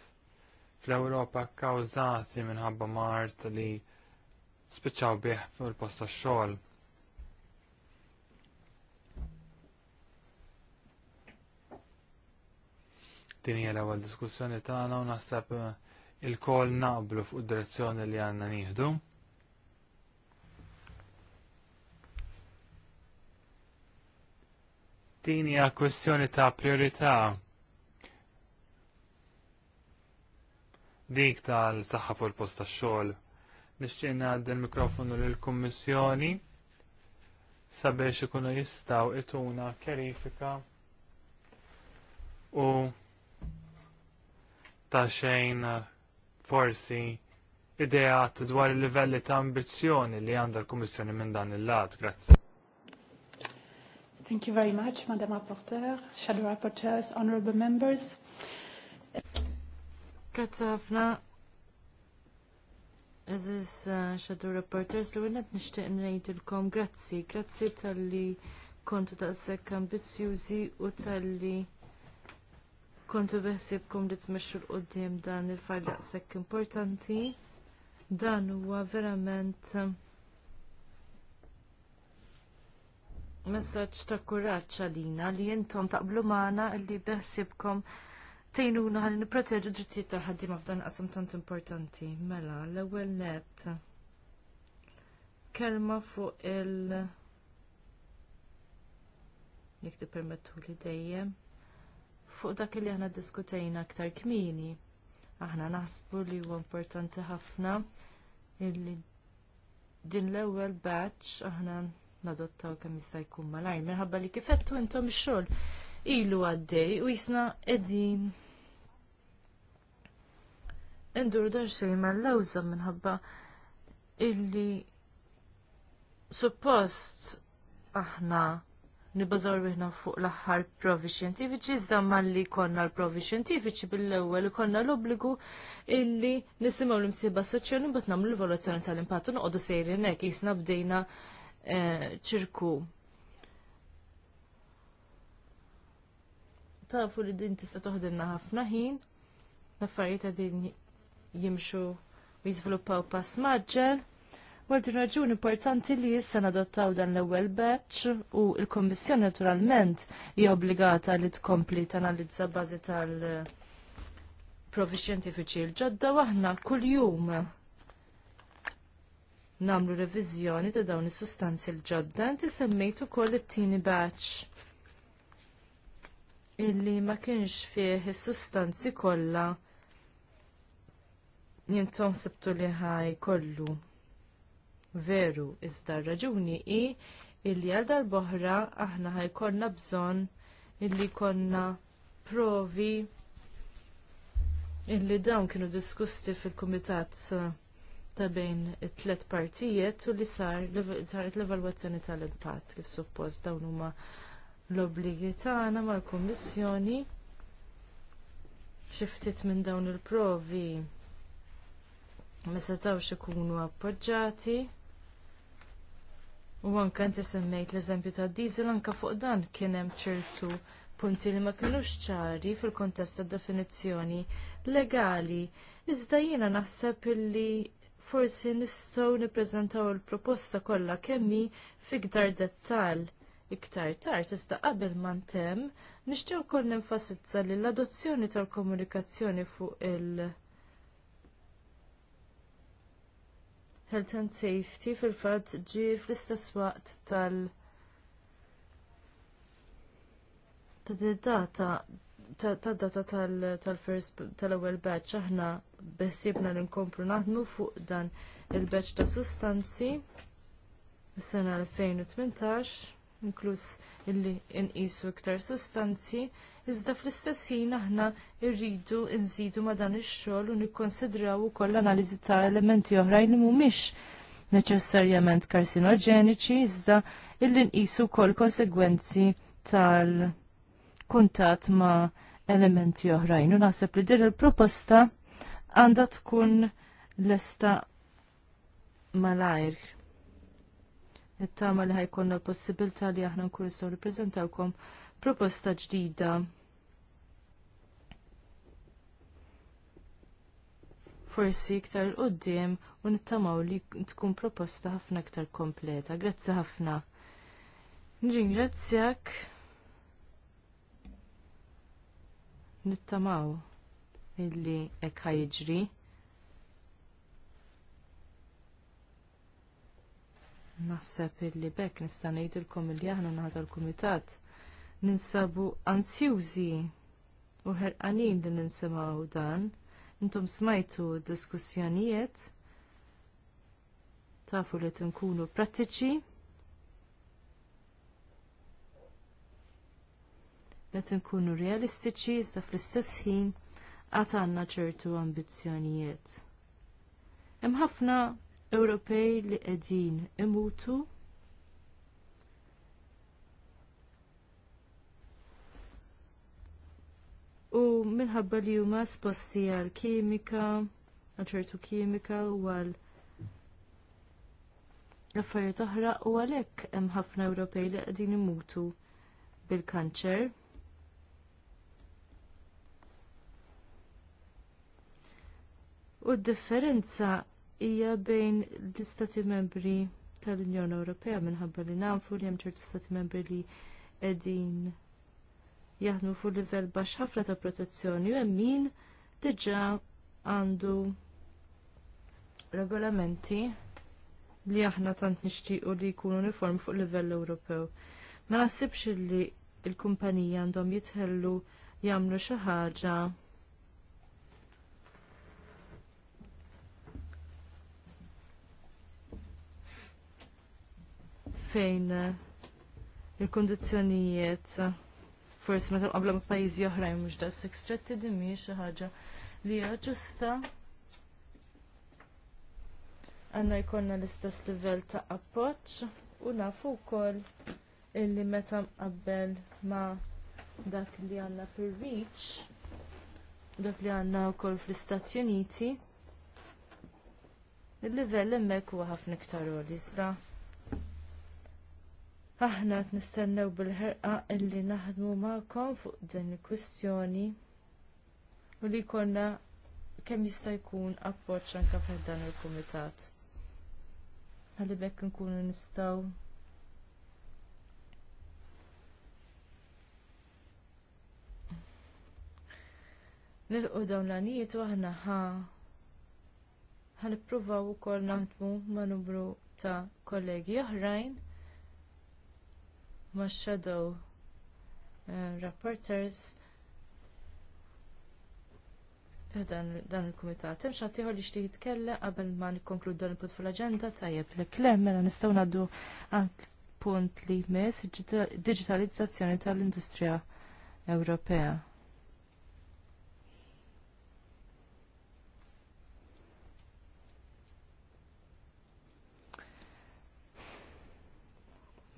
fl-Ewropa kkawżati minħabba mart li spiċċaw bih fuq il-post tax-xogħol. Din hija l-ewwel diskussjoni tagħna u naħseb eh, il-kol naqblu fuq id-direzzjoni li għandna nieħdu. Din hija kwestjoni ta' priorità' dik tal-saħħa fuq il-post tax-xogħol. Nixtieq ngħaddi l-mikrofonu lill-Kummissjoni sabiex ikunu jistgħu ituna kerifika u ta' xejn forsi ideat dwar il-livelli ta' ambizzjoni li għandha l-Kummissjoni minn dan il-lat. Grazzi. Thank you very much, Madam Rapporteur, Shadow Rapporteurs, Honorable Members. Grazzi ħafna. Eżis xadu uh, reporters li għinnet nishtiq ngħidilkom grazzi, grazzi tal-li kontu daqshekk ambizjużi u tal-li kontu beħsibkom li tmexxu l-qoddim dan il-fajl sekk importanti. Dan huwa verament messaġġ ta' kuraġġ għalina li intom taqblu magħna li beħsibkom tejnuna ħalli nipproteġu drittijiet tal-ħaddiema f'dan qasam tant importanti. Mela, l-ewwel net kelma fuq il- jekk permettu li dejjem fuq dak li aħna diskutejna aktar kmieni. Aħna naħsbu li huwa importanti ħafna illi din l-ewwel batch aħna nadottaw kemm jista' jkun malajr minħabba li kifettu intom ix-xogħol ilu għaddej u jisna qegħdin indur dan ma l lawza minħabba illi suppost aħna nibazaw biħna fuq l-aħħar provi xjentifiċi iżda li konna l-provi xjentifiċi bil-ewwel konna l-obbligu illi nisimgħu l imsiba soċjoni, mbagħad nagħmlu l evoluzjoni tal impatu noqdu noqogħdu sejrin hekk jisna bdejna eh, ċirku. Tafu li din tista' toħdilna ħafna ħin, l-affarijiet din jimxu u jizviluppaw pass maġġel. Għal din raġun importanti li issa nadottaw dan l-ewwel batch u l-Kommissjoni naturalment hija obbligata li tkompli tanalizza bażi tal-provi xjentifiċi l-ġodda waħna kuljum namlu reviżjoni ta' dawn is-sustanzi l-ġodda inti semmejtu ukoll it-tieni batch illi ma kienx fih is-sustanzi kollha jintom sibtu li ħaj kollu veru iżda raġuni i illi għal darboħra aħna konna bżon illi konna provi illi dawn kienu diskusti fil-kumitat ta' bejn it-tlet partijiet u li sar saret l-evalwazzjoni tal-impatt kif suppost dawn huma l-obbligi tagħna mal-Kummissjoni xi ftit minn dawn il-provi ma setawx ikunu appoġġati. U anke inti semmejt l-eżempju ta' diesel anke fuq dan kien hemm ċertu punti li ma kinux ċari fil-kontest tad definizzjoni legali. Iżda jiena naħseb illi forsi nistgħu nippreżentaw il-proposta kollha kemm hi fiktar dettall iktar tard iżda qabel ma ntemm nixtieq ukoll nenfasizza li l-adozzjoni tal-komunikazzjoni fuq il- Health and Safety fil-fatt ġi fl-istess waqt tal- data ta' data tal-first tal-ewwel batch aħna beħsiebna li nkomplu naħdmu fuq dan il-batch ta' sustanzi is-sena 2018 inkluż illi nqisu iktar sustanzi iżda fl-istess ħin aħna rridu nżidu ma dan ix-xogħol u nikkonsidraw ukoll l-analiżi ta' elementi oħrajn li mhumiex neċessarjament karsinoġeniċi iżda illi nqisu wkoll konsegwenzi tal-kuntat ma' elementi oħrajn. U naħseb li din il-proposta għandha tkun lesta malajr. Nittama li ħajkonna l-possibilta li aħna nkunu nistgħu nippreżentawkom proposta ġdida forsi iktar qoddim u nittamaw li tkun proposta ħafna iktar kompleta. Grazzi ħafna. Nringrazzjak. Nittamaw illi hekk ħajġri. Naħseb illi bekk nista' ngħidilkom illi aħna naħdu l-kumitat ninsabu ansjużi u ħerqanin li ninsimgħu dan. Intom smajtu diskussjonijiet tafu li tinkunu prattiċi. Li tinkunu realistiċi iżda fl-istess ħin għad għandna ċertu ambizzjonijiet. Hemm ħafna Ewropej li qegħdin imutu u minħabba li huma sposti għal kimika, għal ċertu kimika u għal affarijiet oħra u għalhekk hemm ħafna Ewropej li qegħdin imutu bil-kanċer. U d-differenza hija bejn l-istati membri tal-Unjoni Ewropea minħabba li nafu li hemm ċertu stati membri li qegħdin jaħdmu fuq livell baxx ħafna ta' protezzjoni u hemm min diġà għandu regolamenti li aħna tant nixtiequ li jkunu uniformi fuq livell Ewropew. Ma naħsibx li l-kumpaniji għandhom jitħellu jagħmlu xi ħaġa fejn il-kondizzjonijiet forsi meta qabla ma' pajjiżi oħrajn mhux da sex din mhijiex xi ħaġa li hija ġusta. Għandna jkollna l-istess livell ta' appoġġ u nafu wkoll illi meta mqabbel ma' dak li għandna fir-reach dak li għandna wkoll fl-Istati Uniti il-livell hemmhekk huwa ħafna iktar iżda Aħna t nistennew bil-ħerqa illi naħdmu ma'kom fuq din il-kwistjoni u li jkollna kemm jista' jkun appoġġ anke fih dan il-kumitat. Ħalli bekk nkunu nistgħu nilqu dawn l-għanijiet u aħna ħa u ukoll naħdmu ma' numru ta' kollegi oħrajn ma' shadow eh, rapporters dan il-kumitat. Hemm xi li xti jitkellem qabel ma nikkonkludu dan il-punt fl-aġenda tajjeb li klem mela nistgħu ngħaddu punt li jmiss digitalizzazzjoni tal-industrija Ewropea.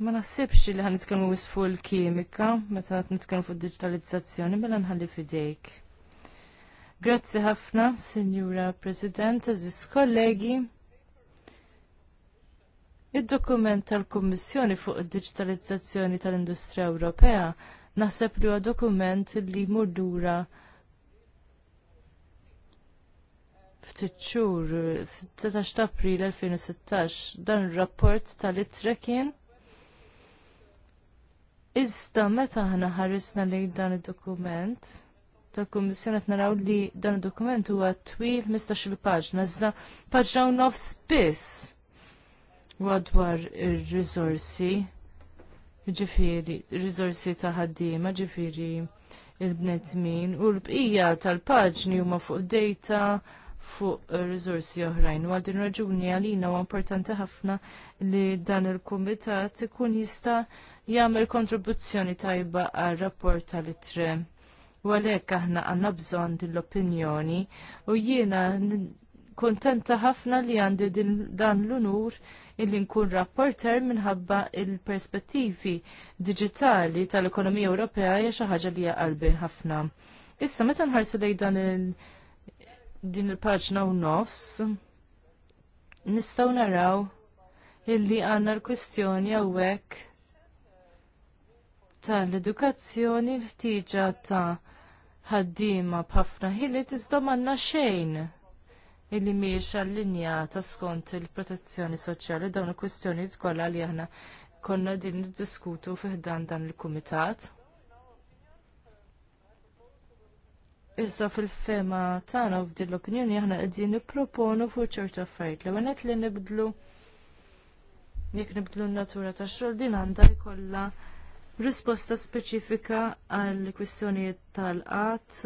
Ma naħsibx li ħan nitkelmu wisfu l-kimika, meta qed nitkellmu fuq digitalizzazzjoni, mela nħalli fidejk. Grazzi ħafna, Signora President, eżis kollegi. Id-dokument tal-Kummissjoni fuq id-Digitalizzazzjoni tal-Industrija Ewropea naħseb li huwa dokument li murdura ftit xhur fit-13 April 2016 dan ir-rapport tal-ittra kien Iżda meta aħna ħarisna li dan id-dokument, tal-Kummissjoni qed naraw li dan id-dokument huwa twil 15-il paġna, iżda paġna u nofs biss dwar ir-riżorsi, ġifieri, rizorsi ta' ħaddiema, ġifieri il-bnedmin u l-bqija tal-paġni huma fuq data fuq eh, rizorsi oħrajn. U għal din raġuni għalina huwa importanti ħafna li dan il-kumitat ikun jista' jagħmel kontribuzzjoni tajba għal rapport tal-itre. U għalhekk aħna għandna bżonn din l-opinjoni u jiena kontenta ħafna li għandi dan l-unur illi nkun rapporter minħabba il-perspettivi digitali tal-ekonomija Ewropea hija xi ħaġa li qalbi ħafna. Issa meta nħarsu lejn dan il- din il-paġna u nofs nistaw naraw illi għanna l-kwistjoni għawek tal-edukazzjoni l-ħtiġa ta' ħaddima b'ħafna ħili iżda manna xejn illi miex allinjata skont il-protezzjoni soċjali dawn il-kwistjoni kollha li aħna konna din diskutu fiħdan dan il-kumitat. Issa fil-fema tagħna f'din l-opinjoni aħna qegħdin nipproponu fuq ċerta affarijiet li għanet li nibdlu jekk nibdlu n-natura ta' xogħol din għandha jkollha risposta speċifika għal kwistjonijiet tal-qatt,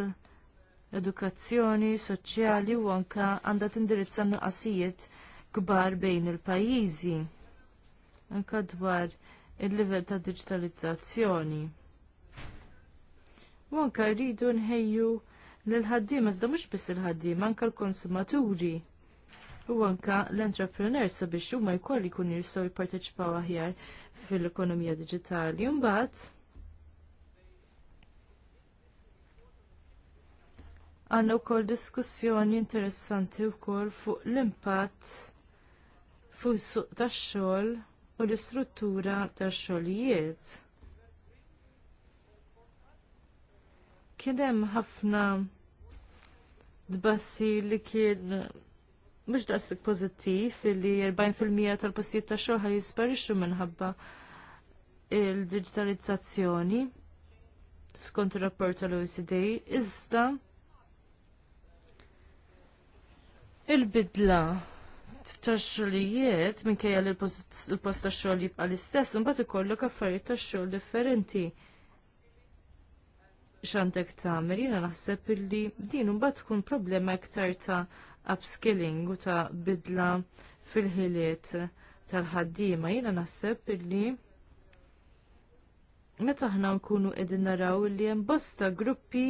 edukazzjoni, soċjali u anke għandha tindirizza nuqqasijiet kbar bejn il-pajjiżi anka dwar il-livell ta' digitalizzazzjoni. U rridu nħejju l-ħaddim, iżda mhux biss il-ħaddim, anke l-konsumaturi. U anke l entrepreneur sabiex huma jkolli jkun jirsaw jipparteċipaw aħjar fil-ekonomija digitali Mbagħad għandna wkoll diskussjoni interessanti wkoll fuq l-impatt fuq is-suq tax-xogħol u l-istruttura tax-xogħlijiet kien hemm ħafna dbassi li kien mhux daqslik pożittiv li 40% tal-postijiet ta' xogħol jisparixxu minħabba il-digitalizzazzjoni skont ir-rapport tal-OECD iżda il-bidla ta' xogħlijiet minkejja li l-post ta' xogħol jibqa' l-istess, imbagħad ikollok affarijiet ta' xogħol differenti xandek tagħmel jiena naħseb illi din imbagħad tkun problema iktar ta' upskilling u ta' bidla fil-ħiliet tal-ħaddiema jiena naħseb illi meta aħna nkunu qegħdin naraw li hemm bosta gruppi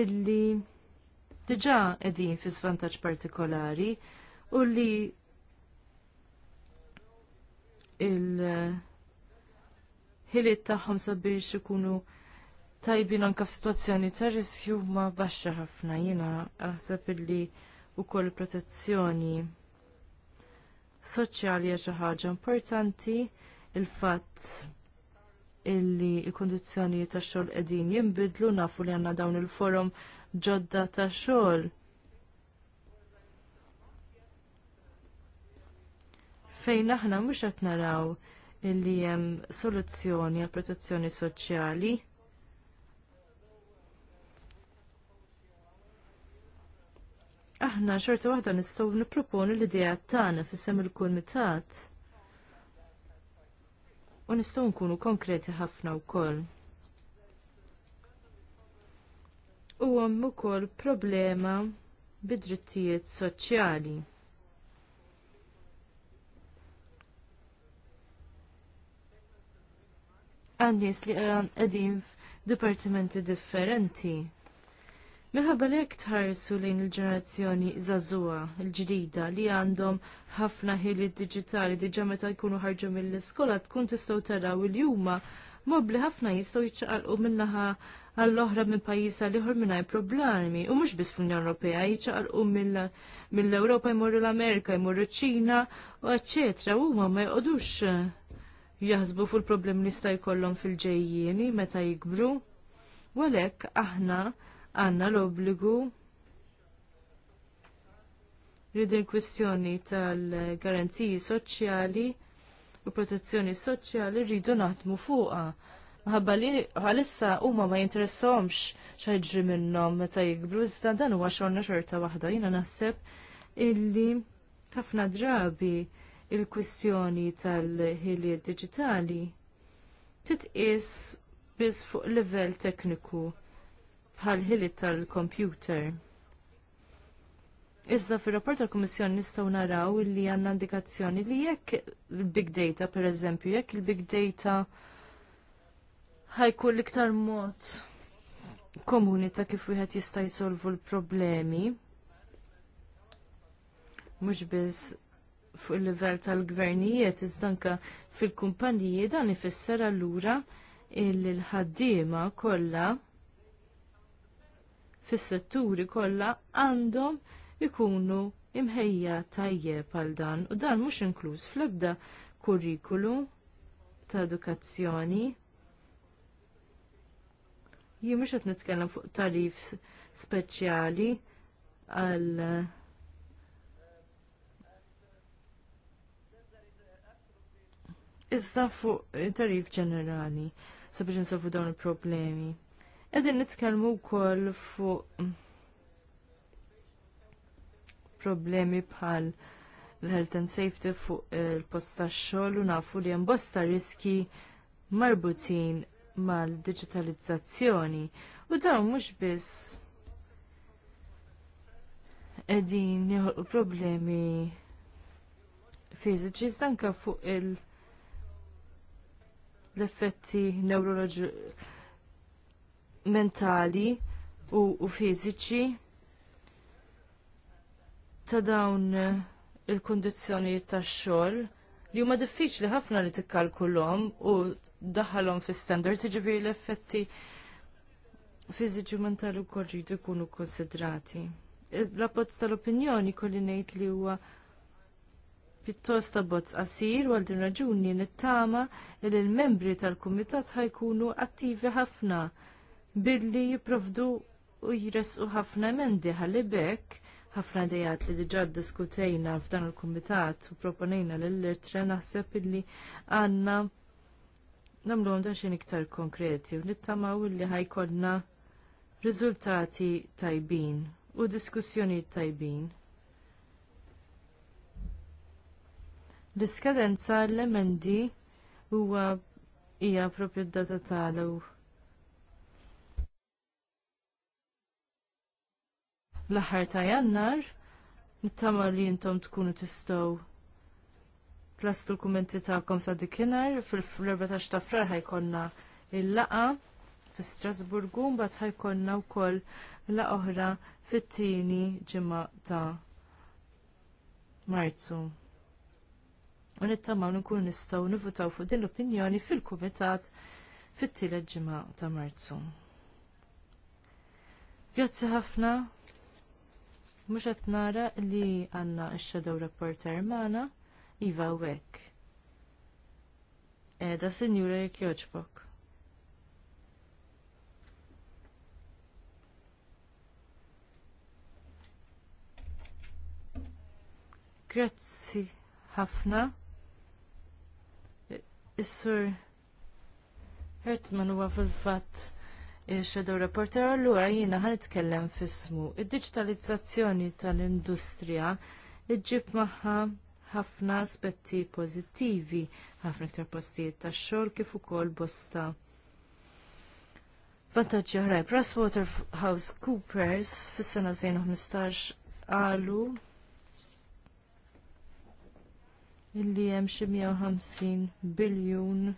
illi diġà qegħdin fi svantaċ partikolari u li il- ħiliet tagħhom sabiex ikunu tajbin anka f'sitwazzjoni ta' riskju ma baxxa ħafna jiena naħseb illi wkoll protezzjoni soċjali hija xi ħaġa importanti il-fatt illi l-kundizzjonijiet tax-xogħol qegħdin jinbidlu nafu li għandna dawn il-forum ġodda ta' xogħol. Fejn aħna mhux qed naraw illi hemm soluzzjoni għal protezzjoni soċjali aħna xorta waħda nistgħu nipproponu l-idea tagħna tana sem il-kumitat u nistgħu nkunu konkreti ħafna wkoll. U għammu ukoll problema bidrittijiet soċjali. għannis li eh, għedin f'dipartimenti differenti. Minħabba li jekk tħarsu lejn il-ġenerazzjoni zazua, il-ġdida, li għandhom ħafna ħili digitali diġa meta jkunu ħarġu mill-iskola tkun tistgħu taraw il-juma mobli ħafna jistgħu jiċċaqalqu minnaħa għall-oħra minn pajjiż li ħor mingħajr problemi u mhux biss fl-Unjoni Ewropea jiċċaqalqu mill-Ewropa jmorru l-Amerika, jmorru ċ-Ċina u eċċetra huma ma jqogħdux jaħsbu fuq il-problem li sta jkollhom fil-ġejjieni meta jikbru. U għalhekk aħna għandna l-obbligu li din kwistjoni tal-garanziji soċjali u protezzjoni soċjali rridu naħdmu fuqha. Maħabba li għalissa huma ma jinteressahomx xajġri minnhom meta jikbru, iżda dan huwa għaxonna xorta waħda. Jiena naħseb illi ħafna drabi il-kwistjoni tal-ħiliet digitali titqis biss fuq livell tekniku bħal ħiliet tal-kompjuter. Iżda fir-rapport tal-Kummissjoni nistgħu naraw li għandna indikazzjoni li jekk il-big data pereżempju, jekk il-big data ħajkun l-iktar mod komuni ta' kif wieħed jista' jsolvu l-problemi mhux biss fuq il-livell tal-gvernijiet iżda anke fil-kumpaniji dan ifisser allura il-ħaddiema kollha fis-setturi kollha għandhom ikunu imħejja tajjeb għal dan u dan mhux inkluż fl-ebda kurrikulu ta' edukazzjoni. Jien mhux qed nitkellem fuq tarif speċjali għal iżda fuq tarif ġenerali sabiex insolvu dawn il-problemi. Qegħdin nitkellmu wkoll fuq problemi bħal l-health and safety fuq il-post tax-xogħol u nafu li hemm bosta riski marbutin mal-digitalizzazzjoni u dawn mhux biss qegħdin joħolqu problemi fiżiċi anke fuq il- l-effetti neurologi mentali u, u fiżiċi ta' dawn eh, il kondizjoni tax-xogħol li huma diffiċli ħafna li tikkalkulhom u daħalhom fi standards jiġifieri l-effetti fiżiċi mentali wkoll jridu jkunu konsidrati. L-abbozz tal-opinjoni kolli ngħid li huwa pjuttost abbozz qasir u għal din raġuni nittama li l-membri tal-kumitat ħajkunu attivi ħafna billi jipprovdu u jresqu ħafna emendi ħalli bekk ħafna dejat li diġà ddiskutejna f'dan il-kumitat u proponejna lill-irtre naħseb illi għandna nagħmlu għandha xejn iktar konkreti u nittamaw illi ħajkollna riżultati tajbin u diskussjonijiet tajbin. L-iskadenza l-emendi huwa hija propju d-data tal L-aħħar ta' jannar, nittama li jintom tkunu tistgħu tlastu l-kummenti kom sa' dikinar, fil-14 ta' frar ħajkonna il-laqa fi Strasburgu, mbagħad ħajkonna wkoll la oħra fit-tieni ġimgħa ta' Marzu u nittamaw nkunu nistgħu nivutaw fuq din l-opinjoni fil-kumitat fit-tielet ġimgħa ta' Marzu. Grazzi ħafna. Mhux qed nara li għandna x-shadow reporter magħna Iva Wek. Eda sinjura jekk joġbok. Grazzi ħafna. Is-sur Hertman huwa fil-fatt il-Shadow Reporter, allura jiena ħanitkellem itkellem fismu. Id-digitalizzazzjoni tal-industrija iġġib maħħa ħafna aspetti pożittivi, ħafna iktar postijiet tax xogħol kif ukoll bosta. Vantaġġi ħraj, PricewaterhouseCoopers fis-sena 2015 qalu illi hemm xi 150 biljun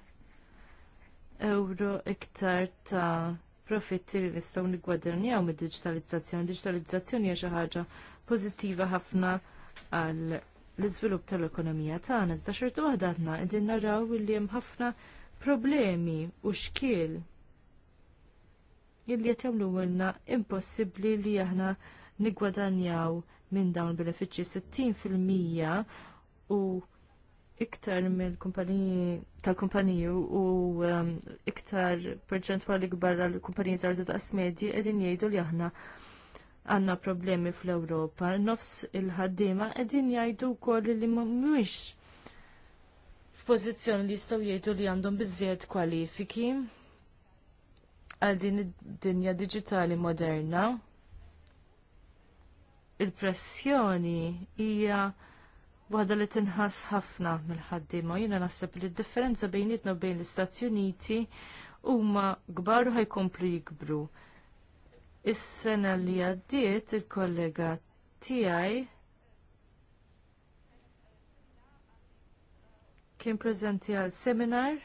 euro iktar ta' profitti li nistgħu niggwadernjaw mid-diġitalizzazzjoni. Diġitalizzazzjoni hija xi ħaġa pożittiva ħafna għal l-iżvilupp tal-ekonomija tagħna iżda xorta waħda għadna qegħdin naraw illi hemm ħafna problemi u xkiel illi qed jagħmluwilna impossibbli li aħna nigwadanjaw minn dawn benefiċċji 60% u iktar mill-kumpaniji tal-kumpaniju u um, iktar perċentwali kbar għal kumpaniji żgħar ta' smedji qegħdin jgħidu li aħna għandna problemi fl-Ewropa. Nofs il-ħaddiema qegħdin jgħidu wkoll li mhumiex f'pożizzjoni li jistgħu jgħidu li għandhom biżjed kwalifiki għal din id-dinja digitali moderna. Il-pressjoni hija waħda li tinħass ħafna mill-ħaddiema. Jiena naħseb li d-differenza bejnietna u bejn l-Istati Uniti huma kbar u ħajkomplu jikbru. Is-sena li għaddiet il-kollega tiegħi kien preżenti għal seminar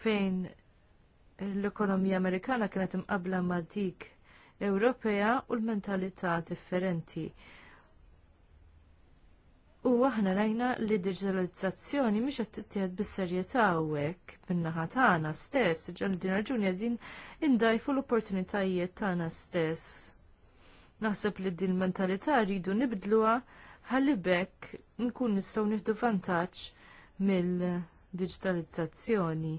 fejn l-ekonomija Amerikana kienet imqabla ma' dik Ewropea u l-mentalità differenti. U aħna rajna li digitalizzazzjoni mhix qed tittieħed bis-serjetà hawnhekk bin-naħa tagħna stess, ġal din raġuni qegħdin indajfu l-opportunitajiet tagħna stess. Naħseb li din mentalità rridu nibdluha ħalli bekk nkun nistgħu nieħdu vantaġġ mill-digitalizzazzjoni.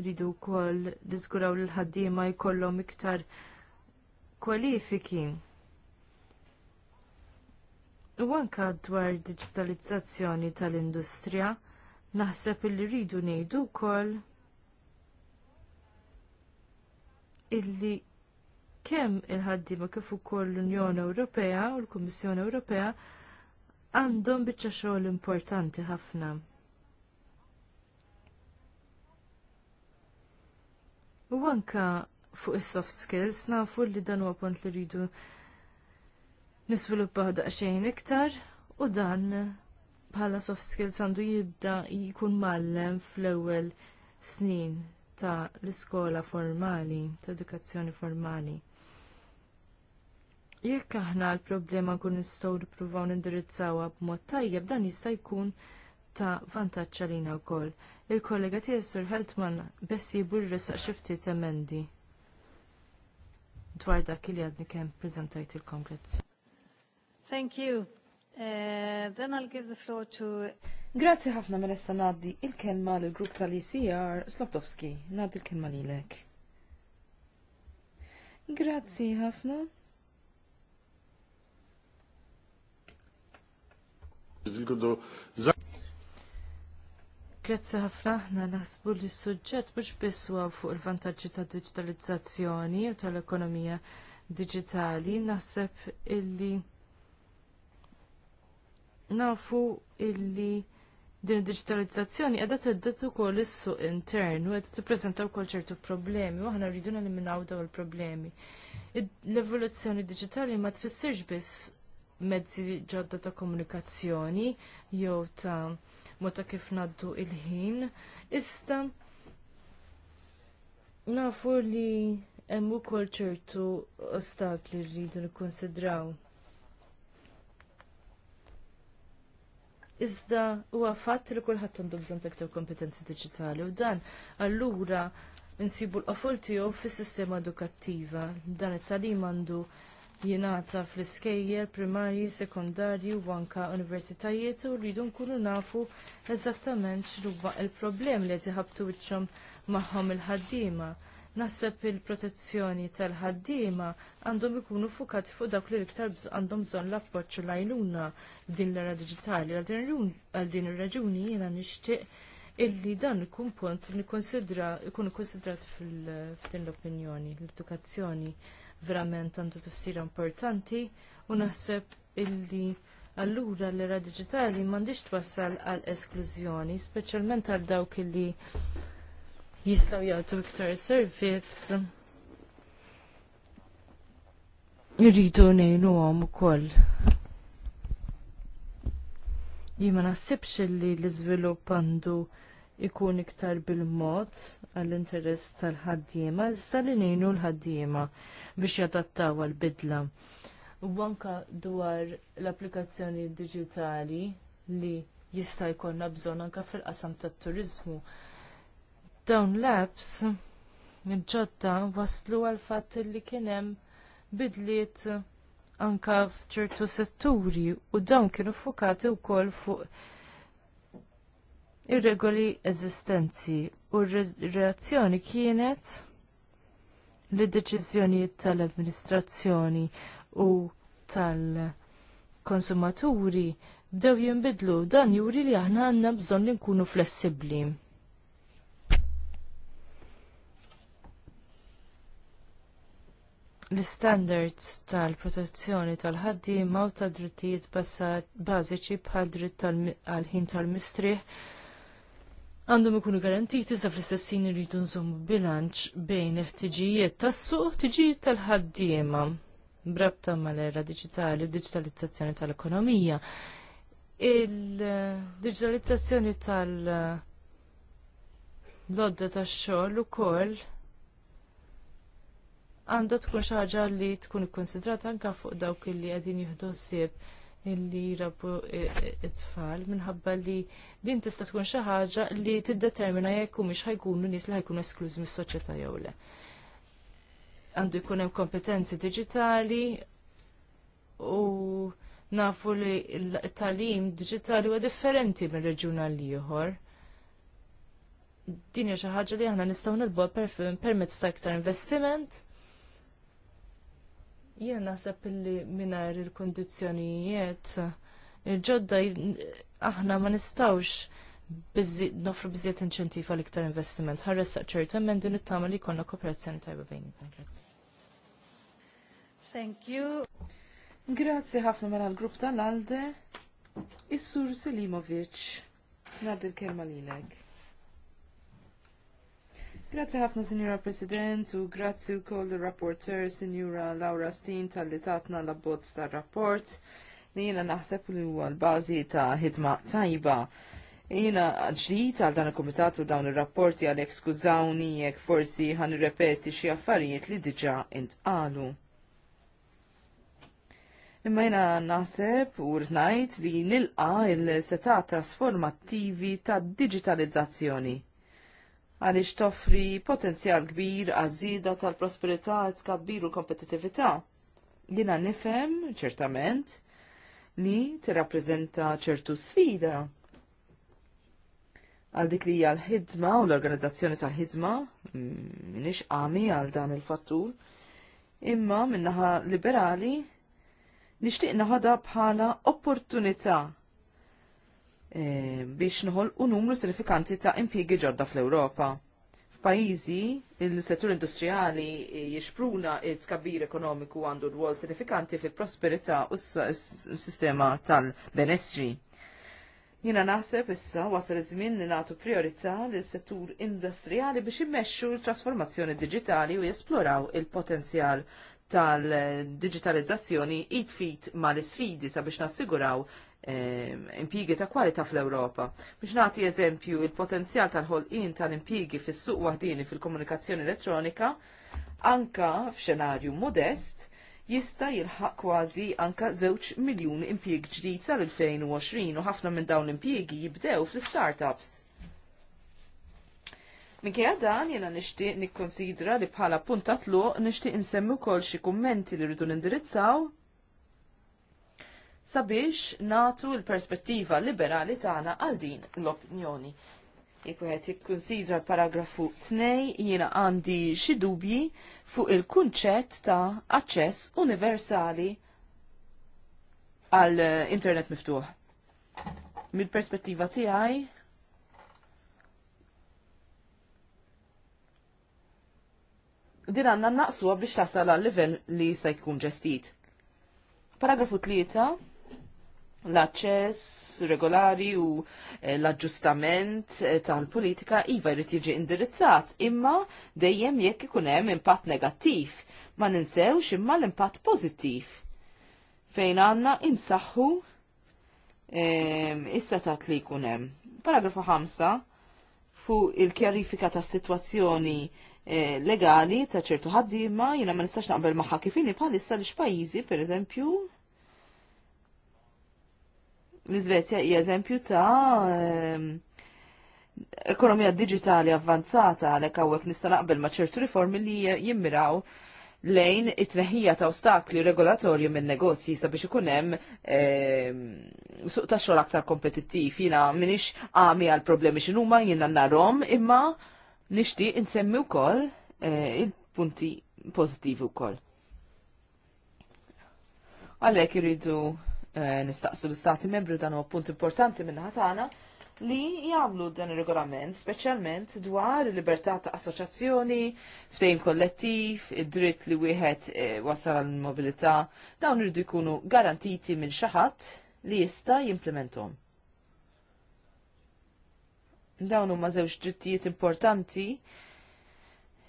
Rridu wkoll niżguraw li l ħaddima jkollhom iktar kwalifiki. U anka dwar digitalizzazzjoni tal-industrija, naħseb illi rridu ngħidu wkoll illi kemm il-ħaddiema kif ukoll l-Unjoni Ewropea u l-Kummissjoni Ewropea għandhom biċċa xogħol importanti ħafna. U anka fuq is-soft skills nafu li dan huwa punt li rridu nisviluppaw daqsxejn iktar u dan bħala soft skills għandu jibda jkun mallem fl-ewwel snin ta' l-iskola formali, ta' edukazzjoni formali. Jekk aħna l-problema kun nistgħu nippruvaw nindirizzawha b'mod tajjeb dan jista' jkun ta' vantaġġ għalina wkoll. Il-kollega tiegħi Sur Heltman bess jibu resaq xi ftit emendi dwar dak li għadni kemm preżentajt il-komplezz. Thank you. Uh, then I'll give the floor to... Grazzi ħafna Melissa issa il-kelma l grupp tal-ICR Slobdowski. Naddi il-kelma lilek. Grazzi ħafna. Grazzi ħafna ħna naħsbu li s-suġġett mhux biss fuq il-vantaġġi tad diġitalizzazzjoni u tal-ekonomija digitali naħseb illi nafu illi din id-digitalizzazzjoni qiegħda teddet ukoll is-suq intern u qiegħda tippreżenta wkoll ċertu problemi u aħna rridu neliminaw dawn il-problemi. L-evoluzzjoni diġitali ma tfissirx biss mezzi ġodda ta' komunikazzjoni jew ta' mota kif ngħaddu il-ħin, ista nafu li hemm ukoll ċertu ostakli rridu nikkonsidraw. iżda huwa fatt li kulħadd għandu bżonn aktar kompetenzi diġitali u dan allura insibu l-qafol tiegħu fis-sistema edukattiva. Dan it tagħlim għandu jingħata fl-iskejjer primarji, sekondarji u anke universitajiet u rridu nkunu nafu eżattament x'huwa l problem li qed iħabtu wiċċhom magħhom il-ħaddiema. Naħseb il-protezzjoni tal-ħaddiema għandhom ikunu fukati fuq dawk li iktar għandhom bżonn l-appoġġ u l-għajnuna din l-era diġitali. Għal din ir-raġuni jiena nixtieq illi dan ikun punt li ikun konsidrat fil l-opinjoni. L-edukazzjoni verament għandu tifsira importanti u naħseb illi allura l-era digitali m'għandhiex twassal għal esklużjoni, speċjalment għal dawk illi jistgħu jagħtu iktar servizz. Irridu ngħinuhom ukoll. koll. Jima naħsibx li l izvilup għandu ikun iktar bil-mod għall-interess tal-ħaddiema, iżda li nejnu l-ħaddiema biex jadattaw għal-bidla. U anka dwar l-applikazzjoni digitali li jista' jkollna bżonn anke fil-qasam tat-turiżmu Dawn l-apps ġodda waslu għal fatt li kien hemm bidliet anka f'ċertu setturi u dawn kienu fukati wkoll fuq ir-regoli eżistenti u r-reazzjoni kienet li deċiżjonijiet tal-amministrazzjoni u tal-konsumaturi bdew jinbidlu dan juri li aħna għandna bżonn li nkunu flessibbli. l-standards tal-protezzjoni tal-ħaddiema u tad drittijiet bażiċi bħal dritt tal-ħin tal-mistrieħ għandhom ikunu garantiti sa fl istessin ħin iridu nżommu bilanċ bejn il-ħtiġijiet tas-suq u ħtiġijiet tal-ħaddiema brabta mal-era diġitali u diġitalizzazzjoni tal-ekonomija. Il-diġitalizzazzjoni tal- lodda tax-xogħol ukoll għandha tkun xi ħaġa li tkun ikkonsidrata anke fuq dawk li qegħdin jieħdu ssieb illi jrabu it-tfal minħabba li din tista' tkun xi ħaġa li tiddetermina jekk humiex ħajkunu nies li ħajkunu esklużi mis-soċjetà jew le. Għandu jkun hemm kompetenzi diġitali u nafu li l-talim diġitali huwa differenti minn reġjun għal ieħor. Din hija xi ħaġa li aħna nistgħu nilbu permezz ta' iktar investiment Jien naħseb illi mingħajr il-kundizzjonijiet il-ġodda aħna ma nistawx nofru bizziet inċentiv għal iktar investiment. Ħarres ċertu emmen din it-tama li jkollna kooperazzjoni tajba bejn Grazie. Thank you. Grazzi ħafna mela l-grupp tal-Alde. Is-Sur Selimovic. Nad il-kelma lilek. Grazzi ħafna, Sinjura President, u grazzi wkoll ir-rapporteur Sinjura Laura Steen tal-li tatna l-abbozz tar-rapport li jiena naħseb li huwa l-bażi ta' ħidma tajba. Jiena ġdijt għal dan il-komitat u dawn il-rapporti għal ekskużawni jek forsi ħan ripeti xie affarijiet li diġa intqalu. Imma jiena naħseb u rnajt li nilqa il-setat trasformattivi ta' digitalizzazzjoni għaliex toffri potenzjal kbir għażida tal-prosperità tkabbir u kompetitività. Jiena nifhem ċertament li tirrappreżenta ċertu sfida għal dik li hija l-ħidma u l-organizzazzjoni tal-ħidma mm, minix qami għal dan il-fattur, imma minnaħa liberali nixtieq naħadha bħala opportunità Eh, biex nħolqu numru sinifikanti ta' impjiegi ġodda fl-Ewropa. F'pajjiżi il-settur industrijali eh, jixpruna t tkabbir ekonomiku għandu rwol sinifikanti fil-prosperità u s-sistema tal-benessri. Jina naħseb issa wasal iż-żmien li nagħtu priorità lil settur industrijali biex immexxu l-trasformazzjoni diġitali u jesploraw il-potenzjal tal-digitalizzazzjoni id-fit isfidi sfidi sabiex nassiguraw Ehm, impigi ta' kwalità fl-Ewropa. Biex nagħti eżempju il-potenzjal tal-ħolqien tal-impigi fis-suq waħdini fil-komunikazzjoni elettronika, anka f'xenarju modest, jista' jilħaq kważi anka żewġ miljun impjieg ġdid sal-2020 u ħafna minn dawn l-impjiegi jibdew fl-startups. Minkejja dan jiena nixtieq nikkonsidra li bħala puntat tluq nixtieq insemmi wkoll xi kummenti li rridu nindirizzaw sabiex natu l-perspettiva liberali tagħna għal din l-opinjoni. Jekk wieħed jikkunsidra l-paragrafu 2 jiena għandi xi dubji fuq il-kunċett ta' aċċess universali għal eh, internet miftuħ. Mill-perspettiva tiegħi din għanna naqsuha biex tasal għal livell li se jkun ġestit. Paragrafu 3 l-aċċess regolari u eh, l-aġġustament eh, tal politika iva jrid jiġi indirizzat, imma dejjem jekk ikun hemm impatt negattiv. Ma ninsewx imma l-impatt pożittiv. Fejn għandna insaħħu eh, issa tat li jkun hemm. Paragrafu 5 fuq il-kjarifika ta' situazzjoni legali ta' ċertu ħaddiema jiena ma nistax naqbel magħha kif bħalissa li x'pajjiżi pereżempju l-Iżvezja hija eżempju ta' ehm, ekonomija digitali avvanzata għalhekk hawnhekk nista' naqbel ma' ċertu riformi li jimmiraw lejn it-tneħija ta' ostakli regolatorju minn negozji sabiex ikun hemm ehm, suq ta' xogħol aktar kompetittiv. Jiena m'iniex għami għal problemi x'inhuma jiena narhom imma nixtieq insemmi wkoll eh, il-punti pożittivi wkoll. Għalhekk irridu Eh, nistaqsu l-Stati membri dan huwa punt importanti minna ħatana li jagħmlu dan ir-regolament speċjalment dwar il-libertà ta' assoċjazzjoni, ftejn kollettiv, id-dritt li wieħed eh, wasal għal mobilità, dawn irridu jkunu garantiti minn xi ħadd li jista' jimplementhom. Dawn huma żewġ drittijiet importanti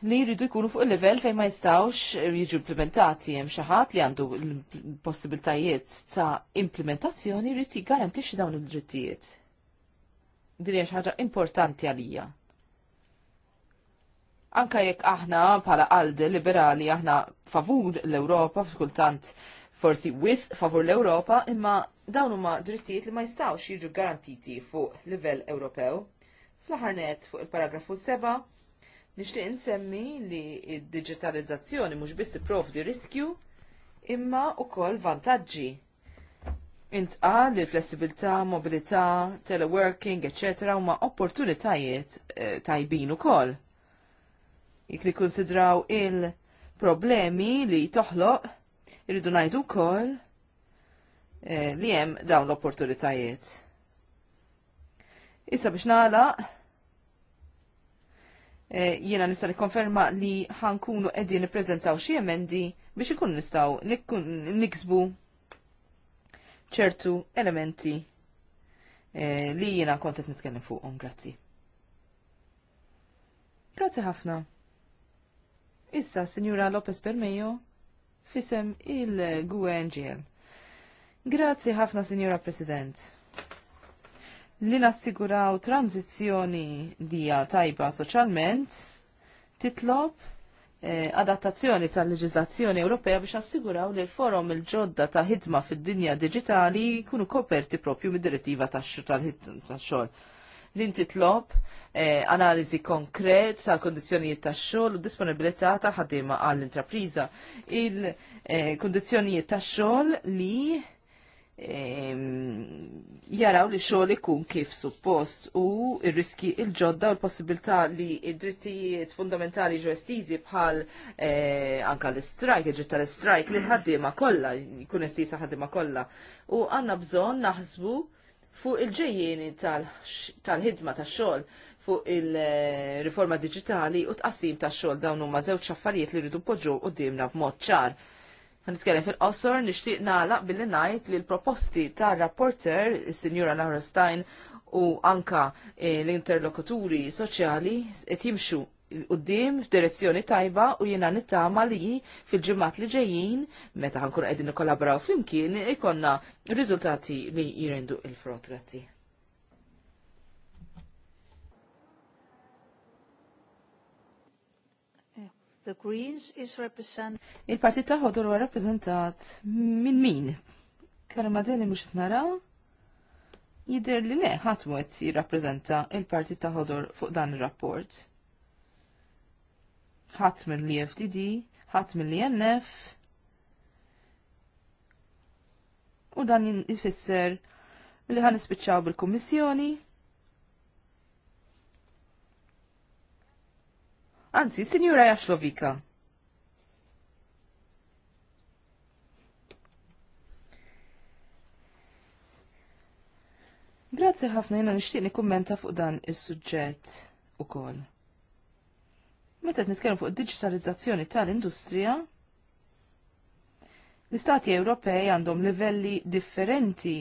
li jridu jkunu fuq il-level fejn ma jistawx jiġu implementati hemm xi ħadd li għandu l-possibiltajiet ta' implementazzjoni jrid jiggarantixxi dawn id-drittijiet. Din hija xi ħaġa importanti għalija. Anka jekk aħna bħala qalde liberali aħna favur l-Ewropa f'kultant forsi wis favur l-Ewropa, imma dawn huma drittijiet li ma jistawx jiġu garantiti fuq livell Ewropew. Fl-aħarnet fuq il-paragrafu 7 Nixtieq insemmi li d-diġitalizzazzjoni mhux biss tipprovdi riskju imma wkoll vantaġġi. Intqa li flessibilità, mobilità, teleworking, eċetera huma opportunitajiet eh, tajbin ukoll. Jekk nikkunsidraw il-problemi li toħloq, irridu ngħidu wkoll eh, li hemm dawn l-opportunitajiet. Issa biex nagħlaq Eh, jiena nista' nikkonferma li ħankunu qegħdin nippreżentaw xi emendi biex ikun nistgħu niksbu ċertu elementi eh, li jiena kont qed nitkellem fuqhom. Grazzi. Grazzi ħafna. Issa, Sinjura Lopez Bermejo, fisem il-Gwen Grazzi ħafna, Sinjura President li nassiguraw tranzizzjoni dija tajba soċjalment titlob eh, adattazzjoni tal-leġizlazzjoni Ewropea biex assiguraw li l-forum il-ġodda ta' ħidma fid-dinja digitali jkunu koperti propju mid-direttiva tax-xogħol. Lin titlob eh, analiżi konkret tal kondizjonijiet tax-xogħol u disponibilità tal-ħaddiema għall-intrapriża. il eh, tax-xogħol li jaraw li xogħol ikun kif suppost u r-riski il-ġodda u l-possibilità li id-drittijiet fundamentali ġo bħal eh, anka l strike id-dritt tal strike li l-ħaddiema kollha jkun estiża ħaddiema kollha. U għandna bżonn naħsbu fuq il-ġejjieni tal-ħidma tax-xogħol fuq il-riforma digitali u tqassim tax-xogħol dawn huma żewġ affarijiet li rridu poġġu qudiemna b'mod ċar Għanitkellem fil-qosor nixtieq nagħlaq billi ngħid li l-proposti tar rapporter is-Sinjura Laura Stein u anka eh, l-interlokuturi soċjali qed jimxu qudiem f'direzzjoni tajba u jiena nittama li fil-ġimgħat li ġejjin meta ħankun qegħdin nikkolabraw flimkien ikonna riżultati li jirendu il-frott. Grazzi. The Greens is Il-partit ta' ħodur huwa rappresentat minn min? Kalma madeni mhux qed naraw? Jidher li le ħadd għet qed jirrappreżenta il-partit ta' ħodur fuq dan ir-rapport. ħatmu li FDD, ħatmu li NF. U dan jifisser li ħan ispiċċaw bil-Kummissjoni Anzi, signora Jaslovika. Grazzi ħafna jena nishtiqni kummenta fuq dan is-suġġett ukoll. Meta qed nitkellmu fuq digitalizzazzjoni tal-industrija, l-Istati Ewropej għandhom livelli differenti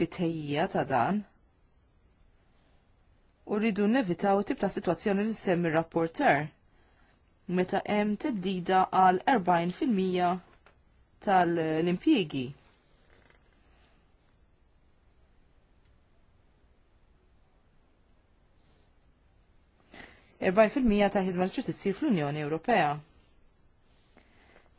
fit-tejjija ta' dan u rridu nevitaw tip ta' situazzjoni li semmi rapporter meta hemm teddida għal 40% tal-impjiegi. fil-mija ta' ħidma li issir fl-Unjoni Ewropea.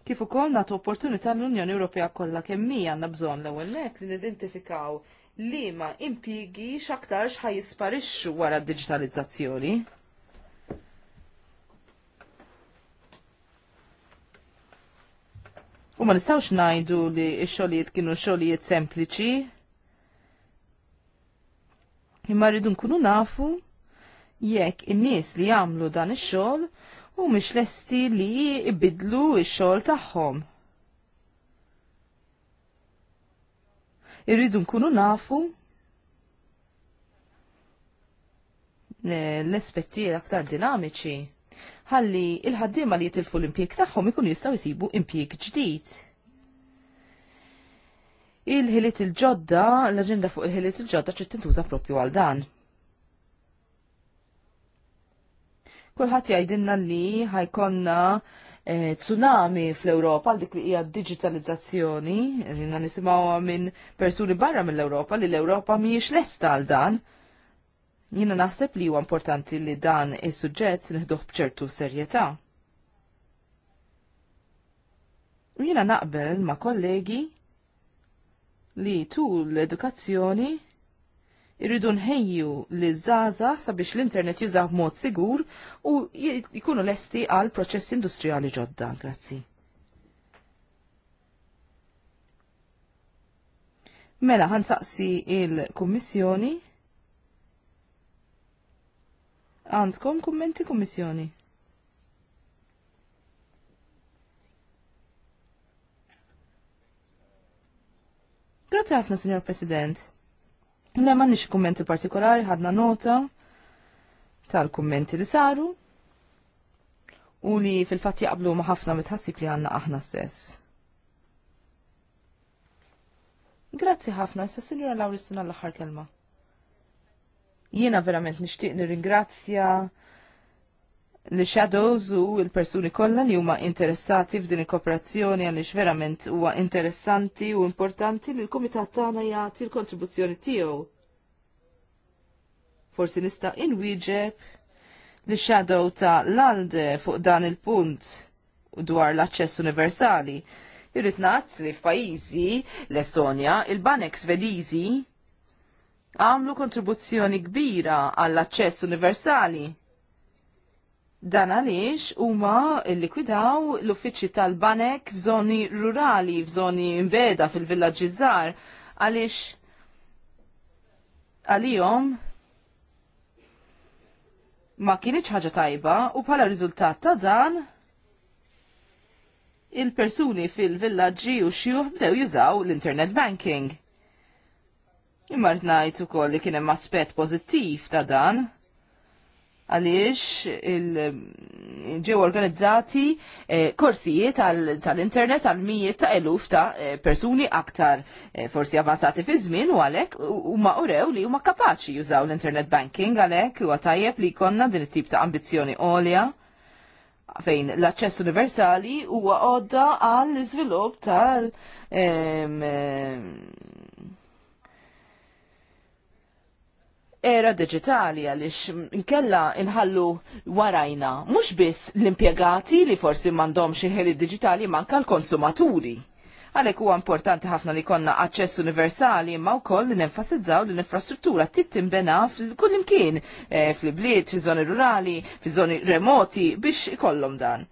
Kif ukoll nagħtu opportunità l-Unjoni Ewropea kollha kemm hija għandna bżonn l-ewwel li nidentifikaw li ma impigi xaktarx ħaj jisparixxu wara d-digitalizzazzjoni. U ma nistawx najdu li x-xogħlijiet kienu xogħlijiet sempliċi. Imma rridu nkunu nafu jekk in-nies li jagħmlu dan ix-xogħol u mhix lesti li jbidlu x-xogħol tagħhom. irridu nkunu nafu l-aspetti aktar dinamiċi ħalli il-ħaddiema li jitilfu l-impjeg tagħhom ikun jistgħu jsibu impjeg ġdid. Il-ħiliet il-ġodda, l-aġenda fuq il-ħiliet il-ġodda ċi tintuża propju għal dan. Kulħadd jgħidilna li ħajkonna E, tsunami fl-Europa dik li hija digitalizzazzjoni li nisimgħuha minn persuni barra mill-Europa li l-Europa mhijiex lesta għal dan. Jiena naħseb li huwa importanti li dan is-suġġett nieħduh b'ċertu serjetà. Jiena naqbel ma' kollegi li tul l-edukazzjoni irridu nħejju li zaza sabiex l-internet jużaw b'mod sigur u jkunu lesti għal proċess industrijali ġodda. Grazzi. Mela, ħansaqsi il-Kummissjoni. Għandkom kummenti Kummissjoni? Grazie ħafna, Signor President. Le ma nix kummenti partikolari, ħadna nota tal-kummenti li saru u li fil-fat jaqblu ma ħafna mitħassib li għanna aħna stess. Grazzi ħafna, issa sinjura Lauristina l-aħħar kelma. Jiena verament nixtieq nirringrazzja li shadows u l-persuni kollha li huma interessati f'din il-kooperazzjoni għaliex verament huwa interessanti u importanti li l-kumitat tagħna jagħti l-kontribuzzjoni tiegħu. Forsi nista' inwieġeb li shadow ta' l-alde fuq dan il-punt dwar l-aċċess universali. Irrid li f'pajjiżi l-Estonja il-banek Svediżi għamlu kontribuzzjoni kbira għall-aċċess universali Dan għaliex huma likwidaw l-uffiċċji tal-banek f'żoni rurali, f'żoni mbeda fil-villaġġi żgħar għaliex għalihom ma kienieċ ħaġa tajba u bħala riżultat ta' dan il-persuni fil-villaġġi u xjuħ bdew jużaw l-internet banking. Imma rtnajt ukoll li kien hemm aspett pożittiv ta' dan għaliex ġew organizzati eh, korsijiet tal-internet għal mijiet ta' eluf ta' eh, persuni aktar eh, forsi avanzati fi żmien u għalhekk huma urew li huma kapaċi jużaw l-internet banking għalhekk huwa tajjeb li jkollna din it-tip ta' ambizzjoni għolja fejn l-aċċess universali huwa għodda għall iżvilupp tal era digitali għalix inkella inħallu warajna mhux biss l-impjegati li forsi m'għandhomx il digitali manka l-konsumaturi. Għalek huwa importanti ħafna li konna aċċess universali imma wkoll li nenfasizzaw li l-infrastruttura tit timbena fil-kull imkien eh, fil-bliet, fiż-żoni rurali, fi żoni remoti biex ikollhom dan.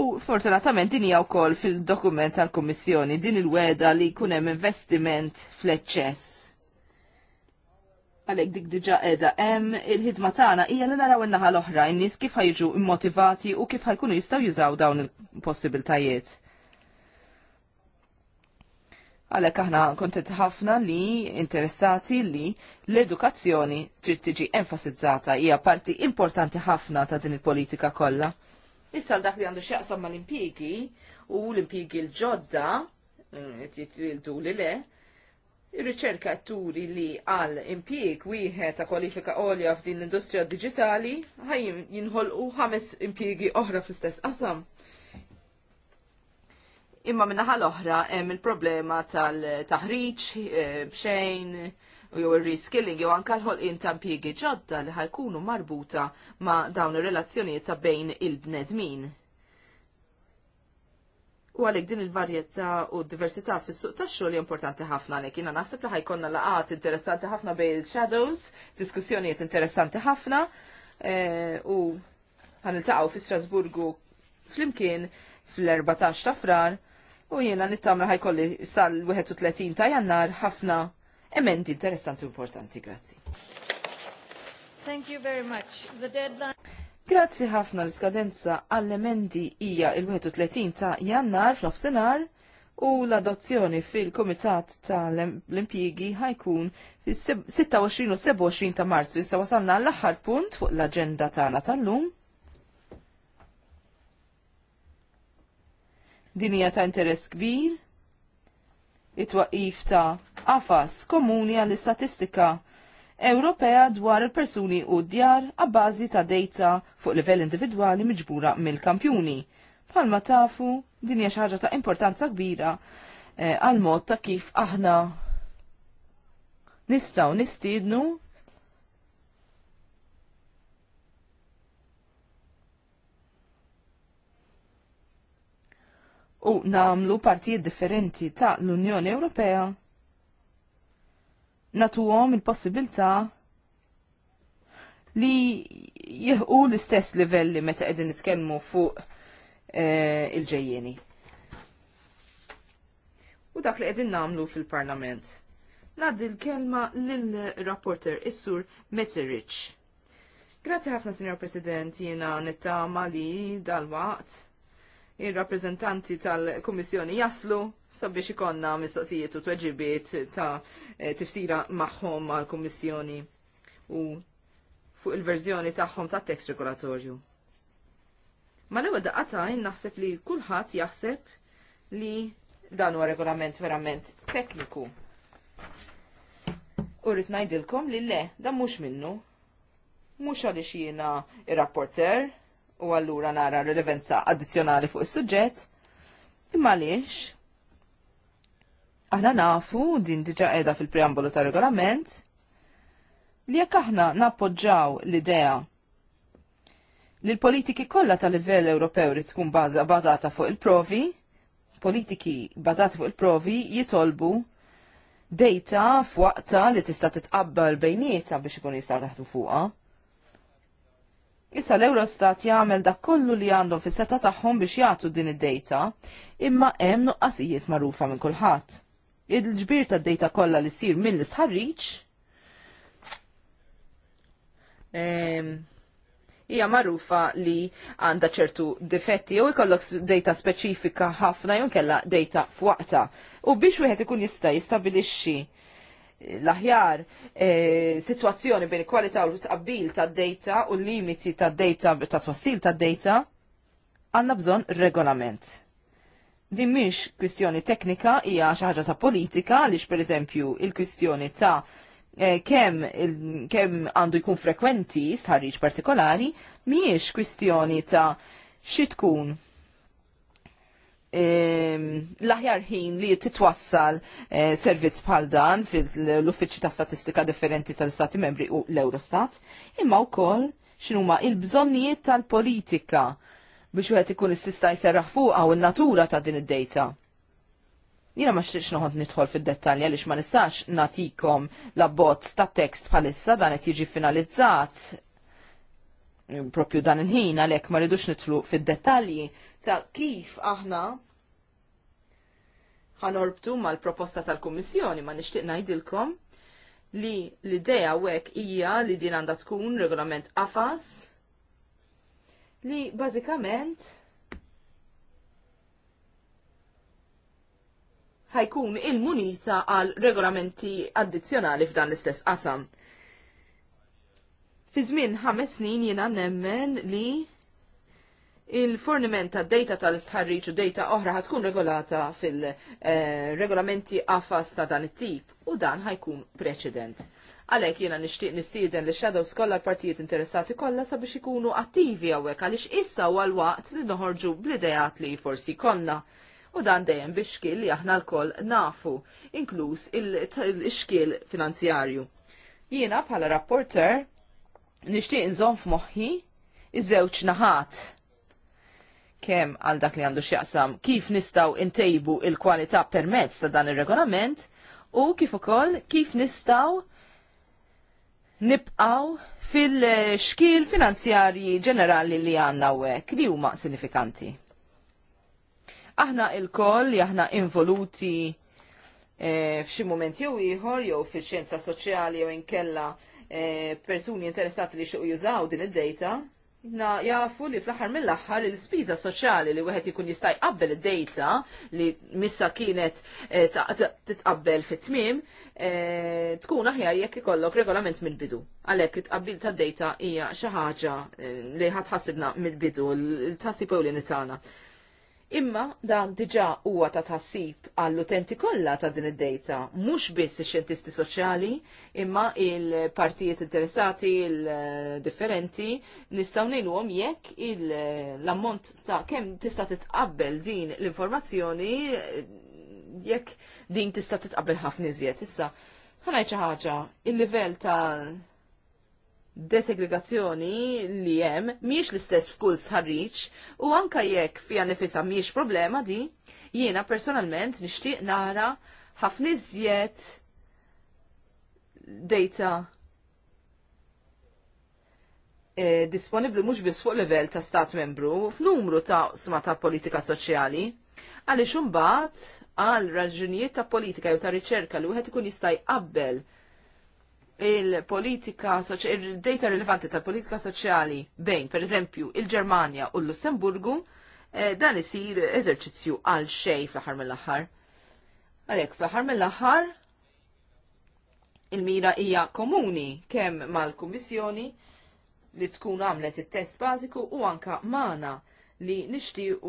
U fortunatament din hija wkoll fil-dokument tal-Kummissjoni din il-weda li jkun hemm investiment fl-eċċess għalek dik diġa edha hemm il-ħidma tagħna hija li naraw in-naħa l-oħra n nies kif ħajġu immotivati u kif ħajkunu jistgħu jużaw dawn il-possibiltajiet. Għalek aħna kontent ħafna li interessati li l-edukazzjoni trid tiġi enfasizzata hija parti importanti ħafna ta' din il-politika kollha. Issa dak li għandu x'jaqsam mal-impjiegi u l-impjiegi l-ġodda eh, jitrildu li le, Ir-riċerkaturi li għal impjieg wieħed ta' kwalifika għolja f'din l-industrija digitali jinħol jinħolqu ħames impjiegi oħra fl-istess qasam. Imma minnaħa l-oħra hemm il-problema tal-taħriġ eh, bxejn jew ir-reskilling jew anke l-ħolqien ta' impjiegi ġodda li ħajkunu marbuta ma' dawn ir-relazzjonijiet ta' bejn il-bnedmin. U għalek din il-varjetà u diversità fis-suq tax-xogħol importanti ħafna għalhekk. Jiena naħseb li ħajkonna laqat interessanti ħafna bejn il-shadows, diskussjonijiet interessanti ħafna e, u ħaniltaqgħu fi Strasburgu flimkien fl-14 ta' frar u jiena nittamra ħajkolli sal-31 ta' jannar ħafna emendi interessanti u importanti. Grazzi. Thank you very much. The deadline Grazzi ħafna l-skadenza għall-emendi hija il-31 ta' jannar fl u l-adozzjoni fil-Komitat ta' l-impjigi ħajkun fil-26 u 27 ta' marzu. Issa wasalna l-aħħar punt fuq l-agenda tagħna tal-lum. Dinija ta' interess kbir, it-twaqif ta' afas komuni għall-istatistika Ewropea dwar il-persuni u d-djar għabbażi ta' data fuq livell individwali miġbura mill-kampjuni. Palma tafu, din hija xi ħaġa ta' importanza kbira eh, għal mod ta' kif aħna nistaw nistidnu u namlu partijiet differenti ta' l-Unjoni Ewropea għom il-possibilità li jihqu l-istess livelli meta qegħdin nitkellmu fuq eh, il-ġejjeni. U dak li qegħdin nagħmlu fil-Parlament. Naddi l-kelma lill-rapporter is-sur Metzerich. Grazzi ħafna, Signor President, jiena nittama li dal-waqt il-rappresentanti tal-Kummissjoni jaslu sabiex ikonna mistoqsijiet u tweġibiet ta' eh, tifsira magħhom mal kummissjoni u fuq il-verżjoni tagħhom ta' tekst regolatorju. Ma l-ewwel daqata naħseb li kulħadd jaħseb li dan huwa regolament verament tekniku. U rrid ngħidilkom li le, dan mhux minnu. Mhux għalix jiena il rapporter u allura nara r-rilevenza addizzjonali fuq is-suġġett, imma għaliex Aħna nafu din diġa qiegħda fil-preambolu ta' regolament li jekk aħna nappoġġaw l-idea li l-politiki kollha ta' livell Ewropew li tkun bażata fuq il-provi, politiki bażati fuq il-provi jitolbu data f'waqta li tista' titqabbel bejnieta biex ikun jistgħu taħdu fuqha. Issa l-Eurostat jagħmel dak kollu li għandhom fis-seta tagħhom biex jagħtu din id-data, imma hemm nuqqasijiet magħrufa minn kulħadd il-ġbir ta' dejta kollha li sir mill sħarriċ hija magħrufa li għandha ċertu difetti jew ikollok data speċifika ħafna jew kella data f'waqta. U biex wieħed ikun jista' jistabilixxi l-aħjar e, situazzjoni bejn kwalità u tqabbil ta' data u limiti ta' data ta' twassil ta' data għandna bżonn regolament din miex kwistjoni teknika hija xi ħaġa ta' politika għaliex pereżempju il-kwistjoni ta' eh, kemm kem għandu jkun frekwenti stħarriġ partikolari mhijiex kwistjoni ta' xi tkun ehm, l-aħjar ħin li titwassal eh, servizz bħal dan fil-uffiċċju ta' statistika differenti tal-Stati membri u l-Eurostat, imma wkoll x'inhuma il-bżonnijiet tal-politika biex wieħed ikun is-sista jserraħ fuq u il natura ta' din id-data. Jiena ma xtiex noħod nidħol fid-dettalji għaliex ma nistax natikom la bot ta' tekst bħalissa dan qed jiġi finalizzat propju dan il-ħin għalhekk ma rridux nidħlu fid-dettalji ta' kif aħna ħanorbtu mal-proposta tal-Kummissjoni ma nixtieq ngħidilkom li l-idea wek hija li din għandha tkun regolament qafas li bażikament ħajkun il-munita għal regolamenti addizzjonali f'dan l-istess qasam. Fi żmien ħames snin jiena nemmen li il-forniment ta' data tal-istħarriġ u data oħra ħatkun regolata fil-regolamenti eh, għafas ta' dan it-tip u dan ħajkun preċedent. Għalhekk jiena nixtieq nistieden li xadow skolla partijiet interessati kollha sabiex ikunu attivi għawek għaliex issa u għal waqt li noħorġu bl li forsi konna. U dan dejjem biex xkil li aħna lkoll nafu, inkluż il-xkil finanzjarju. Jiena bħala rapporter nixtieq nżomm f'moħħi iż-żewġ naħat kemm għal dak li għandu x'jaqsam kif nistgħu intejbu il-kwalità permezz ta' dan ir-regolament u kif ukoll kif nistgħu nibqaw fil-xkil finanzjarji ġenerali li għanna wek li huma sinifikanti. Aħna il-koll li aħna involuti e, f'xi moment jew ieħor jew fix-xjenza soċjali jew inkella e, persuni interessati li xuq jużaw din id-data, na jafu li fl-aħħar mill-aħħar il-spiża soċjali li wieħed ikun jista' jqabbel id-dejta li missa kienet eh, titqabbel fit-tmiem eh, tkun aħjar jekk ikollok regolament mill-bidu. Għalhekk it-qabbil tad-dejta hija xi ħaġa eh, li ħassibna mill-bidu l-tassib li nitana. Imma dan diġa huwa ta' tħassib għall-utenti kollha ta' din id-data, mhux biss ix-xjentisti soċjali, imma il-partijiet interessati il-differenti nistgħu ngħidulhom jekk l-ammont ta' kemm tista' titqabbel din l-informazzjoni jekk din tista' titqabbel ħafna iżjed. Issa, ħanaj xi ħaġa, il-livell ta' desegregazzjoni li hemm miex l-istess f'kull sħarriċ, u anka jekk fija nifisa miex problema di, jiena personalment nixtieq nara ħafna iżjed data e, eh, disponibli mhux biss fuq livell ta' stat membru f'numru ta' sma ta' politika soċjali għaliex imbagħad għal raġunijiet ta' politika jew ta' riċerka li wieħed ikun jista' jqabbel il-politika, il-data rilevanti tal-politika soċjali bejn, per eżempju, il-Germania u l-Lussemburgu, eh, dan isir eżerċizzju għal xej fl-ħar mill-ħar. Għalek, fl-ħar mill-ħar, il-mira hija komuni kemm mal-Kummissjoni li tkun għamlet it-test bażiku u anka mana li nixtiequ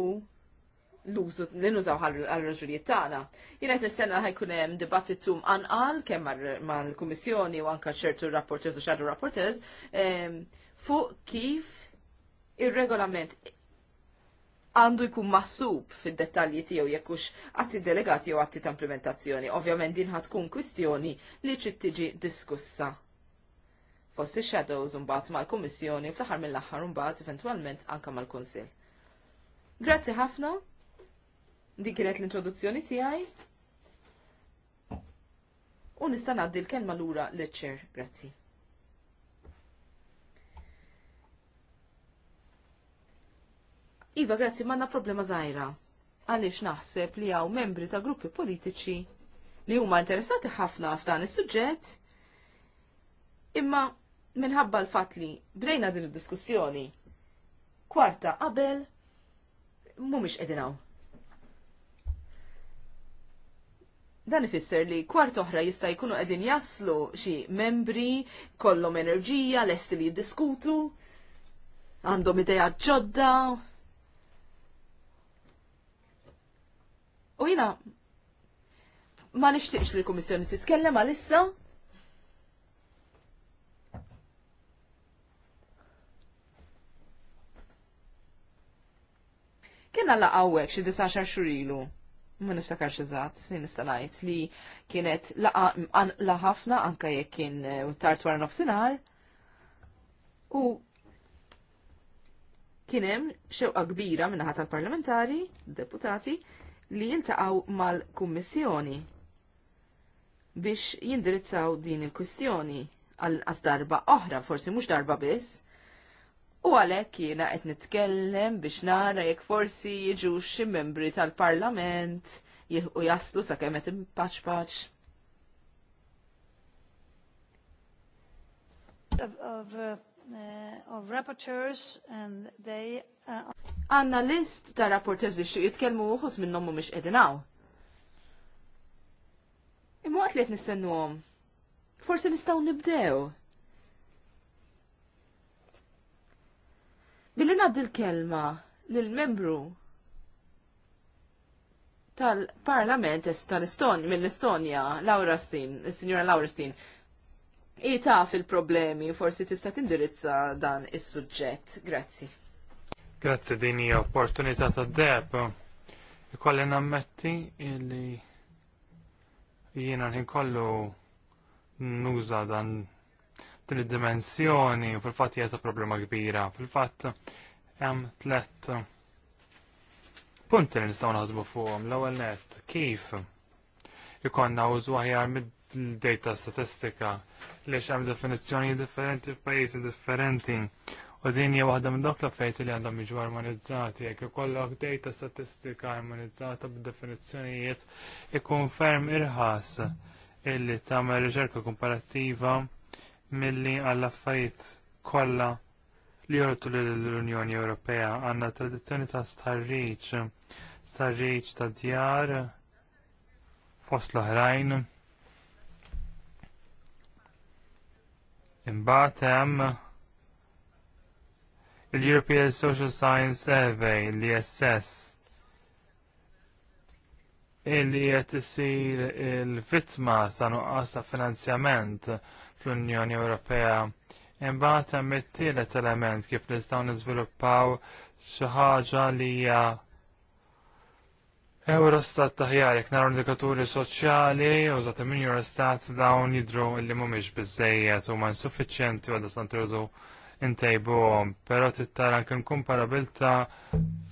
l-użu li nużaw għal-raġunijiet tagħna. Jien qed nistenna jkun hemm dibattitu anqal kemm mal-Kummissjoni u anke ċertu rapporters u xadu rapporters fuq kif ir-regolament għandu jkun maħsub fid-dettalji tiegħu jekk hux atti delegati jew atti ta' implementazzjoni. Ovvjament din ħad tkun kwistjoni li trid tiġi diskussa fost ix-shadows mbagħad mal-Kummissjoni u fl-aħħar mill-aħħar mbagħad eventwalment anke mal-Kunsill. Grazzi ħafna Dik kienet l-introduzzjoni tiegħi. U nista' ngħaddi l-kelma lura l-ċer. Grazzi. Iva, grazzi, manna problema zaħira. Għaliex naħseb li hawn membri ta' gruppi politiċi li huma interessati ħafna f'dan is-suġġett, imma minħabba l-fatt li bdejna din id-diskussjoni kwarta qabel mhumiex qegħdin hawn. Dan ifisser li kwart oħra jista' jkunu qegħdin jaslu xi membri kollhom enerġija lesti li jiddiskutu, għandhom idea ġodda. U jina ma nixtieqx li l-Kummissjoni titkellem għalissa għallaqgħu hekk xi disa xar xurilu ma niftakarx eżatt, min nista' ngħid li kienet laqa ħafna anke jekk kien eh, tard wara nofsinhar. U kien hemm xewqa kbira min-naħa tal-parlamentari, deputati, li jintaqgħu mal-Kummissjoni biex jindirizzaw din il-kwistjoni għal darba oħra, forsi mhux darba biss, U għalhekk jiena qed nitkellem biex nara jekk forsi jiġu xi membri tal-Parlament u jaslu sakemm qed paċ paċ. Uh, of rapporteurs and they uh, Għanna list ta' rapporters li xie jitkelmu uħus minnom u mux edinaw. Imma għat li jt nistennu għom. Forse nistaw nibdew. Billi naddi l-kelma lill-membru tal-Parlament tal-Estonja, mill-Estonja, Laura Stin, il-Sinjora Laura Stin, i taf il-problemi forsi tista' tindirizza dan is-suġġett. Grazzi. Grazzi din hija opportunità ta' deb. Ikolli nammetti illi jiena nkollu nuża dan din id-dimensjoni u fil-fatt jgħet problema kbira. Fil-fatt hemm tlet punti li nistgħu naħdmu fuqhom. L-ewwel net kif ikonna użu għajar mid-data statistika li hemm definizzjoni differenti f'pajjiżi differenti. U din hija waħda minn dawk l-affarijiet li għandhom jiġu armonizzati, jekk ikollok data statistika armonizzata b'definizzjonijiet ikun ferm irħas illi tagħmel riċerka komparattiva milli għall-affarijiet kollha li jortu l-Unjoni Ewropea għandna tradizzjoni ta' starriċ, starriċ ta' djar fost l-oħrajn. Imbagħad hemm il-European Social Science Survey, l-ISS, illi qed isir il fitma sa nuqqas ta' finanzjament fl-Unjoni Ewropea. Imbagħad hemm it-tielet element kif nistgħu niżviluppaw xi ħaġa li hija Eurostat taħjar jekk naru indikaturi soċjali użat minn Eurostat dawn jidru li mhumiex biżejjed huma insuffiċjenti għadha santirdu ntejbuhom. però tittar anke komparabilta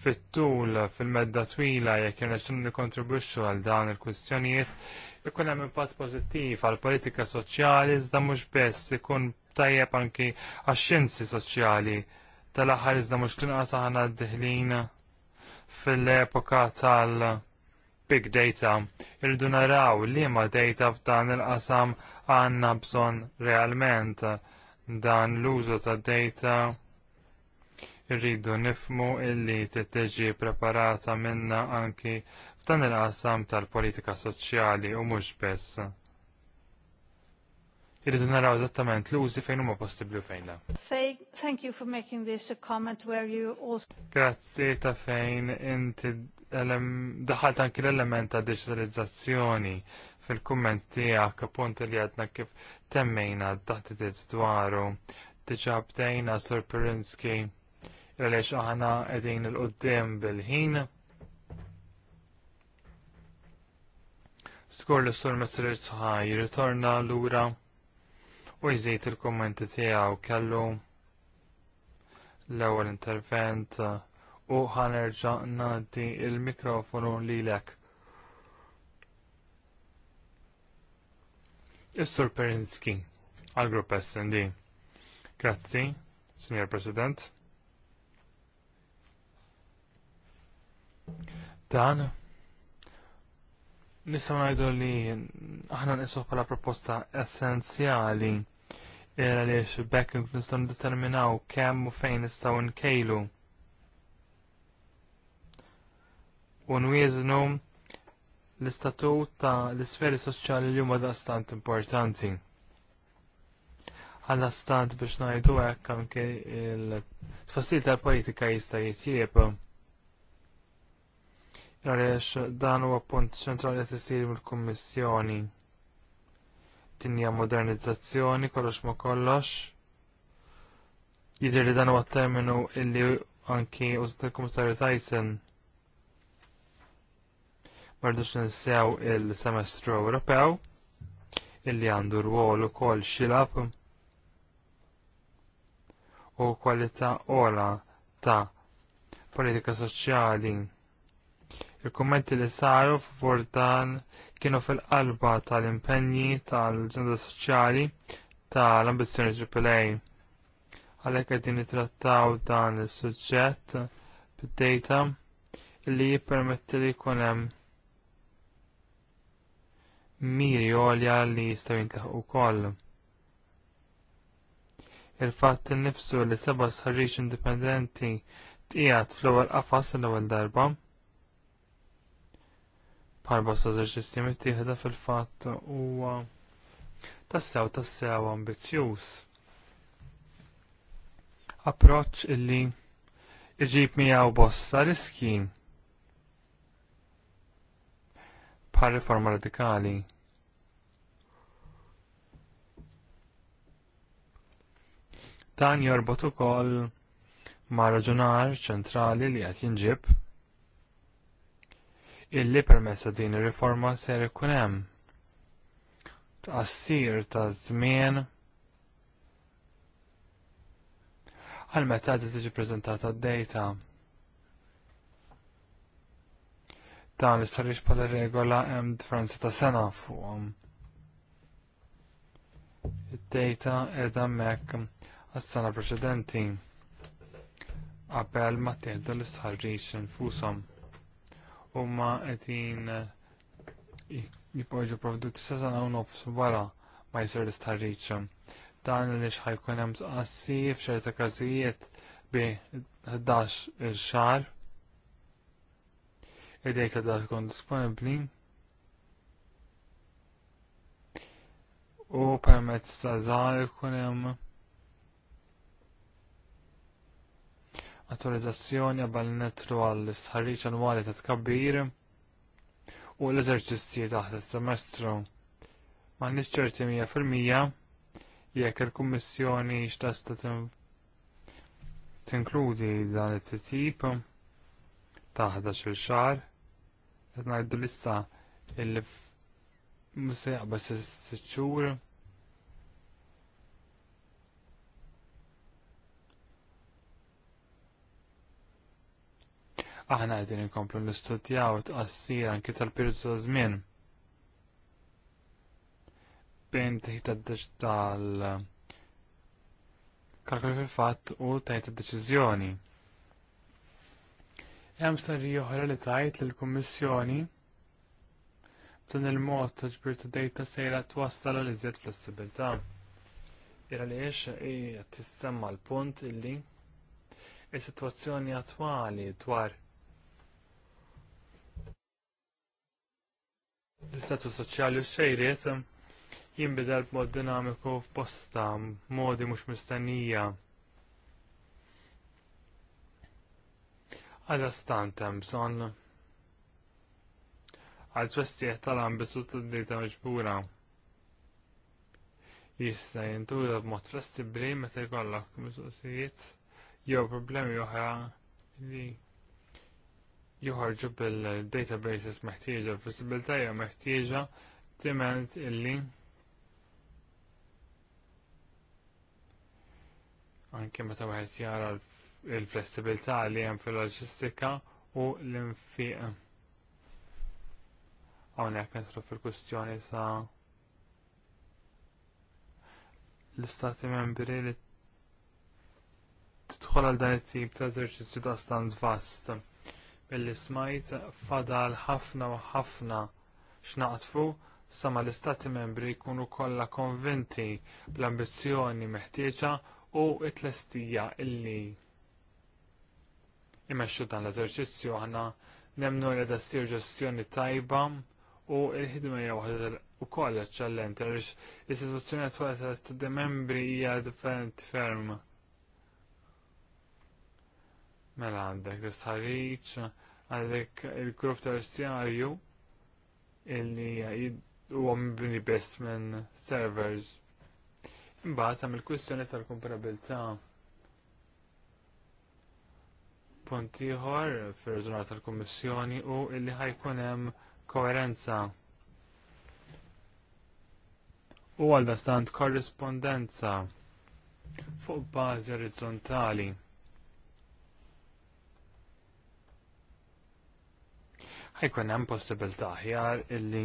fit-tul fil-medda twila jekk irnexxin nikkontribwixxu għal dawn il-kwistjonijiet ikun hemm impatt pożittiv għal politika soċjali iżda mhux biss ikun tajjeb anki għax-xjenzi soċjali tal-aħħar iżda mhux tinqas aħna d dihlin fil-epoka tal-big data. Irridu naraw li ma data f'dan il-qasam għandna bżonn realment dan l-użu ta' data irridu nifmu illi t-teġi preparata minna anki dan il-qasam tal-politika soċjali u mhux biss. Irridu naraw eżattament l-użi fejn huma possibbli fejn la. Thank you for making this a comment where you also Grazzi ta' fejn inti daħalt anki l-element ta' digitalizzazzjoni fil-kumment tiegħek punt li għadna kif temmejna d-daħtiet dwaru diġà bdejna Sur Perinski għaliex aħna qegħdin il-qudiem bil-ħin Skor li sur Mr. sħa jirritorna l-ura u jżid il-kommenti tiegħu kellu l-ewwel intervent uh, u ħanerġa' ngħaddi il-mikrofonu lilek. Is-Sur Perinski għal-Grupp SD. Grazzi, Signor President. Dan Nistaw najdu li aħna nisuħ pala proposta essenzjali għaliex backing nistaw determinaw kemm u fejn nistaw nkejlu. U nwieżnu l-istatut ta' l-isferi soċjali li huma da' importanti. Għalla stant biex najdu hekk anke il-tfassil tal-politika jista' jitjieb għaliex dan huwa punt ċentrali t isir mill-Kummissjoni. Tinja modernizzazzjoni kollox ma kollox. Jidher li dan huwa terminu illi anki u tal kummissarju Tyson mardux ninsew il-semestru Ewropew illi għandu rwol ukoll xilab u kwalità ola ta' politika soċjali Il-kommenti li saru fuq dan kienu fil-qalba tal-impenji tal-ġenda soċjali tal-ambizzjoni AAA. Għalhekk għedin nittrattaw dan is-suġġett bid-data li jippermetti li jkun hemm miri għolja li jistawin taħu koll. Il-fatt innifsu li seba' sħarriġ indipendenti tqiegħed fl-ewwel qafas l-ewwel darba bħal bosta eżerċizzji mittieħda fil-fatt huwa tassew tassew ambizzjuż. Approċċ illi iġib miegħu bosta riski bħal riforma radikali. Dan jorbot ukoll ma' raġunar ċentrali li qed jinġib illi permessa din ir-riforma ser ikun hemm tqassir ta' żmien għal meta tiġi preżentata d-dejta. Dan li sarix bħala regola hemm differenza ta' sena fuqhom. Id-dejta qiegħda hemmhekk għas-sena preċedenti qabel ma tieħdu l-istħarriġ infushom huma qegħdin eh, jipoġu provduti sa sena u nofs wara ma jisir l Dan li xħajkun hemm tqassi f'xerta kazijiet bi 11 il-xar. id Idejk li da' tkun disponibli. U permetz ta' żgħar ikun hemm autorizzazzjoni għabal netru għall sħarriċ annwali ta' tkabbir u l-eżerċizzji taħt is-semestru. Ma nisċerti 100% jekk il-Kummissjoni x'testa tinkludi dan it-tip taħda xil xar qed ngħidu lista illi mhux se jaqbel sitt xhur Aħna qegħdin inkomplu nistudjaw tqassir anki tal-periodu ta' żmien bejn teħid tal kalkoli fil-fatt u tajt d deċiżjoni Hemm starri oħra li tajt l kummissjoni b'dan il-mod ta' ġbir ta' dejta sejra twassal għal iżjed flessibilità. Ira li għiex t tissemma l-punt illi is-sitwazzjoni attwali dwar L-istatu soċjali xejriet jimbidel b'mod dinamiku f'posta modi mhux mistennija. Għada stant hemm bżonn għal twestijiet tal-ambitu tad-dejta miġbura jista' jintuża b'mod flessibbli meta jkollok mistoqsijiet jew problemi oħra li joħorġu bil-databases meħtieġa, l-possibilità hija meħtieġa timmens illi anke meta wieħed jara l-flessibilità li hemm fil-loġistika u l-infiq. Hawnhekk nitru fil-kwistjoni sa l-istati membri li tidħol għal dan it-tip ta' eżerċizzju ta' stanz vast billi smajt fadal ħafna u ħafna x'naqtfu sama l-istati membri jkunu kollha konvinti bl-ambizzjoni meħtieġa u t tlestija illi imexxu dan l-eżerċizzju aħna nemnu li da ssir ġestjoni tajba u l-ħidma hija waħda wkoll eċċellenti għaliex is-sitwazzjoni attwali tad membri hija differenti ferm Mela għandek l-sħarriċ, għandek il-grupp terzjarju illi huwa bini best minn servers. Imbagħad għam il-kwistjoni tal komparabilta Punt ieħor fir tal-Kummissjoni u illi ħajkun hemm koerenza. U għal dastant korrispondenza fuq bażi orizzontali. ħajkun hemm possibilità aħjar illi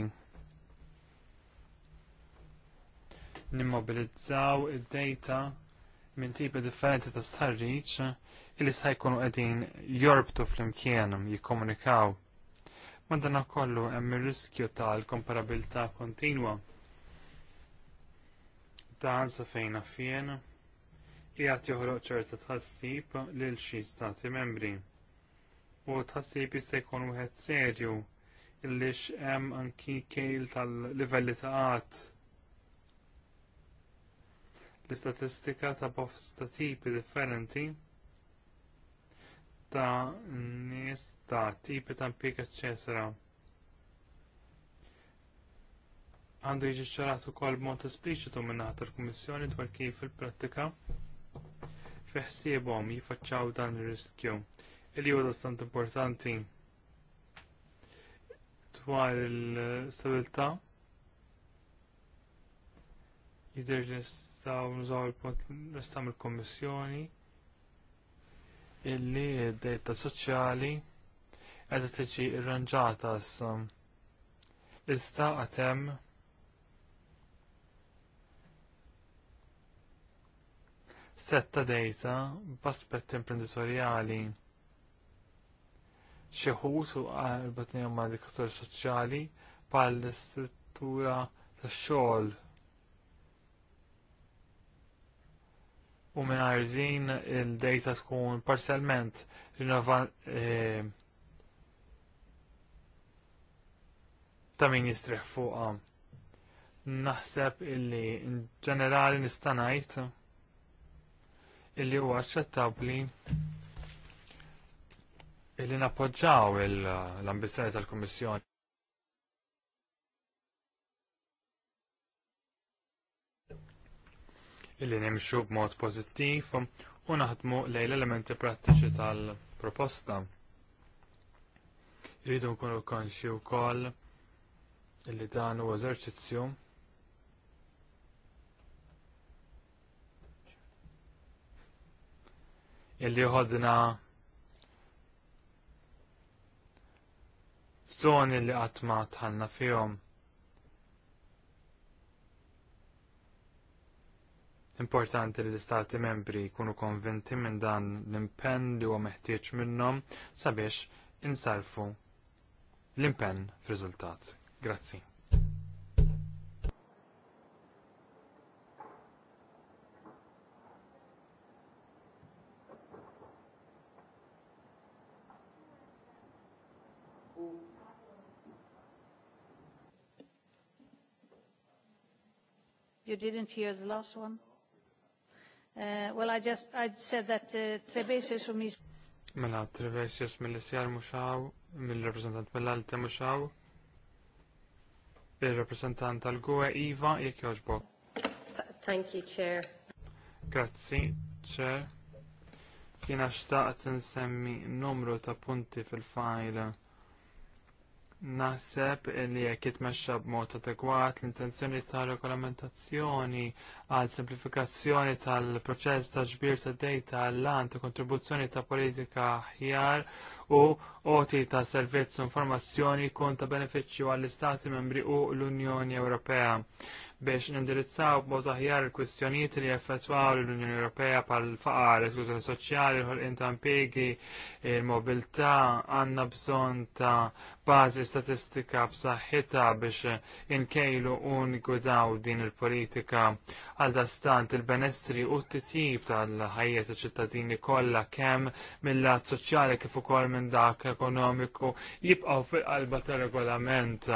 nimmobilizzaw id-data minn tipi differenti ta' starriċ illi se jkunu qegħdin jorbtu flimkien jikkomunikaw. Madana kollu hemm ir-riskju tal-komparabilità kontinwa. Dan sa fejna i qiegħed joħroq ċerta tħassib lil xi stati membri u tħassib jista' jkun wieħed serju illix hemm anki kejl tal-livelli ta' qatt. L-istatistika ta' bosta tipi differenti ta' nies ta' tipi ta' mpik eċċetera. Għandu jiġi ċarat ukoll b'mod espliċitu minn naħa tal-Kummissjoni dwar kif il-prattika fiħsiebhom jifaċċaw dan ir-riskju li huwa stant importanti dwar il stabilta Jidher li nistgħu nżaw il-punt nistgħu mill-Kummissjoni illi d data soċjali qiegħda tiġi irranġata issa. Iżda qatt hemm setta dejta b'aspett imprenditorjali xeħut u għalbatni ma' dikatur soċjali pal struttura ta' xogħol u minn għarżin il-data tkun parzialment eh, ta' min jistriħ fuqa. Naħseb illi ġenerali nistanajt illi huwa aċċettabbli illi nappoġġaw l-ambizzjoni tal-Kummissjoni. Illi nimxu b'mod pożittiv u naħdmu lejn l-elementi prattiċi tal-proposta. Rridu nkunu konxi wkoll illi dan huwa eżerċizzju illi ħodna kwistjoni li qatt ma tħallna fihom. Importanti li l-istati membri jkunu konvinti minn dan l-impenn li huwa meħtieġ minnhom sabiex insalfu l-impenn f'riżultat. Grazzi. You didn't hear the last one? Uh, well, I just I said that uh, Trebesius from his... Mela, Trebesius mill-SR muxaw, mill-reprezentant mill alta muxaw, il-reprezentant tal-Gwe Iva jek joġbo. Thank you, Chair. Grazzi, Chair. Kina xtaqt nsemmi numru ta' punti fil-fajla Naħseb li jekk jitmexxa b'mod adekwat l-intenzjoni ta' regolamentazzjoni għal semplifikazzjoni tal-proċess ta' ġbir ta' data għall-lan ta' kontribuzzjoni ta' politika ħjar u oti ta' servizz informazzjoni kun ta' benefiċċju għall-Istati membri u l-Unjoni Ewropea biex nindirizzaw b'mod aħjar il-kwistjonijiet li jaffettwaw l-Unjoni Ewropea pal faqar l-esklużjoni soċjali, l-ħolqien ta' impjegi, il-mobilità, għandna bżonn ta' bażi statistika b'saħħitha biex inkejlu u ngwidaw din il-politika għal dastant il-benestri u t-titjib tal-ħajja ta' ċittadini kollha kemm mill-lat soċjali kif ukoll minn dak ekonomiku jibqgħu fil-qalba tar-regolament.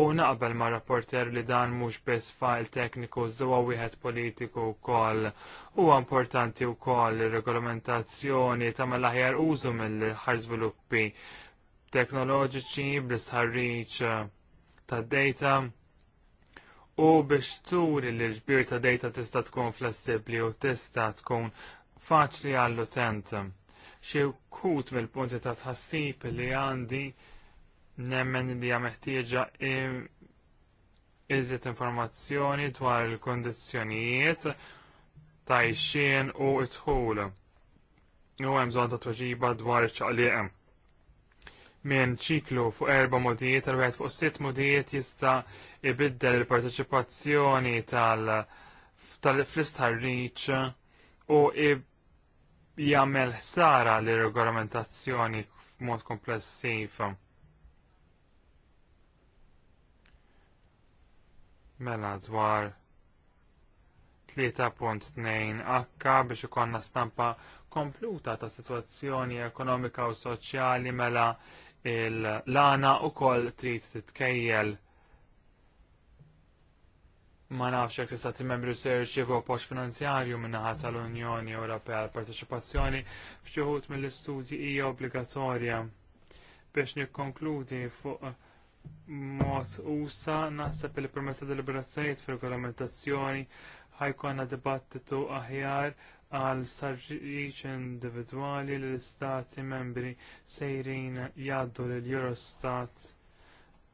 U naqbel ma' rapporter li dan mhux biss fajl tekniku żewwa wieħed politiku wkoll. Huwa importanti wkoll ir-regolamentazzjoni ta' mal-aħjar użu mill-ħar żviluppi teknoloġiċi bl sħarriċ eh, tad data u biex turi li l-ġbir ta' data tista' tkun flessibbli u tista' tkun faċli għall-utent. Xi kut mill-punti ta' tħassib li għandi nemmen li hija meħtieġa informazzjoni dwar il kondizjonijiet ta' ixxien u t tħul U hemm bżonn ta' tweġiba dwar iċċaqliqem minn ċiklu fuq erba modijiet għal wieħed fuq sitt modijiet jista' ibiddel il-parteċipazzjoni tal tal-flistħarriċ u jagħmel ħsara l regolamentazzjoni f'mod komplessiv. Mela dwar 3.2 akka biex ikonna stampa kompluta ta' situazzjoni ekonomika u soċjali mela il-lana u kol trid titkejjel ma nafx jekk tista' timmembru se jirċievu appoġġ finanzjarju min-naħa tal-Unjoni Ewropea għall parteċipazzjoni f'xi wħud mill-istudji hija obbligatorja. Biex nikkonkludi fuq mod usa naħseb il permessa ta' deliberazzjonijiet fir-regolamentazzjoni ħajkonna dibattitu aħjar għal sarriċ individwali li l-istati membri sejrin jgħaddu lill eurostat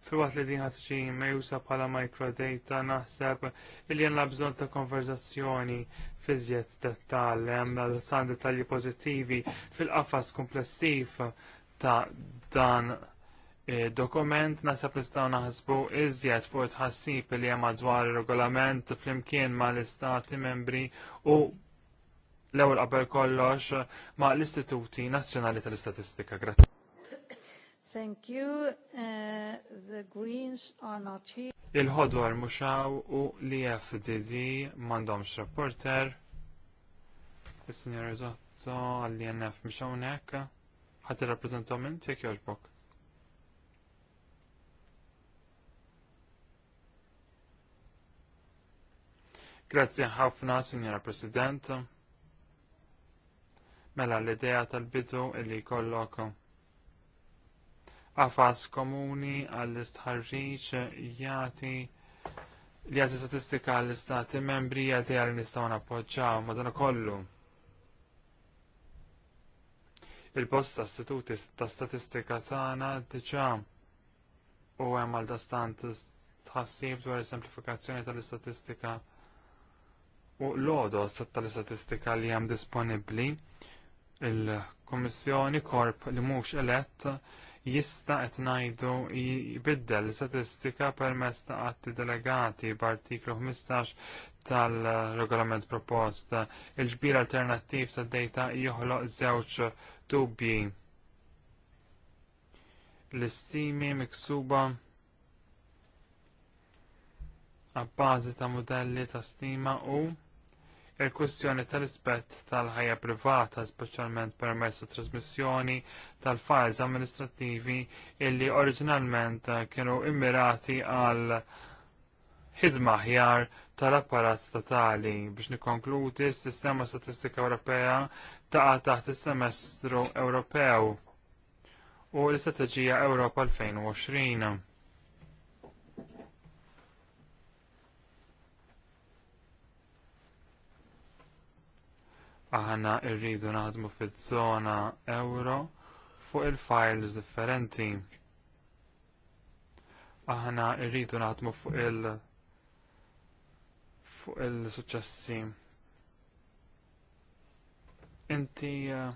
Fiwat li din ħatġi mejusa bħala microdata naħseb li jenna bżonn ta' konverzazzjoni fizjet dettal hemm għal-san dettalji pożittivi fil-qafas komplessiv ta' dan e, dokument nasab nistaw naħsbu iżjed fuq tħassib li hemm madwar ir regolament flimkien mal istati membri u l-ewwel qabel kollox ma' l-Istituti Nazzjonali tal-Istatistika. Grazie. Thank you. Uh, the Greens are not here. Il-ħodwar muxaw u li FDD mandomx rapporter. Il-Sinjor Rizotto għal inf mxawnek. Għati rappresentom minn tek joġbok. Grazie ħafna, Signora President. Mela l-idea tal-bidu illi jkollok għafas komuni għall-istħarriċ jati li għati statistika għall-istati membri għati għalli nistaw nappoġġaw madana kollu. Il-post ta' istituti ta' statistika tagħna diġà u hemm għal dastant tħassib dwar is-semplifikazzjoni tal-istatistika u l odos tal-istatistika li hemm disponibbli il-Kommissjoni korp li mhux elett jista' qed ngħidu jbiddel statistika permezz ta' atti delegati b'artiklu 15 tal-regolament propost. Il-ġbir alternattiv tad dejta joħloq żewġ dubji l-istimi miksuba għabbażi ta' modelli ta' stima u il-kwestjoni tal-rispett tal-ħajja privata, speċjalment permezz ta' trasmissjoni tal-files amministrativi illi oriġinalment kienu immirati għal ħidma ħjar tal-apparat statali biex nikkonkludi s-sistema statistika Ewropea taqa' taħt is-semestru Ewropew u l-Istrateġija Ewropa 2020. Aħna rridu naħdmu fiż-żona euro fuq il-files differenti. Aħna rridu naħdmu fuq il- fuq il-suċċessi. Inti eh,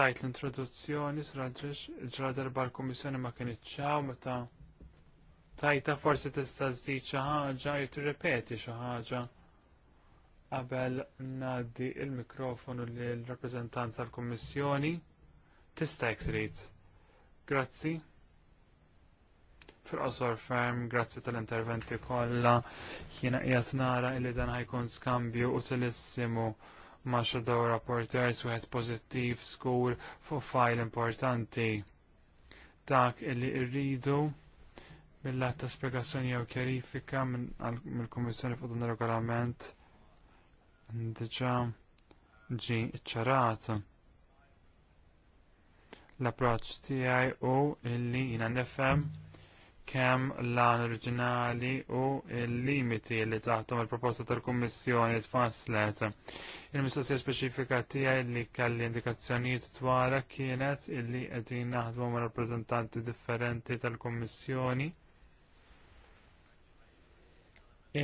tajt l-introduzzjoni ġra darba l-Kummissjoni ma kien iċċaw meta tajta forsi tista' żżid xi ħaġa jew tirrepeti xi ħaġa. Qabel ngħaddi l mikrofonu lill rappreżentant tal-Kummissjoni tista' trid. Grazzi. Fil-qosor ferm, grazzi tal-interventi kollha. Jiena qiegħed nara li dan ħajkun skambju utilissimu ma' Shadow rapporters wieħed pożittiv skur fuq fajl importanti. Dak illi rridu mill-att ta' spjegazzjoni jew kjerifika mill-Kummissjoni fuq dan ir-regolament diġa ġi ċarat. L-approċ tijaj u illi jina nifem kemm l-għan oriġinali u l-limiti li taħtum il-proposta tal-Kummissjoni tfasslet. Il-mistoqsija speċifika tiegħi li kelli indikazzjonijiet dwarha kienet illi qegħdin naħdmu ma' rappreżentanti differenti tal-Kummissjoni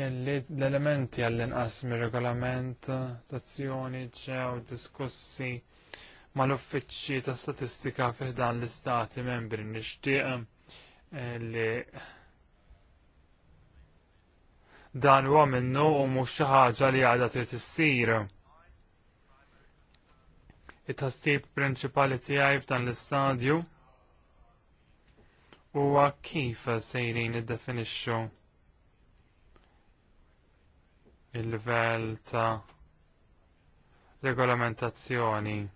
l-elementi għall-inqas mir-regolament tazzjoni ġew diskussi mal-uffiċċji ta' statistika fiħdan l-istati membri nixtieq li dan huwa minnu u mhux xi ħaġa li għadha trid issir. It-tassib prinċipali tiegħi f'dan l-istadju huwa kif sejrin iddefinixxu il-livell ta' regolamentazzjoni.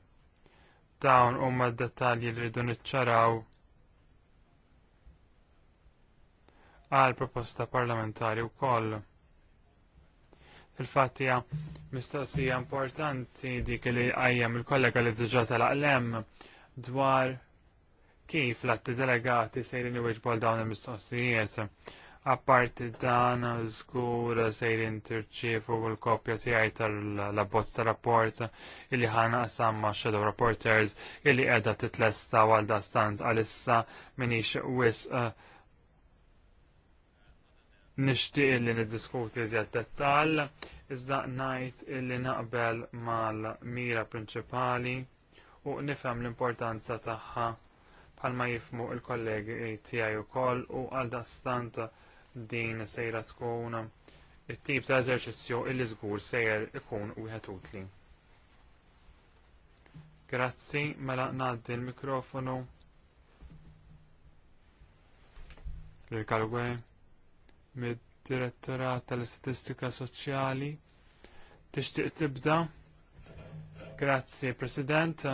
Dawn huma d-dettalji li rridu niċċaraw għal proposta parlamentari wkoll. Il-fatt hija mistoqsija importanti dik li għajjem il-kollega li diġà l aqlem dwar kif l-atti delegati sejrin iweġbol dawn il-mistoqsijiet Apparti dan żgur sejrin tirċievu l-kopja tiegħi tal-abbozz tar-rapport illi ħanaqsam ma' shadow reporters illi qiegħda titlesta għal dastant għalissa minix wis eh, nixtieq illi niddiskuti iżjed dettall iżda ngħid illi naqbel mal-mira prinċipali u nifhem l-importanza tagħha bħalma jifmu il-kollegi tiegħi wkoll u għal dastant din sejra tkun it-tip ta' eżerċizzju illi żgur sejjer ikun wieħed utli. Grazzi, mela ngħaddi l-mikrofonu l-Kalwe mid-Direttorat tal-Istatistika Soċjali. Tixtieq tibda? Grazzi, President.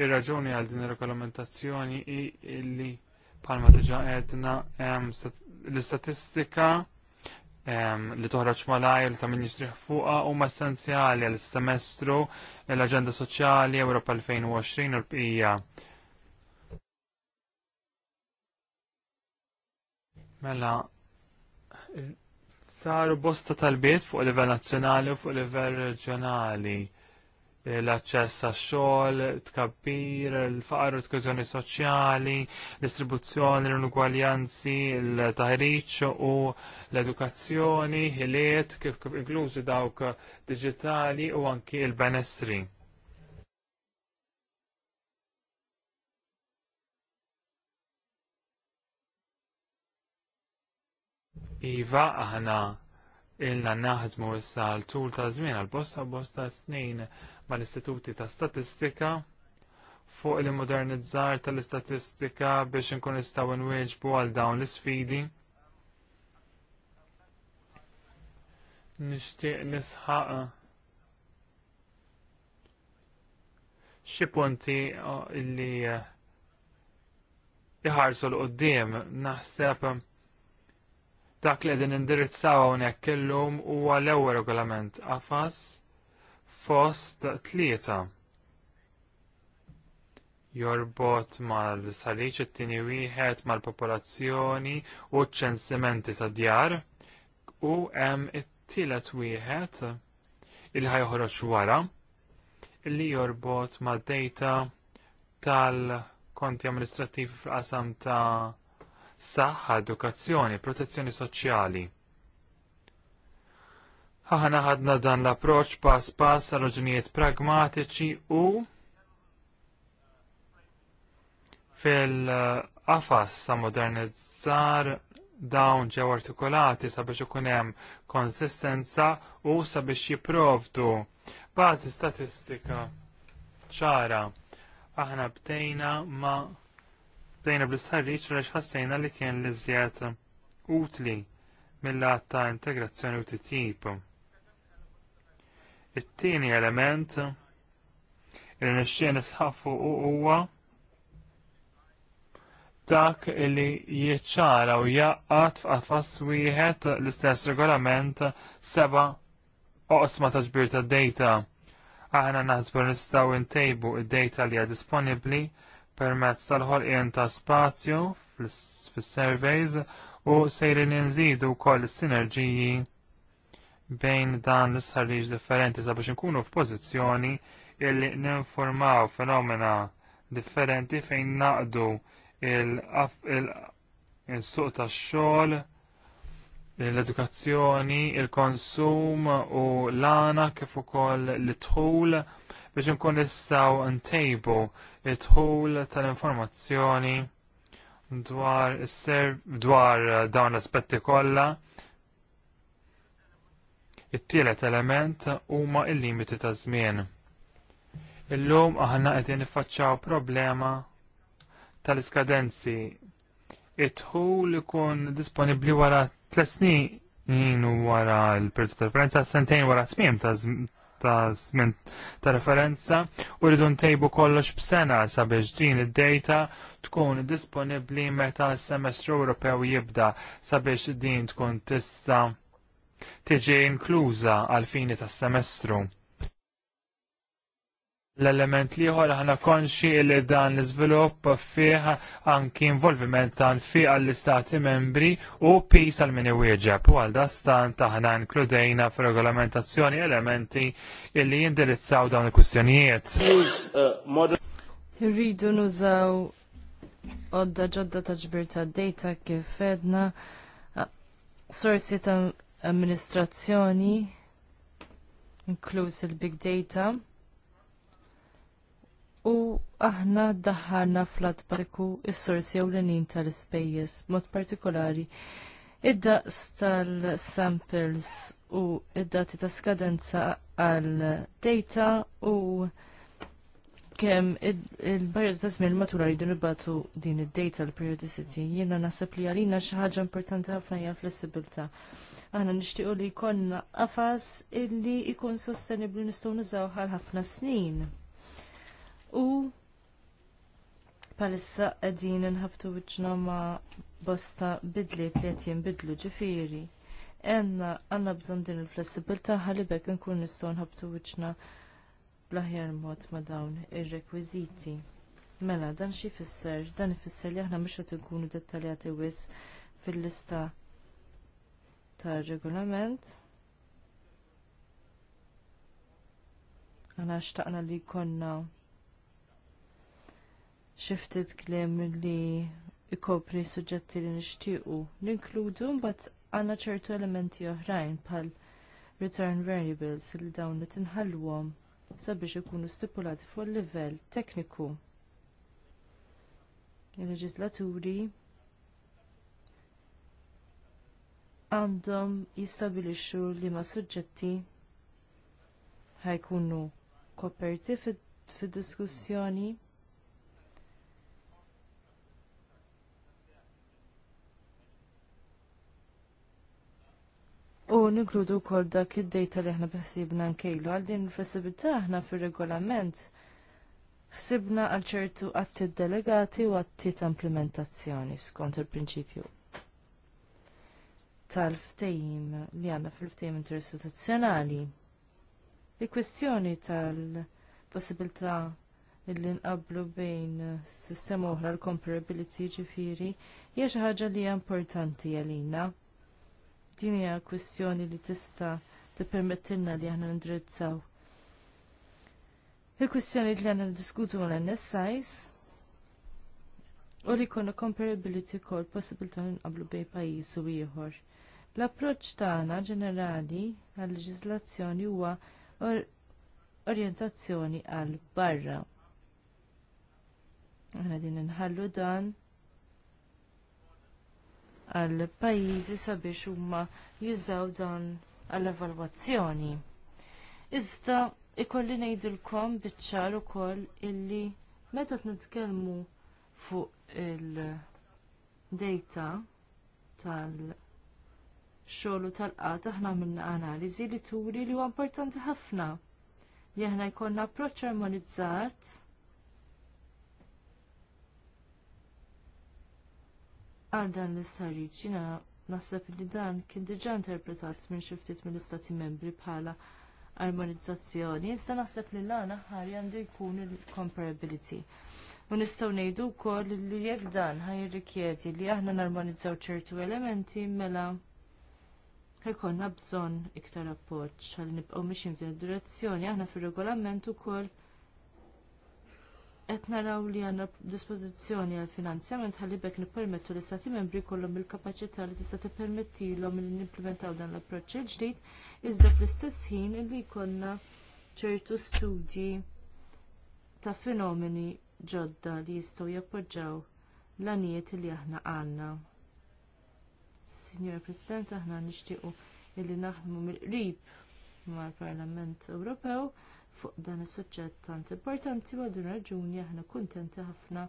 Ir-raġuni għal din ir-regolamentazzjoni hi illi Palma diġa għedna l-istatistika li toħroġ malajr ta' min fuqa u ma' essenzjali għal semestru l-Aġenda Soċjali Ewropa 2020 u l-bqija. Mela, saru bosta tal-bit fuq livell nazzjonali u fuq livell reġjonali l-aċċess għax-xogħol, tkabbir, l-faqar u esklużjoni soċjali, l-istribuzzjoni, l inugwaljanzi l-taħriġ u l-edukazzjoni, il-iet, kif kif inklużi dawk digitali u anki l-benessri. Iva aħna ilna naħdmu issa l-tul ta' żmien għal bosta bosta snin mal-Istituti ta' Statistika fuq il-modernizzar tal-istatistika biex nkun nistgħu nwieġbu għal dawn l-isfidi. Nixtieq nisħaq xi punti uh, li uh, iħarsu l-qoddim naħseb um, dak li qegħdin indirizzaw hawnhekk illum huwa l-ewwel regolament afas? fost tlieta jorbot mal-saliċ it-tieni wieħed mal-popolazzjoni u ċ-ċensimenti ta' djar u hemm it-tielet wieħed il ħajħroġ wara li jorbot mad-dejta tal-konti amministrativi f'qasam qasam ta' saħħa, edukazzjoni, protezzjoni soċjali. Aħna ħadna dan l-approċ pass pass għal raġunijiet pragmatiċi u fil-qafas sa' modernizzar dawn ġew artikolati sabiex ikun hemm konsistenza u sabiex jipprovdu bażi statistika ċara. Aħna bdejna ma bdejna bl-istarriċ għaliex ħassejna li kien l-iżjed utli mill għatta ta' integrazzjoni u tip It-tieni element li nixxien u huwa dak li jiċċara u jaqqat f'qafas wieħed l-istess regolament seba' oqsma ta' ġbir ta' data. Aħna naħsbu nistgħu ntejbu id-data li hija disponibbli permezz tal-ħolqien ta' spazju fis-surveys u sejrin inżidu wkoll is-sinerġiji bejn dan l-isħarriġ differenti sabiex nkunu f'pożizzjoni illi ninformaw fenomena differenti fejn naqdu il-suq tax-xogħol, l-edukazzjoni, il-konsum u l-għana kif ukoll l-tħul biex nkun nistgħu ntejbu it-tħul tal-informazzjoni dwar dwar dawn l-aspetti kollha It-tielet element huma il-limiti ta' żmien. Illum aħna qegħdin niffaċċaw problema tal-iskadenzi. it ikun disponibbli wara tliet snin wara l-periodu ta' referenza, sentejn wara tmiem ta' ta' żmien ta' referenza u rridu ntejbu kollox b'sena sabiex din id-data tkun disponibbli meta s-semestru Ewropew jibda sabiex din tkun tista' tiġi inkluża għal fini tas semestru L-element liħor ħana konxi li dan l-izvilupp fih anki involviment ta' fiqa għall istati membri u pis għal mini wieġeb u għal dastan ħana inkludejna fil-regolamentazzjoni elementi illi jindirizzaw dawn il-kustjonijiet. Rridu nużaw odda ġodda ta' ġbir ta' data kif fedna sorsi ta' amministrazzjoni, inkluż il-big data, u aħna daħħalna fl-att sorsi s l ewlenin tal-ispejjeż, mod partikolari id-daqs tal-samples u id-dati ta' skadenza għal-data u kem il barjadu ta' żmien matura rridu nibatu din id-data l-periodicity, jiena naħseb li għalina xi ħaġa importanti ħafna hija flessibilta. Aħna nixtiequ li jkollna qafas illi jkun sostenibbli nistgħu nużaw għal ħafna snin. U palissa qegħdin inħabtu wiċċna ma' bosta bidliet li qed jinbidlu ġifieri. Enna għandna bżonn din il-flessibilità ħalli bekk nkun nistgħu nħabtu wiċċna bl-aħjar mod ma' dawn ir-rekwiżiti. Mela, dan xie fisser, dan ifisser li aħna mhux qed inkunu dettaljati wis fil-lista tar-regolament. Għana xtaqna li konna xiftit klem li ikopri suġġetti li nixtiequ Ninkludu mbagħad għandna ċertu elementi oħrajn pal return variables li dawn li tinħallwhom sabiex ikunu stipulati fuq il livell tekniku. Il-leġislaturi għandhom jistabilixxu li ma suġġetti ħajkunu koperti fid-diskussjoni. U ninkludu wkoll dak id-dejta li aħna beħsibna nkejlu għal din il-flessibilità aħna fir-regolament ħsibna għal ċertu atti delegati u atti ta' implementazzjoni skont il-prinċipju tal-ftejim li għandna fil-ftejim interistituzzjonali. Il-kwestjoni tal-possibilità illi nqablu bejn sistema oħra l-comparability ġifiri hija xi ħaġa li hija importanti għalina. Din hija kwestjoni li tista' tippermettilna li aħna ndrizzaw. Il-kwestjoni li għandna ndiskutu għal NSIs u li jkollna comparability kol possibilità qablu bejn pajjiż u ieħor. L-approċċ tagħna ġenerali għal-leġiżlazzjoni huwa or orjentazzjoni għal barra. Aħna din inħallu dan għal pajjiżi sabiex huma jużaw dan għall evalwazzjoni Iżda ikolli ngħidilkom biċ-ċar ukoll illi meta nitkellmu fuq il-data tal- xogħlu tal-qat aħna minna analiżi li turi li huwa importanti ħafna. Li aħna jkollna approċċ armonizzat għal dan l-istħarriġ jiena naħseb li dan kien diġà interpretat minn xi ftit mill-istati membri bħala armonizzazzjoni, iżda naħseb li l-għana ħari għandu jkun il-comparability. U nistgħu ngħidu wkoll li jekk dan ħajrikjedi li aħna narmonizzaw ċertu elementi mela ħajkonna bżonn iktar appoġġ għal nibqgħu mixin f'din id-direzzjoni aħna fir-regolament ukoll qed naraw li għandna dispożizzjoni għal finanzjament bek nippermettu li stati membri jkollhom il-kapaċità li tista' tippermettilhom li nimplementaw dan l-approċċ il-ġdid iżda fl-istess ħin li jkollna ċertu studji ta' fenomeni ġodda li jistgħu jappoġġaw l-għanijiet li aħna għandna. Signora President, aħna nixtiequ illi naħdmu mill-qrib mal-Parlament Ewropew fuq dan is-suġġett tant importanti u għadun raġuni aħna kuntenti ħafna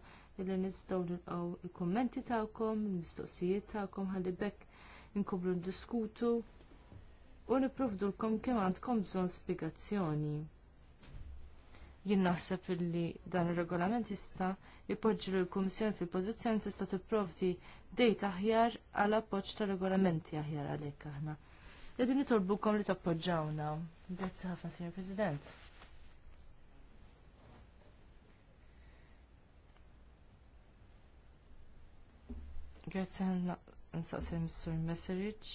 illi nistgħu nilqgħu il-kummenti tagħkom, il-mistoqsijiet tagħkom ħalli bekk inkomplu ndiskutu u nipprovdulkom kemm għandkom bżonn spjegazzjoni jien naħseb illi dan ir-regolament jista' jpoġġi lill kummissjoni fi pożizzjoni tista' tipprovdi dejt aħjar għal appoġġ ta' regolamenti aħjar għalhekk aħna. Qegħdin nitolbukom li tappoġġawna. Grazzi ħafna, Signor President. Grazzi ħafna nsaqsim sur Messerich.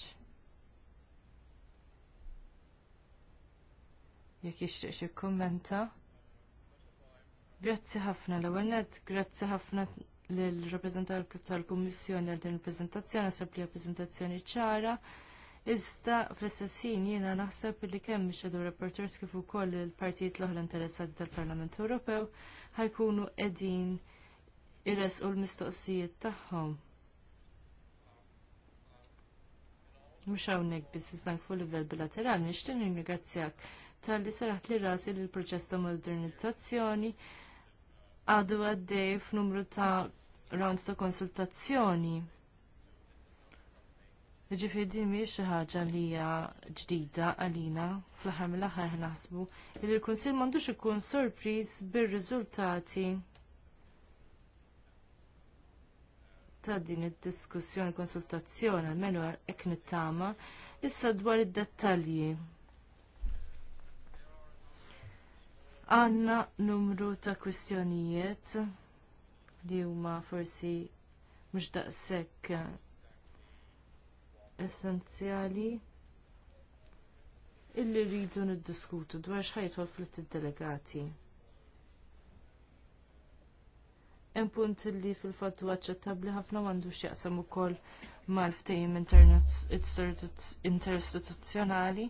Jekk jixtieq xi kummenta. Grazzi ħafna l-ewwel grazzi ħafna lill-rappreżentant tal-Kummissjoni għal din il-preżentazzjoni, sab li preżentazzjoni ċara. Iżda fl-istessin jiena naħseb li kemm ix-shadow reporters kif ukoll il-partijiet l-oħra interessati tal-Parlament Ewropew ħajkunu qegħdin irresqu l-mistoqsijiet tagħhom. Mhux hawnhekk biss iżda fuq livell bilaterali nixtieq nirringrazzjak tal-li saraħt li rasi lill l-proċess ta' modernizzazzjoni għadu għaddej f'numru ta' rounds ta' konsultazzjoni. Ġifiri din miex xi ħaġa li hija ġdida għalina fl-aħħar mill-aħħar naħsbu li l-Kunsill m'għandux ikun sorpriż bir-riżultati ta' din id-diskussjoni konsultazzjoni għalmenu hekk nittama issa dwar id-dettalji Għanna numru ta' kwistjonijiet li huma forsi mhux daqshekk essenzjali illi rridu niddiskutu dwar xħajtol fl delegati Hemm punt li fil-fatt huwa aċċettabbli ħafna m'għandux jaqsam ukoll mal-ftehim interistituzzjonali. Inter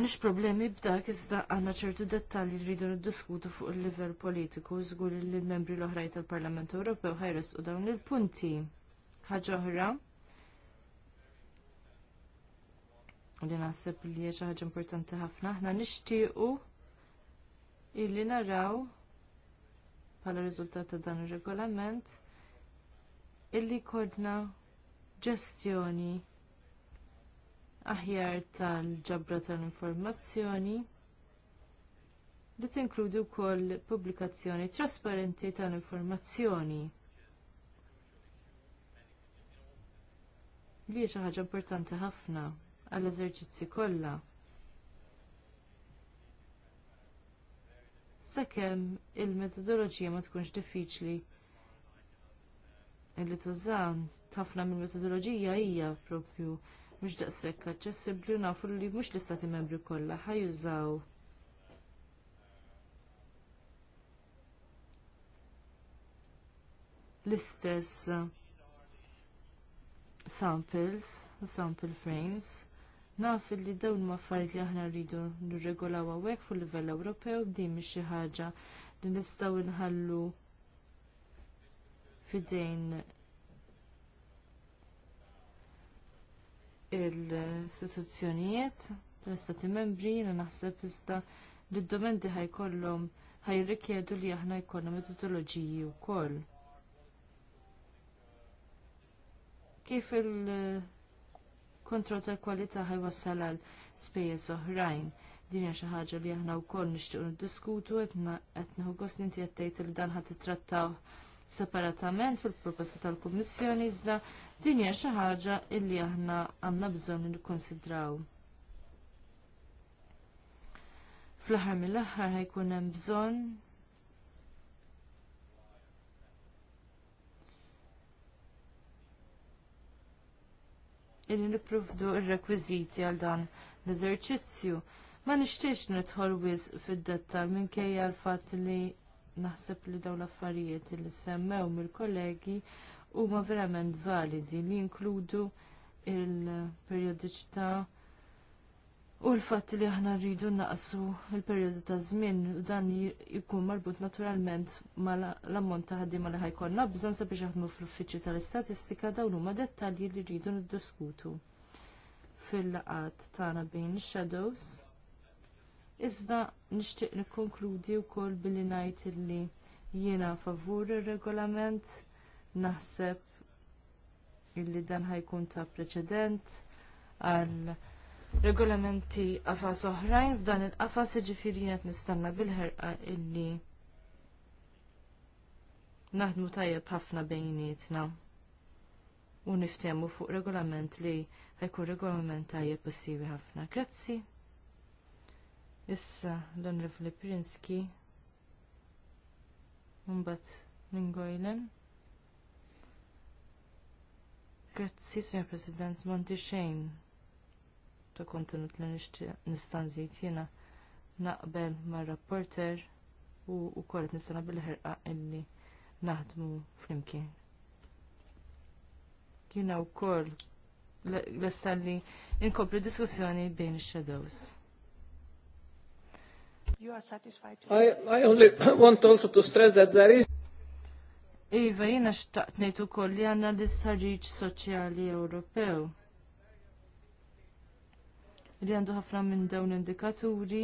nix problemi b'dak iżda għandna ċertu dettalji li rridu niddiskutu fuq il-livell politiku żgur li l-membri l-oħrajn tal-Parlament Ewropew u dawn il-punti. Ħaġa oħra li naħseb li hija xi ħaġa importanti ħafna aħna nixtiequ illi naraw bħala riżultat ta' dan ir-regolament illi kodna ġestjoni aħjar tal-ġabra tal-informazzjoni li tinkludi wkoll pubblikazzjoni trasparenti tal-informazzjoni. Li xi ħaġa importanti ħafna għall-eżerċizzi kollha. Sakemm il-metodoloġija ma tkunx diffiċli li tuża ħafna mill-metodoloġija hija propju mhux daqshekk aċċessibbli nafu li mhux l-istati membri kollha ħajużaw l-istess samples, sample frames. Naf li dawn ma affarijiet li aħna rridu nirregolaw hawnhekk fuq livell Ewropew din mhix xi ħaġa li nistgħu nħallu fidejn l-istituzzjonijiet tal-Istati membri li naħseb iżda li d-domendi ħajkollhom ħajrikjedu li aħna jkollna metodoloġiji wkoll. Kif il kontrol tal-kwalità ħajwassal għal spejjeż oħrajn din hija xi ħaġa li aħna wkoll nixtiequ niddiskutu qed nieħu gost inti qed tgħid li dan ħadd titrattaw separatament fil-proposta tal-Kummissjoni iżda Din hija xi ħaġa li aħna għandna bżonn nikkonsidraw. Fl-aħħar mill-aħħar ħajkun hemm bżonn illi nipprovdu r-rekwiżiti għal dan l-eżerċizzju. Ma nixtiex nidħol wis fid-dettal minkejja l-fatt li naħseb li dawn l-affarijiet li semmew mill-kollegi huma verament validi li jinkludu il-periodiċità u l-fatt li aħna rridu naqsu il periodi ta' żmien u dan jkun marbut naturalment mal l-ammont ta' ħaddiema li ħajkollna bżonn sabiex jaħdmu fl-uffiċċju tal-istatistika dawn huma dettalji li rridu niddiskutu fil-laqat tagħna bejn shadows. Iżda nixtieq nikkonkludi wkoll billi ngħid illi jiena favur ir-regolament il naħseb illi dan ħajkun ta' preċedent għal regolamenti qafas oħrajn f'dan il-qafas jiġifieri qed nistanna bil-ħerqa illi naħdmu tajjeb ħafna bejnietna u niftehmu fuq regolament li ħajkun regolament tajjeb u ħafna. Grazzi. Issa l-Onrevli Prinski. Mbagħad minn Gojlen. Grazzi, Sr. President, monti xejn ta' kontenut li nistan zejt jena naqbel mar rapporter u wkoll nistana bil-ħerqa illi naħdmu flimkien. u wkoll l-istalli inkopri diskussjoni bejn ix-shadows. You are satisfied? I, I only *coughs* want also to stress that there is Iva, jiena xtaqt ngħid ukoll li għandna l-istarriġ soċjali Ewropew. Li għandu ħafna minn dawn indikaturi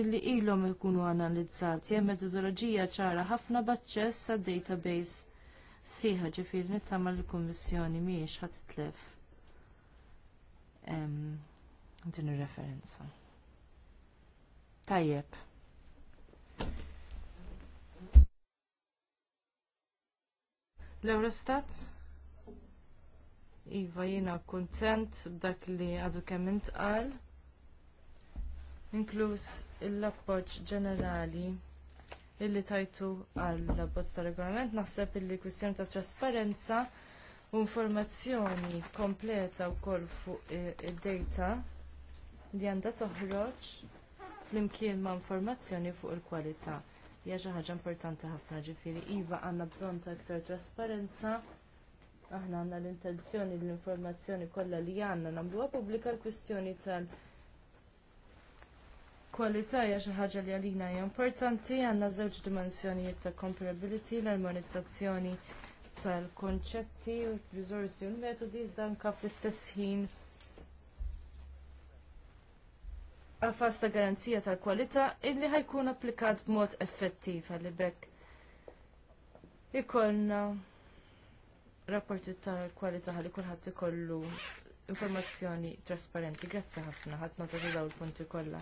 illi ilhom ikunu analizzati hemm metodoloġija ċara ħafna b'aċċess għad database sieħa ġifieri nittama l-Kummissjoni mhijiex ħadd titlef din ir-referenza. Tajjeb. L-Eurostat? Iva jiena kuntent b'dak li għadu kemm intqal. Inkluż l-appoġġ ġenerali illi tajtu għall abbozz ta' regolament naħseb illi kwistjoni ta' trasparenza u informazzjoni kompleta wkoll fuq eh, id dejta li għandha toħroġ flimkien ma' informazzjoni fuq il-kwalità hija xi ħaġa importanti ħafna ġifieri iva għandna bżonn ta' iktar trasparenza. Aħna għandna l-intenzjoni l-informazzjoni kollha li għandna nagħmluha pubblika l-kwistjoni tal- kwalità hija xi ħaġa li għalina hija importanti, għandna żewġ dimensjonijiet ta' comparability, l-armonizzazzjoni tal-konċetti, risorsi u l-metodi, iżda fl-istess ħin għafas ta' garanzija tal kwalità illi ħajkun applikat b'mod effettiv għalli bekk ikollna rapporti tal-kwalità għalli kulħadd ikollu informazzjoni trasparenti. Grazzi ħafna, ħadd nota ta' dawn il-punti kollha.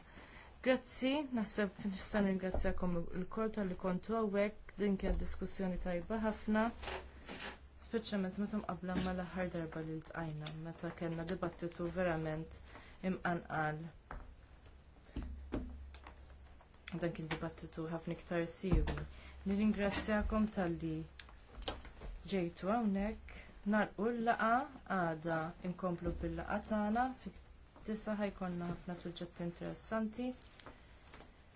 Grazzi, naħseb nista' ningrazzjakom il-kol tal-li kontu hawnhekk din kienet diskussjoni tajba ħafna. Speċjalment meta mqabbla mal-aħħar darba li ltqajna, meta kellna dibattitu verament imqanqal dan kien dibattitu ħafna iktar siwi. Nirringrazzjakom tal-li ġejtu hawnhekk. Narqu l-laqa għada inkomplu bil-laqa tagħna fit-tisa ħajkonna ħafna suġġetti interessanti.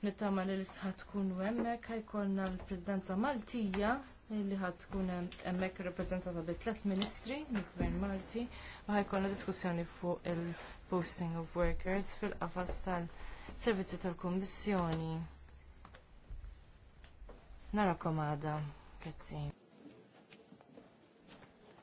Nittama li ħatkun hemmhekk ħajkonna l-Presidenza Maltija li ħatkun hemmhekk irrappreżentata bi tliet ministri mill-Gvern Malti u ħajkonna diskussjoni fuq il-posting of workers fil-qafas tal- servizzi tal-Kummissjoni. Narakomada. Grazie.